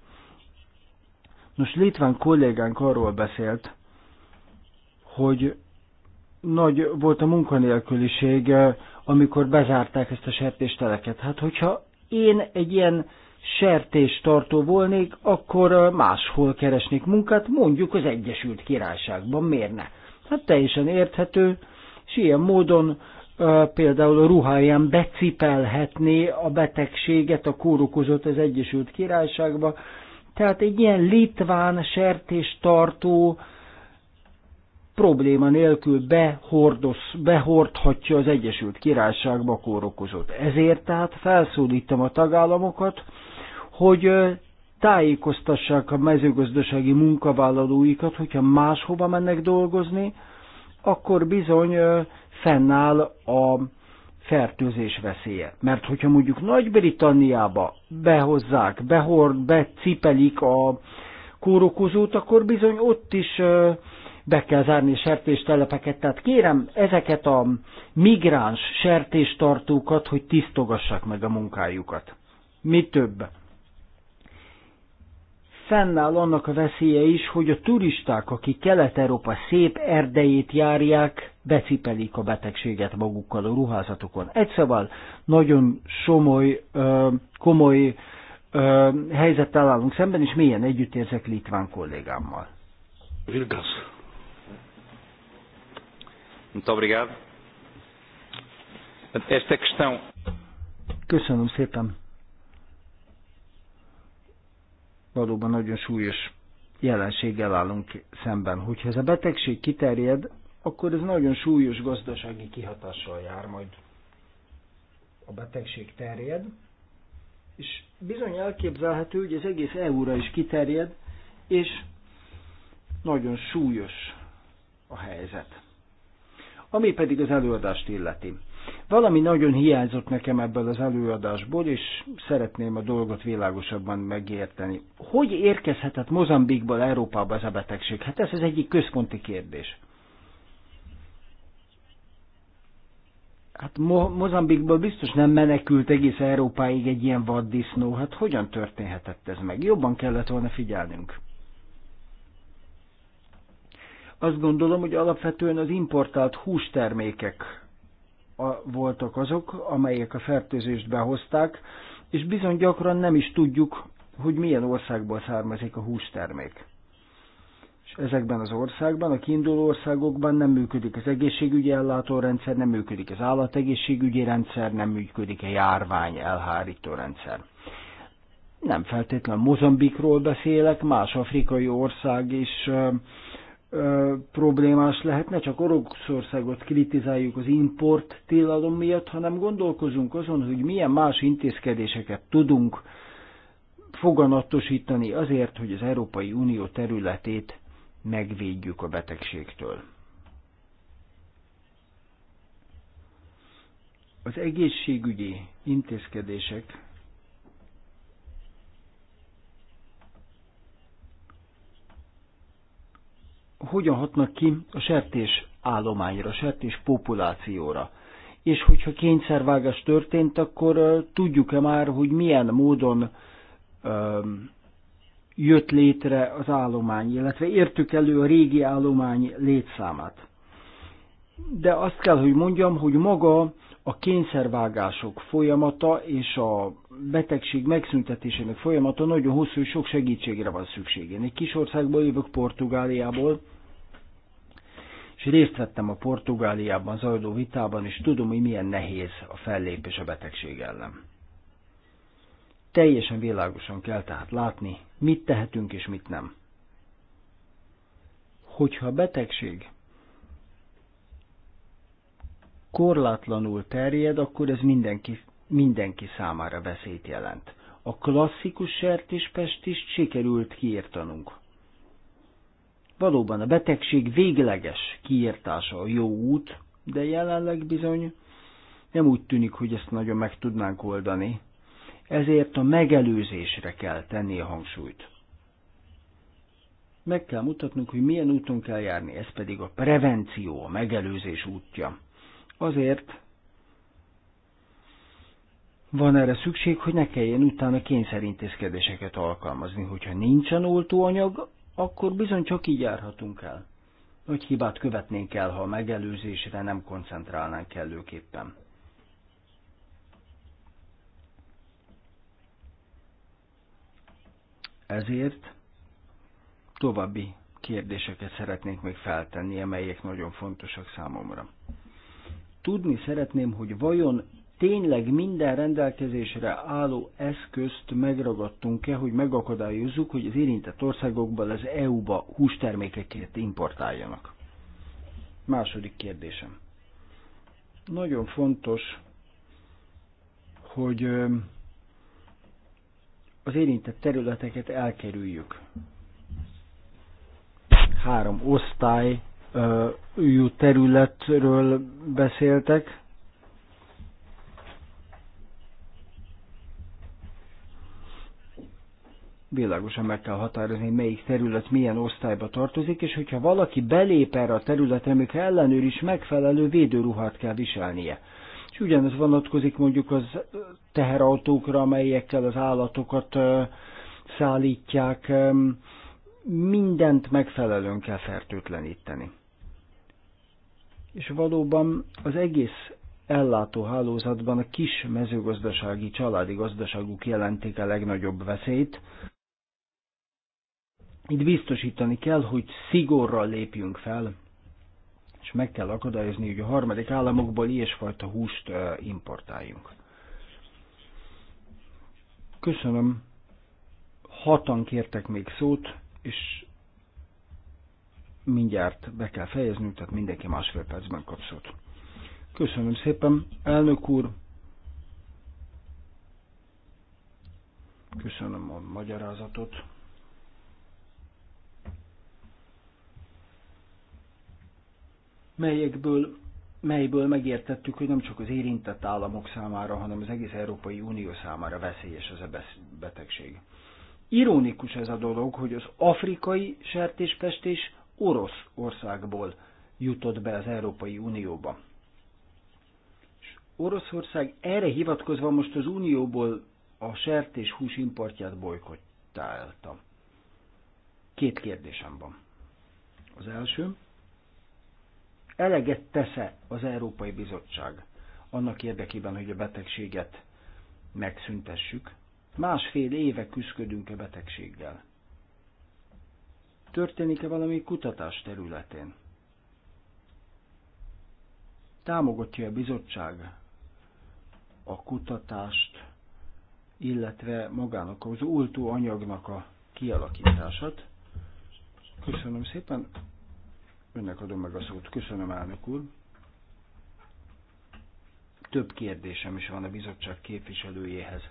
S2: Nos, Litván kollégánk arról beszélt, hogy nagy volt a munkanélküliség, amikor bezárták ezt a sertésteleket. Hát, hogyha én egy ilyen sertéstartó volnék, akkor máshol keresnék munkát, mondjuk az Egyesült Királyságban, miért ne? Hát teljesen érthető, és ilyen módon például a ruháján becipelhetné a betegséget, a kórokozót az Egyesült Királyságba. Tehát egy ilyen litván sertéstartó probléma nélkül behordoz, behordhatja az Egyesült Királyságba a kórokozót. Ezért tehát felszólítom a tagállamokat, hogy tájékoztassák a mezőgazdasági munkavállalóikat, hogyha máshova mennek dolgozni, akkor bizony fennáll a fertőzés veszélye. Mert hogyha mondjuk Nagy-Britanniába behozzák, behord, becipelik a kórokozót, akkor bizony ott is be kell zárni sertéstelepeket. Tehát kérem ezeket a migráns sertéstartókat, hogy tisztogassák meg a munkájukat. Mi több? fennáll annak a veszélye is, hogy a turisták, akik Kelet-Európa szép erdejét járják, becipelik a betegséget magukkal a ruházatokon. Egy szóval nagyon somoly, komoly helyzettel állunk szemben, és mélyen érzek Litván kollégámmal.
S1: Vilgasz.
S2: Muito obrigado. Esta questão. Köszönöm szépen valóban nagyon súlyos jelenséggel állunk szemben. Hogyha ez a betegség kiterjed, akkor ez nagyon súlyos gazdasági kihatással jár majd. A betegség terjed, és bizony elképzelhető, hogy az egész EU-ra is kiterjed, és nagyon súlyos a helyzet. Ami pedig az előadást illeti. Valami nagyon hiányzott nekem ebből az előadásból, és szeretném a dolgot világosabban megérteni. Hogy érkezhetett Mozambikból Európába ez a betegség? Hát ez az egyik központi kérdés. Hát Mo- Mozambikból biztos nem menekült egész Európáig egy ilyen vaddisznó. Hát hogyan történhetett ez meg? Jobban kellett volna figyelnünk. Azt gondolom, hogy alapvetően az importált hústermékek voltak azok, amelyek a fertőzést behozták, és bizony gyakran nem is tudjuk, hogy milyen országból származik a hústermék. És ezekben az országban, a kiinduló országokban nem működik az egészségügyi ellátórendszer, nem működik az állategészségügyi rendszer, nem működik a járvány elhárító rendszer. Nem feltétlenül Mozambikról beszélek, más afrikai ország is ö, problémás lehet, ne csak Oroszországot kritizáljuk az import tilalom miatt, hanem gondolkozunk azon, hogy milyen más intézkedéseket tudunk foganatosítani azért, hogy az Európai Unió területét megvédjük a betegségtől. Az egészségügyi intézkedések hogyan hatnak ki a sertés állományra, a sertés populációra. És hogyha kényszervágás történt, akkor tudjuk-e már, hogy milyen módon jött létre az állomány, illetve értük elő a régi állomány létszámát. De azt kell, hogy mondjam, hogy maga a kényszervágások folyamata és a betegség megszüntetésének folyamata nagyon hosszú és sok segítségre van szüksége. Én egy kis országból jövök Portugáliából, és részt vettem a Portugáliában zajló vitában, és tudom, hogy milyen nehéz a fellépés a betegség ellen. Teljesen világosan kell tehát látni, mit tehetünk és mit nem. Hogyha a betegség korlátlanul terjed, akkor ez mindenki mindenki számára veszélyt jelent. A klasszikus sertéspest is sikerült kiírtanunk. Valóban a betegség végleges kiírtása a jó út, de jelenleg bizony nem úgy tűnik, hogy ezt nagyon meg tudnánk oldani. Ezért a megelőzésre kell tenni a hangsúlyt. Meg kell mutatnunk, hogy milyen úton kell járni, ez pedig a prevenció, a megelőzés útja. Azért, van erre szükség, hogy ne kelljen utána kényszerintézkedéseket alkalmazni. Hogyha nincsen oltóanyag, akkor bizony csak így járhatunk el. Nagy hibát követnénk el, ha a megelőzésre nem koncentrálnánk kellőképpen. Ezért további kérdéseket szeretnék még feltenni, amelyek nagyon fontosak számomra. Tudni szeretném, hogy vajon tényleg minden rendelkezésre álló eszközt megragadtunk-e, hogy megakadályozzuk, hogy az érintett országokból az EU-ba hústermékeket importáljanak? Második kérdésem. Nagyon fontos, hogy az érintett területeket elkerüljük. Három osztály területről beszéltek, világosan meg kell határozni, melyik terület milyen osztályba tartozik, és hogyha valaki belép erre a területre, amikor ellenőr is megfelelő védőruhát kell viselnie. És ugyanez vonatkozik mondjuk az teherautókra, amelyekkel az állatokat szállítják, mindent megfelelően kell fertőtleníteni. És valóban az egész ellátóhálózatban a kis mezőgazdasági, családi gazdaságuk jelentik a legnagyobb veszélyt, itt biztosítani kell, hogy szigorral lépjünk fel, és meg kell akadályozni, hogy a harmadik államokból ilyesfajta húst importáljunk. Köszönöm. Hatan kértek még szót, és mindjárt be kell fejeznünk, tehát mindenki másfél percben kap szót. Köszönöm szépen, elnök úr. Köszönöm a magyarázatot. melyekből, melyből megértettük, hogy nem csak az érintett államok számára, hanem az egész Európai Unió számára veszélyes ez a betegség. Ironikus ez a dolog, hogy az afrikai sertéspestés orosz országból jutott be az Európai Unióba. És Oroszország erre hivatkozva most az Unióból a sertés hús importját bolykottálta. Két kérdésem van. Az első, Eleget tesz-e az Európai Bizottság annak érdekében, hogy a betegséget megszüntessük? Másfél éve küzdködünk a betegséggel. Történik-e valami kutatás területén? Támogatja a bizottság a kutatást, illetve magának az oltóanyagnak a kialakítását. Köszönöm szépen. Önnek adom meg a szót. Köszönöm, elnök úr. Több kérdésem is van a bizottság képviselőjéhez.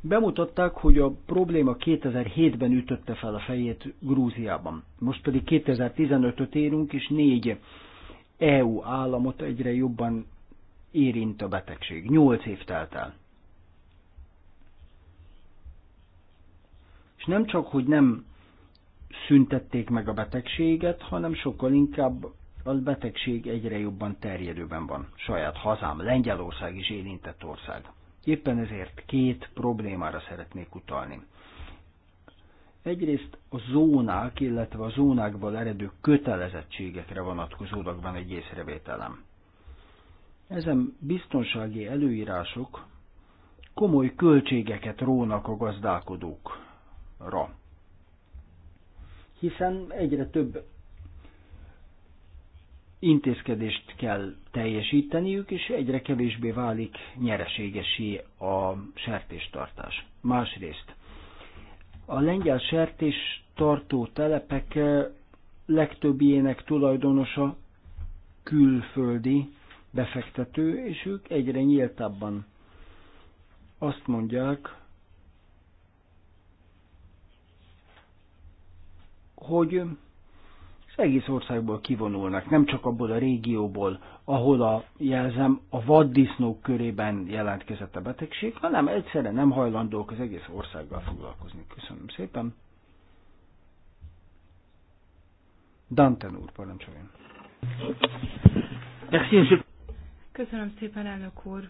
S2: Bemutatták, hogy a probléma 2007-ben ütötte fel a fejét Grúziában. Most pedig 2015-öt érünk, és négy EU államot egyre jobban érint a betegség. Nyolc év telt el. És nem csak, hogy nem szüntették meg a betegséget, hanem sokkal inkább a betegség egyre jobban terjedőben van. Saját hazám, Lengyelország is érintett ország. Éppen ezért két problémára szeretnék utalni. Egyrészt a zónák, illetve a zónákból eredő kötelezettségekre vonatkozólag van egy észrevételem. Ezen biztonsági előírások komoly költségeket rónak a gazdálkodók ra. Hiszen egyre több intézkedést kell teljesíteniük, és egyre kevésbé válik nyereségesé a sertéstartás. Másrészt, a lengyel sertéstartó telepek legtöbbjének tulajdonosa külföldi befektető, és ők egyre nyíltabban azt mondják, hogy az egész országból kivonulnak, nem csak abból a régióból, ahol a, jelzem, a vaddisznók körében jelentkezett a betegség, hanem egyszerre nem hajlandók az egész országgal foglalkozni. Köszönöm szépen. Danten úr, parancsoljon.
S3: Köszönöm szépen, elnök úr.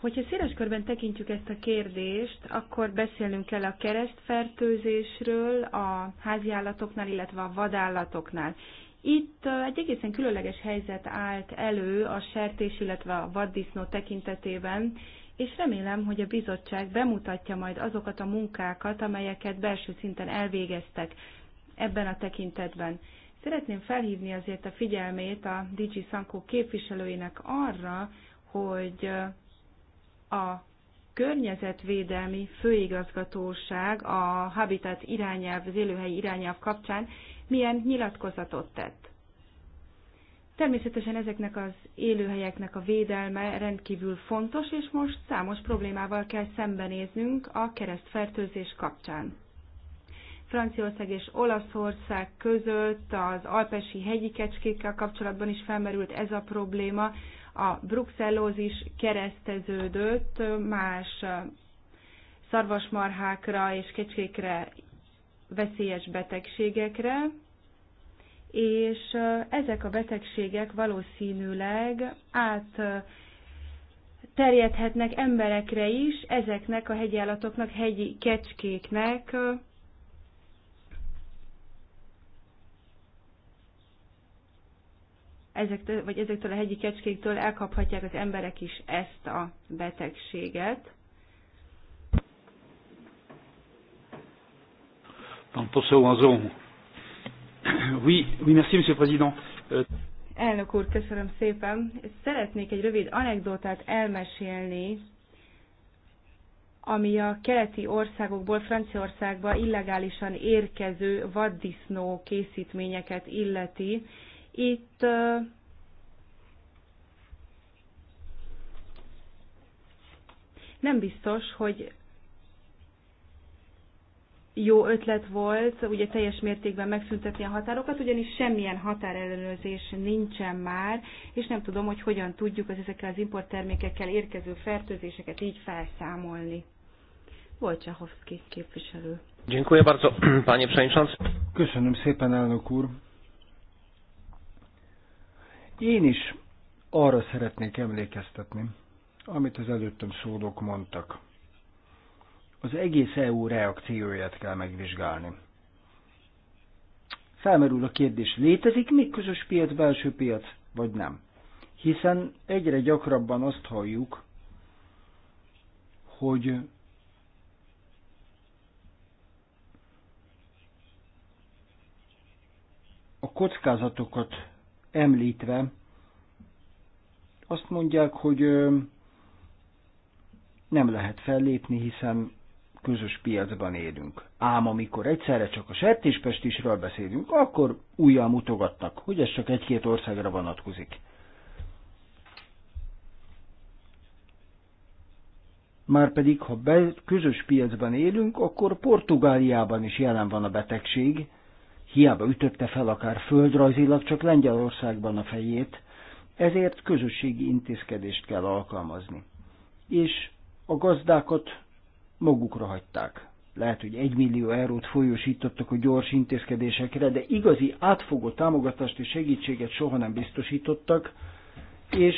S3: Hogyha széles körben tekintjük ezt a kérdést, akkor beszélnünk kell a keresztfertőzésről, a háziállatoknál, illetve a vadállatoknál. Itt egy egészen különleges helyzet állt elő a sertés, illetve a vaddisznó tekintetében, és remélem, hogy a bizottság bemutatja majd azokat a munkákat, amelyeket belső szinten elvégeztek ebben a tekintetben. Szeretném felhívni azért a figyelmét a Digi Sankó képviselőinek arra, hogy a környezetvédelmi főigazgatóság a Habitat irányelv, az élőhelyi irányelv kapcsán milyen nyilatkozatot tett. Természetesen ezeknek az élőhelyeknek a védelme rendkívül fontos, és most számos problémával kell szembenéznünk a keresztfertőzés kapcsán. Franciaország és Olaszország között az alpesi hegyi kecskékkel kapcsolatban is felmerült ez a probléma, a bruxellózis kereszteződött más szarvasmarhákra és kecskékre veszélyes betegségekre, és ezek a betegségek valószínűleg át terjedhetnek emberekre is, ezeknek a hegyállatoknak, hegyi kecskéknek ezektől, vagy ezektől a hegyi kecskéktől elkaphatják az emberek is ezt a betegséget.
S1: Oui, oui, merci, monsieur le président. Euh,
S3: Elnök úr, köszönöm szépen. Szeretnék egy rövid anekdotát elmesélni, ami a keleti országokból Franciaországba illegálisan érkező vaddisznó készítményeket illeti itt nem biztos, hogy jó ötlet volt ugye teljes mértékben megszüntetni a határokat, ugyanis semmilyen határellenőrzés nincsen már, és nem tudom, hogy hogyan tudjuk az ezekkel az importtermékekkel érkező fertőzéseket így felszámolni. Wojciechowski képviselő.
S1: Dziękuję bardzo,
S2: panie przewodniczący. Köszönöm szépen, elnök úr. Én is arra szeretnék emlékeztetni, amit az előttem szólók mondtak. Az egész EU reakcióját kell megvizsgálni. Felmerül a kérdés, létezik még közös piac, belső piac, vagy nem? Hiszen egyre gyakrabban azt halljuk, hogy a kockázatokat említve. Azt mondják, hogy nem lehet fellépni, hiszen közös piacban élünk. Ám amikor egyszerre csak a sertéspestisről beszélünk, akkor újjal mutogatnak, hogy ez csak egy-két országra vonatkozik. Márpedig, ha be, közös piacban élünk, akkor Portugáliában is jelen van a betegség, hiába ütötte fel akár földrajzilag csak Lengyelországban a fejét, ezért közösségi intézkedést kell alkalmazni. És a gazdákat magukra hagyták. Lehet, hogy egy millió eurót folyósítottak a gyors intézkedésekre, de igazi átfogó támogatást és segítséget soha nem biztosítottak, és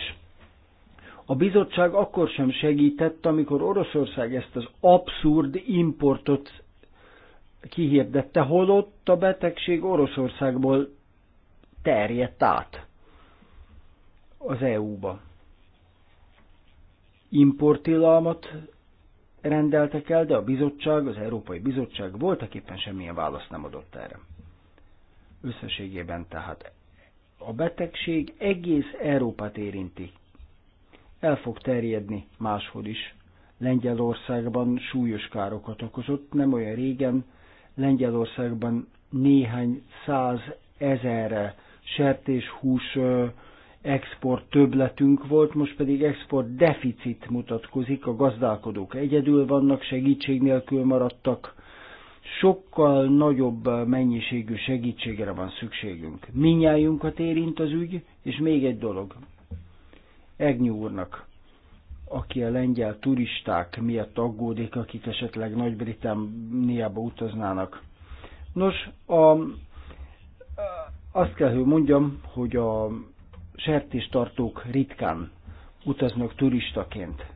S2: a bizottság akkor sem segített, amikor Oroszország ezt az abszurd importot kihirdette, holott a betegség Oroszországból terjedt át az EU-ba. Importtilalmat rendeltek el, de a bizottság, az Európai Bizottság voltak éppen semmilyen választ nem adott erre. Összességében tehát a betegség egész Európát érinti. El fog terjedni máshol is. Lengyelországban súlyos károkat okozott, nem olyan régen Lengyelországban néhány száz ezer sertéshús export többletünk volt, most pedig export deficit mutatkozik, a gazdálkodók egyedül vannak, segítség nélkül maradtak, sokkal nagyobb mennyiségű segítségre van szükségünk. Minnyájunkat érint az ügy, és még egy dolog. egnyúrnak. úrnak aki a lengyel turisták miatt aggódik, akik esetleg Nagy-Britanniába utaznának. Nos, a, azt kell, hogy mondjam, hogy a sertéstartók ritkán utaznak turistaként.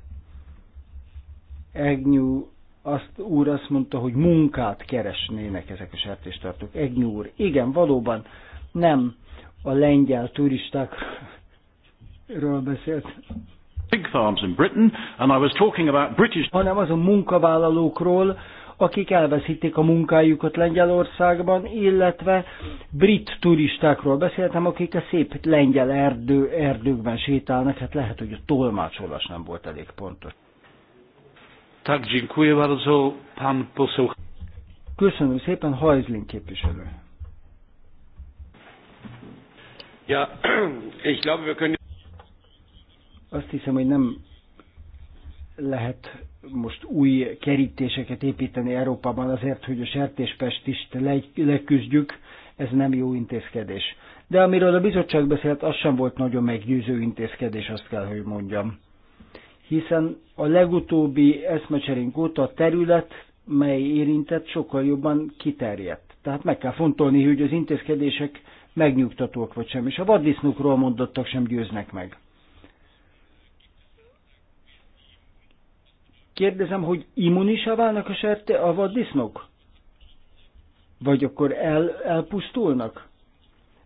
S2: Egnyú azt, úr azt mondta, hogy munkát keresnének ezek a sertéstartók. Egnyú úr, igen, valóban nem a lengyel turistákról beszélt,
S1: pig farms in Britain,
S2: and I was talking about British... hanem a munkavállalókról, akik elveszítik a munkájukat Lengyelországban, illetve brit turistákról beszéltem, akik a szép lengyel erdő, erdőkben sétálnak, hát lehet, hogy a tolmácsolás nem volt elég pontos. Tak, dziękuję bardzo, pan poseł. Köszönöm szépen, Hajzlin képviselő.
S1: Ja, ich glaube, wir können...
S2: Azt hiszem, hogy nem lehet most új kerítéseket építeni Európában azért, hogy a sertéspestist leküzdjük, ez nem jó intézkedés. De amiről a bizottság beszélt, az sem volt nagyon meggyőző intézkedés, azt kell, hogy mondjam. Hiszen a legutóbbi eszmecserénk óta a terület, mely érintett, sokkal jobban kiterjedt. Tehát meg kell fontolni, hogy az intézkedések megnyugtatók vagy sem, és a vaddisznókról mondottak sem győznek meg. Kérdezem, hogy immunisá válnak a, serte, a vaddisznók? Vagy akkor el, elpusztulnak?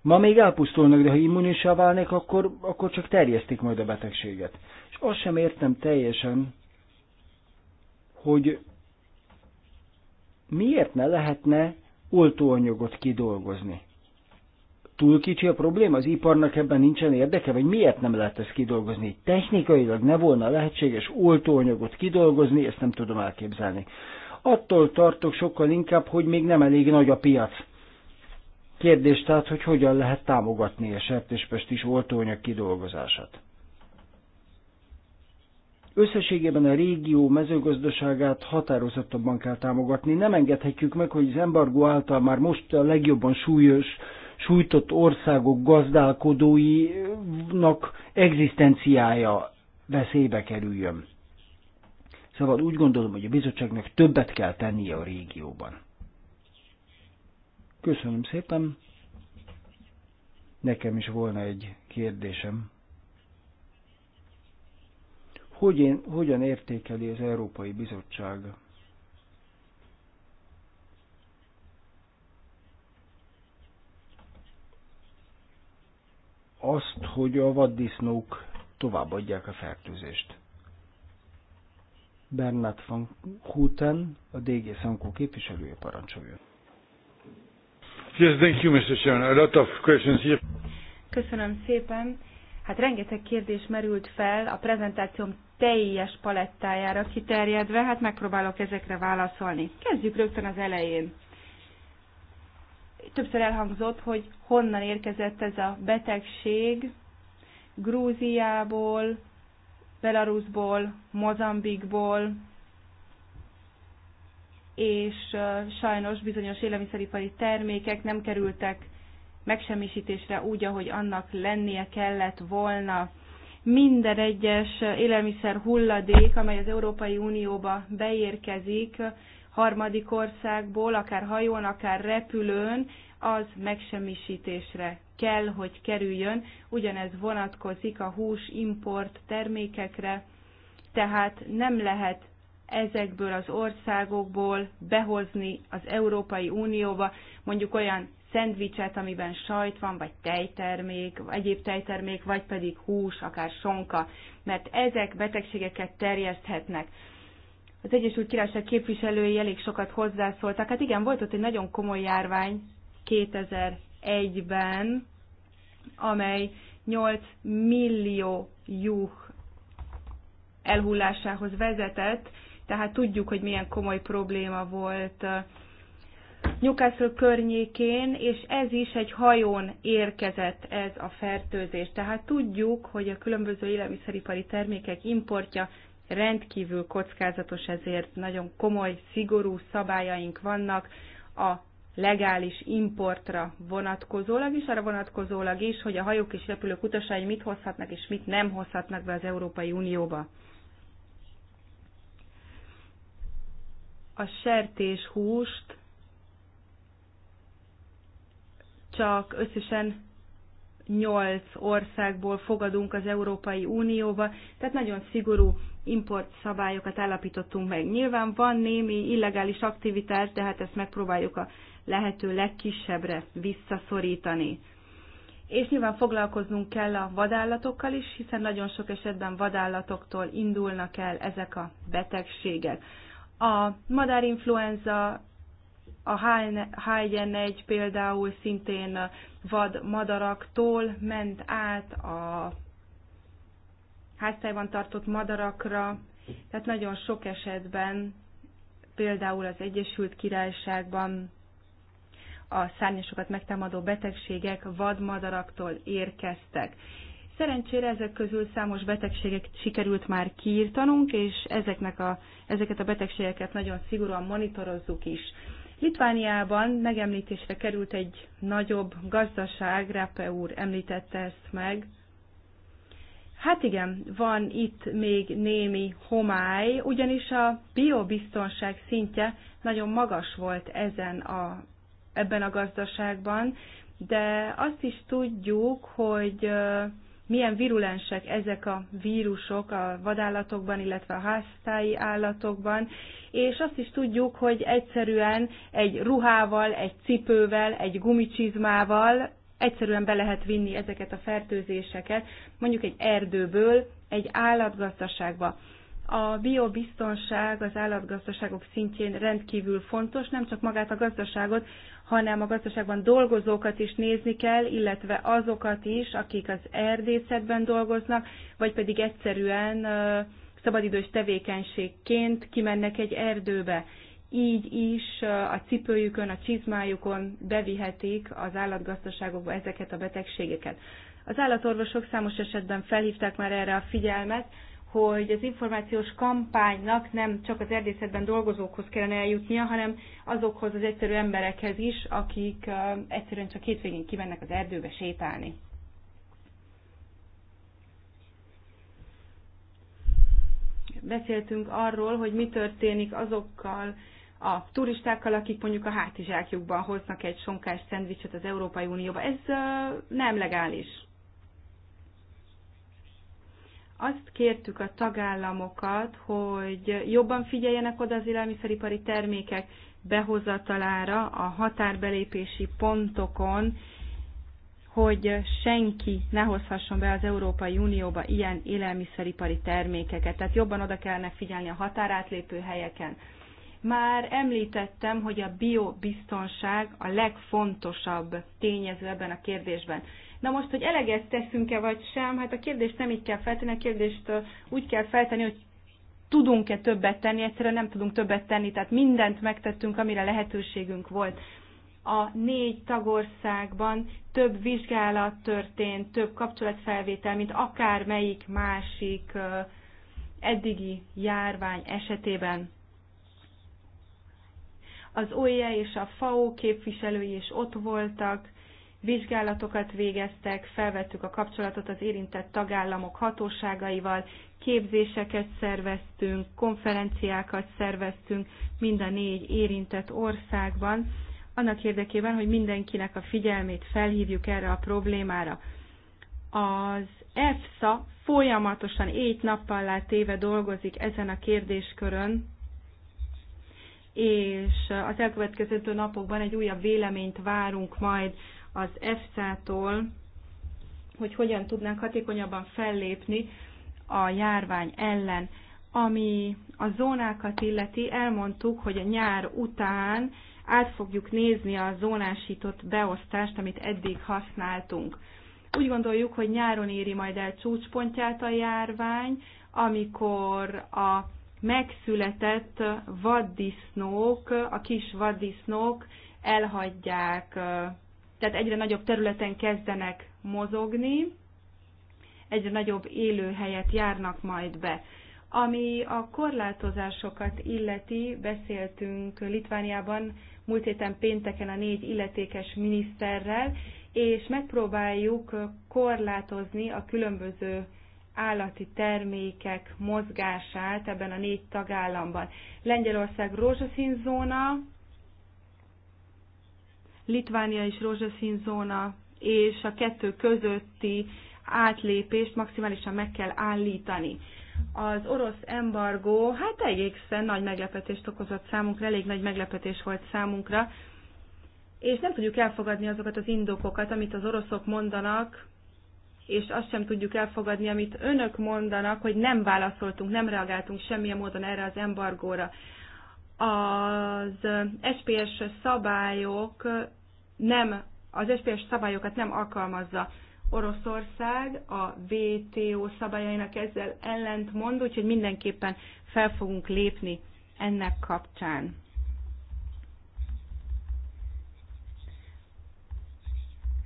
S2: Ma még elpusztulnak, de ha immunisá válnak, akkor, akkor csak terjesztik majd a betegséget. És azt sem értem teljesen, hogy miért ne lehetne oltóanyagot kidolgozni túl kicsi a probléma? Az iparnak ebben nincsen érdeke, vagy miért nem lehet ezt kidolgozni? Technikailag ne volna lehetséges oltóanyagot kidolgozni, ezt nem tudom elképzelni. Attól tartok sokkal inkább, hogy még nem elég nagy a piac. Kérdés tehát, hogy hogyan lehet támogatni a is oltóanyag kidolgozását. Összességében a régió mezőgazdaságát határozottabban kell támogatni. Nem engedhetjük meg, hogy az embargó által már most a legjobban súlyos sújtott országok gazdálkodóinak egzisztenciája veszélybe kerüljön. Szóval úgy gondolom, hogy a bizottságnak többet kell tennie a régióban. Köszönöm szépen. Nekem is volna egy kérdésem. Hogy én, hogyan értékeli az Európai Bizottság hogy a vaddisznók továbbadják a fertőzést. Bernard van Houten, a DG Szankó képviselője parancsolja.
S1: Yes, thank you, Mr. Chairman. A lot of questions here.
S3: Köszönöm szépen. Hát rengeteg kérdés merült fel a prezentációm teljes palettájára kiterjedve, hát megpróbálok ezekre válaszolni. Kezdjük rögtön az elején. Többször elhangzott, hogy honnan érkezett ez a betegség, Grúziából, Belarusból, Mozambikból, és sajnos bizonyos élelmiszeripari termékek nem kerültek megsemmisítésre úgy, ahogy annak lennie kellett volna. Minden egyes élelmiszer hulladék, amely az Európai Unióba beérkezik, harmadik országból, akár hajón, akár repülőn, az megsemmisítésre kell, hogy kerüljön, ugyanez vonatkozik a hús import termékekre, tehát nem lehet ezekből az országokból behozni az Európai Unióba mondjuk olyan szendvicset, amiben sajt van, vagy tejtermék, vagy egyéb tejtermék, vagy pedig hús, akár sonka, mert ezek betegségeket terjeszthetnek. Az Egyesült Királyság képviselői elég sokat hozzászóltak. Hát igen, volt ott egy nagyon komoly járvány 2000 egyben, amely 8 millió juh elhullásához vezetett, tehát tudjuk, hogy milyen komoly probléma volt uh, Newcastle környékén, és ez is egy hajón érkezett ez a fertőzés. Tehát tudjuk, hogy a különböző élelmiszeripari termékek importja rendkívül kockázatos, ezért nagyon komoly, szigorú szabályaink vannak a legális importra vonatkozólag is, arra vonatkozólag is, hogy a hajók és repülők utasai mit hozhatnak és mit nem hozhatnak be az Európai Unióba. A sertéshúst csak összesen nyolc országból fogadunk az Európai Unióba, tehát nagyon szigorú import szabályokat állapítottunk meg. Nyilván van némi illegális aktivitás, de hát ezt megpróbáljuk a lehető legkisebbre visszaszorítani. És nyilván foglalkoznunk kell a vadállatokkal is, hiszen nagyon sok esetben vadállatoktól indulnak el ezek a betegségek. A madárinfluenza, a H1N1 például szintén vad madaraktól ment át a háztájban tartott madarakra, tehát nagyon sok esetben például az Egyesült Királyságban a szárnyasokat megtámadó betegségek vadmadaraktól érkeztek. Szerencsére ezek közül számos betegségek sikerült már kiírtanunk, és ezeknek a, ezeket a betegségeket nagyon szigorúan monitorozzuk is. Litvániában megemlítésre került egy nagyobb gazdaság, Rápe úr említette ezt meg. Hát igen, van itt még némi homály, ugyanis a biobiztonság szintje nagyon magas volt ezen a ebben a gazdaságban, de azt is tudjuk, hogy milyen virulensek ezek a vírusok a vadállatokban, illetve a háztáji állatokban, és azt is tudjuk, hogy egyszerűen egy ruhával, egy cipővel, egy gumicsizmával egyszerűen be lehet vinni ezeket a fertőzéseket, mondjuk egy erdőből egy állatgazdaságba. A biobiztonság az állatgazdaságok szintjén rendkívül fontos, nem csak magát a gazdaságot, hanem a gazdaságban dolgozókat is nézni kell, illetve azokat is, akik az erdészetben dolgoznak, vagy pedig egyszerűen szabadidős tevékenységként kimennek egy erdőbe. Így is a cipőjükön, a csizmájukon bevihetik az állatgazdaságokba ezeket a betegségeket. Az állatorvosok számos esetben felhívták már erre a figyelmet, hogy az információs kampánynak nem csak az erdészetben dolgozókhoz kellene eljutnia, hanem azokhoz az egyszerű emberekhez is, akik egyszerűen csak hétvégén kimennek az erdőbe sétálni. Beszéltünk arról, hogy mi történik azokkal a turistákkal, akik mondjuk a hátizsákjukban hoznak egy sonkás szendvicset az Európai Unióba. Ez nem legális azt kértük a tagállamokat, hogy jobban figyeljenek oda az élelmiszeripari termékek behozatalára a határbelépési pontokon, hogy senki ne hozhasson be az Európai Unióba ilyen élelmiszeripari termékeket. Tehát jobban oda kellene figyelni a határátlépő helyeken. Már említettem, hogy a biobiztonság a legfontosabb tényező ebben a kérdésben. Na most, hogy eleget teszünk-e vagy sem, hát a kérdést nem így kell feltenni, a kérdést úgy kell feltenni, hogy tudunk-e többet tenni, egyszerűen nem tudunk többet tenni, tehát mindent megtettünk, amire lehetőségünk volt. A négy tagországban több vizsgálat történt, több kapcsolatfelvétel, mint akármelyik másik eddigi járvány esetében. Az OIE és a FAO képviselői is ott voltak, vizsgálatokat végeztek, felvettük a kapcsolatot az érintett tagállamok hatóságaival, képzéseket szerveztünk, konferenciákat szerveztünk mind a négy érintett országban, annak érdekében, hogy mindenkinek a figyelmét felhívjuk erre a problémára. Az EFSA folyamatosan éjt nappal téve dolgozik ezen a kérdéskörön, és az elkövetkező napokban egy újabb véleményt várunk majd az EFSA-tól, hogy hogyan tudnánk hatékonyabban fellépni a járvány ellen. Ami a zónákat illeti, elmondtuk, hogy a nyár után át fogjuk nézni a zónásított beosztást, amit eddig használtunk. Úgy gondoljuk, hogy nyáron éri majd el csúcspontját a járvány, amikor a megszületett vaddisznók, a kis vaddisznók elhagyják tehát egyre nagyobb területen kezdenek mozogni, egyre nagyobb élőhelyet járnak majd be. Ami a korlátozásokat illeti, beszéltünk Litvániában múlt héten pénteken a négy illetékes miniszterrel, és megpróbáljuk korlátozni a különböző állati termékek mozgását ebben a négy tagállamban. Lengyelország rózsaszín zóna, Litvánia és rózsaszín zóna és a kettő közötti átlépést maximálisan meg kell állítani. Az orosz embargó, hát egészen nagy meglepetést okozott számunkra, elég nagy meglepetés volt számunkra, és nem tudjuk elfogadni azokat az indokokat, amit az oroszok mondanak, és azt sem tudjuk elfogadni, amit önök mondanak, hogy nem válaszoltunk, nem reagáltunk semmilyen módon erre az embargóra. Az SPS szabályok nem, az SPS szabályokat nem alkalmazza. Oroszország a WTO szabályainak ezzel ellent mond, úgyhogy mindenképpen fel fogunk lépni ennek kapcsán.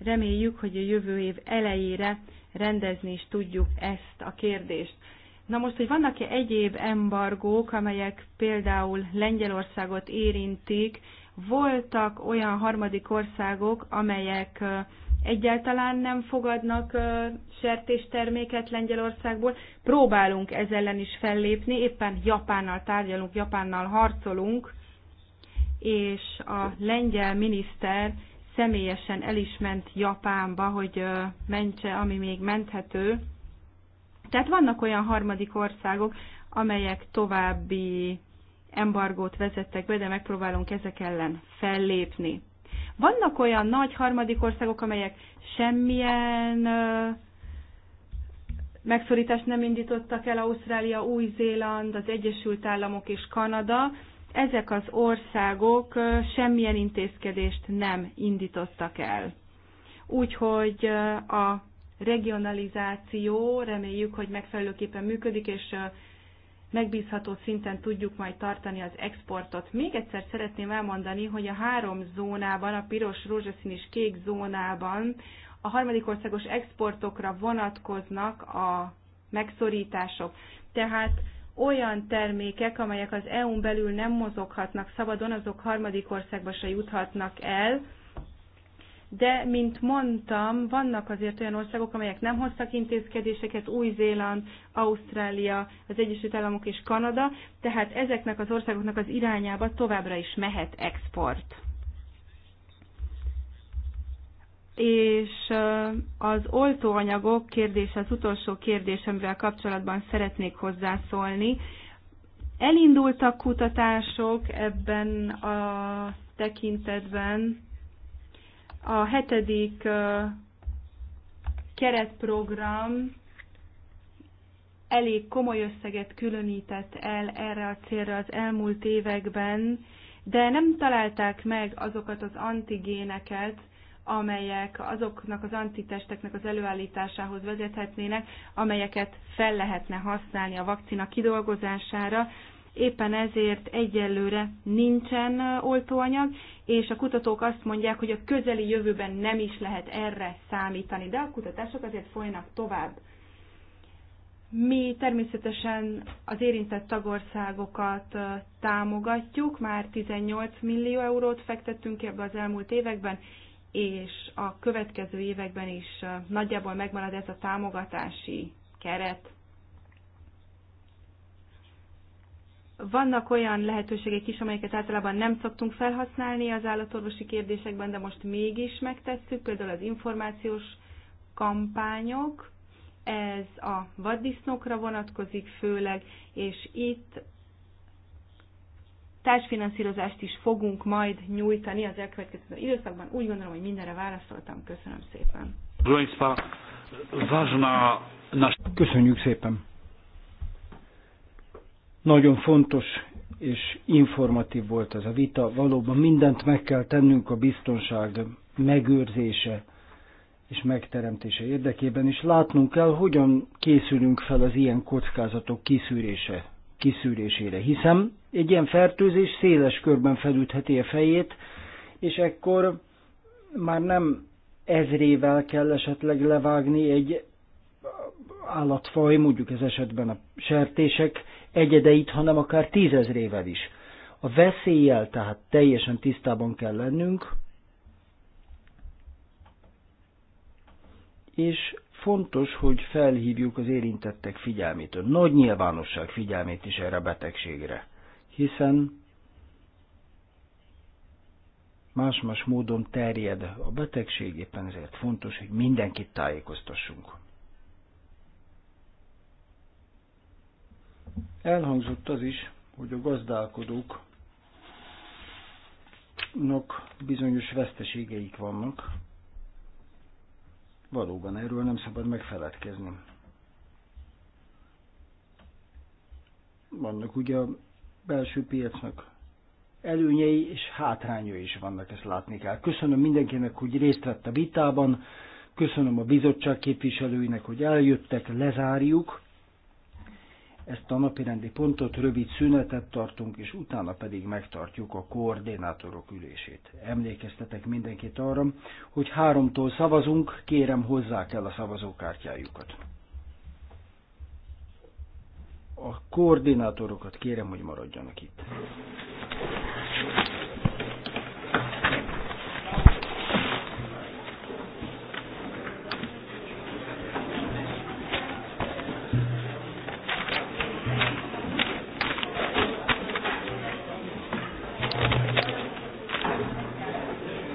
S3: Reméljük, hogy a jövő év elejére rendezni is tudjuk ezt a kérdést. Na most, hogy vannak-e egyéb embargók, amelyek például Lengyelországot érintik, voltak olyan harmadik országok, amelyek egyáltalán nem fogadnak sertésterméket Lengyelországból. Próbálunk ez ellen is fellépni, éppen Japánnal tárgyalunk, Japánnal harcolunk, és a lengyel miniszter személyesen el is ment Japánba, hogy mentse, ami még menthető. Tehát vannak olyan harmadik országok, amelyek további embargót vezettek be, de megpróbálunk ezek ellen fellépni. Vannak olyan nagy harmadik országok, amelyek semmilyen megszorítást nem indítottak el, Ausztrália, Új-Zéland, az Egyesült Államok és Kanada. Ezek az országok semmilyen intézkedést nem indítottak el. Úgyhogy a regionalizáció reméljük, hogy megfelelőképpen működik, és megbízható szinten tudjuk majd tartani az exportot. Még egyszer szeretném elmondani, hogy a három zónában, a piros, rózsaszín és kék zónában a harmadik országos exportokra vonatkoznak a megszorítások. Tehát olyan termékek, amelyek az EU-n belül nem mozoghatnak szabadon, azok harmadik országba se juthatnak el, de mint mondtam, vannak azért olyan országok, amelyek nem hoztak intézkedéseket, Új-Zéland, Ausztrália, az Egyesült Államok és Kanada, tehát ezeknek az országoknak az irányába továbbra is mehet export. És az oltóanyagok kérdése, az utolsó kérdés, amivel kapcsolatban szeretnék hozzászólni. Elindultak kutatások ebben a tekintetben, a hetedik keretprogram elég komoly összeget különített el erre a célra az elmúlt években, de nem találták meg azokat az antigéneket, amelyek azoknak az antitesteknek az előállításához vezethetnének, amelyeket fel lehetne használni a vakcina kidolgozására, éppen ezért egyelőre nincsen oltóanyag, és a kutatók azt mondják, hogy a közeli jövőben nem is lehet erre számítani, de a kutatások azért folynak tovább. Mi természetesen az érintett tagországokat támogatjuk, már 18 millió eurót fektettünk ebbe az elmúlt években, és a következő években is nagyjából megmarad ez a támogatási keret. Vannak olyan lehetőségek is, amelyeket általában nem szoktunk felhasználni az állatorvosi kérdésekben, de most mégis megtesszük, például az információs kampányok, ez a vaddisznókra vonatkozik főleg, és itt társfinanszírozást is fogunk majd nyújtani az elkövetkező időszakban. Úgy gondolom, hogy mindenre válaszoltam. Köszönöm szépen.
S2: Köszönjük szépen. Nagyon fontos és informatív volt ez a vita. Valóban mindent meg kell tennünk a biztonság megőrzése és megteremtése érdekében, és látnunk kell, hogyan készülünk fel az ilyen kockázatok kiszűrése, kiszűrésére, hiszen egy ilyen fertőzés széles körben felütheti a fejét, és ekkor már nem ezrével kell esetleg levágni egy állatfaj, mondjuk ez esetben a sertések egyedeit, hanem akár tízezrével is. A veszéllyel tehát teljesen tisztában kell lennünk, és fontos, hogy felhívjuk az érintettek figyelmét, a nagy nyilvánosság figyelmét is erre a betegségre, hiszen más-más módon terjed a betegség, éppen ezért fontos, hogy mindenkit tájékoztassunk. Elhangzott az is, hogy a gazdálkodóknak bizonyos veszteségeik vannak. Valóban erről nem szabad megfeledkezni. Vannak ugye a belső piacnak előnyei és hátrányai is vannak, ezt látni kell. Köszönöm mindenkinek, hogy részt vett a vitában, köszönöm a bizottság képviselőinek, hogy eljöttek, lezárjuk ezt a napirendi pontot, rövid szünetet tartunk, és utána pedig megtartjuk a koordinátorok ülését. Emlékeztetek mindenkit arra, hogy háromtól szavazunk, kérem hozzá kell a szavazókártyájukat. A koordinátorokat kérem, hogy maradjanak itt.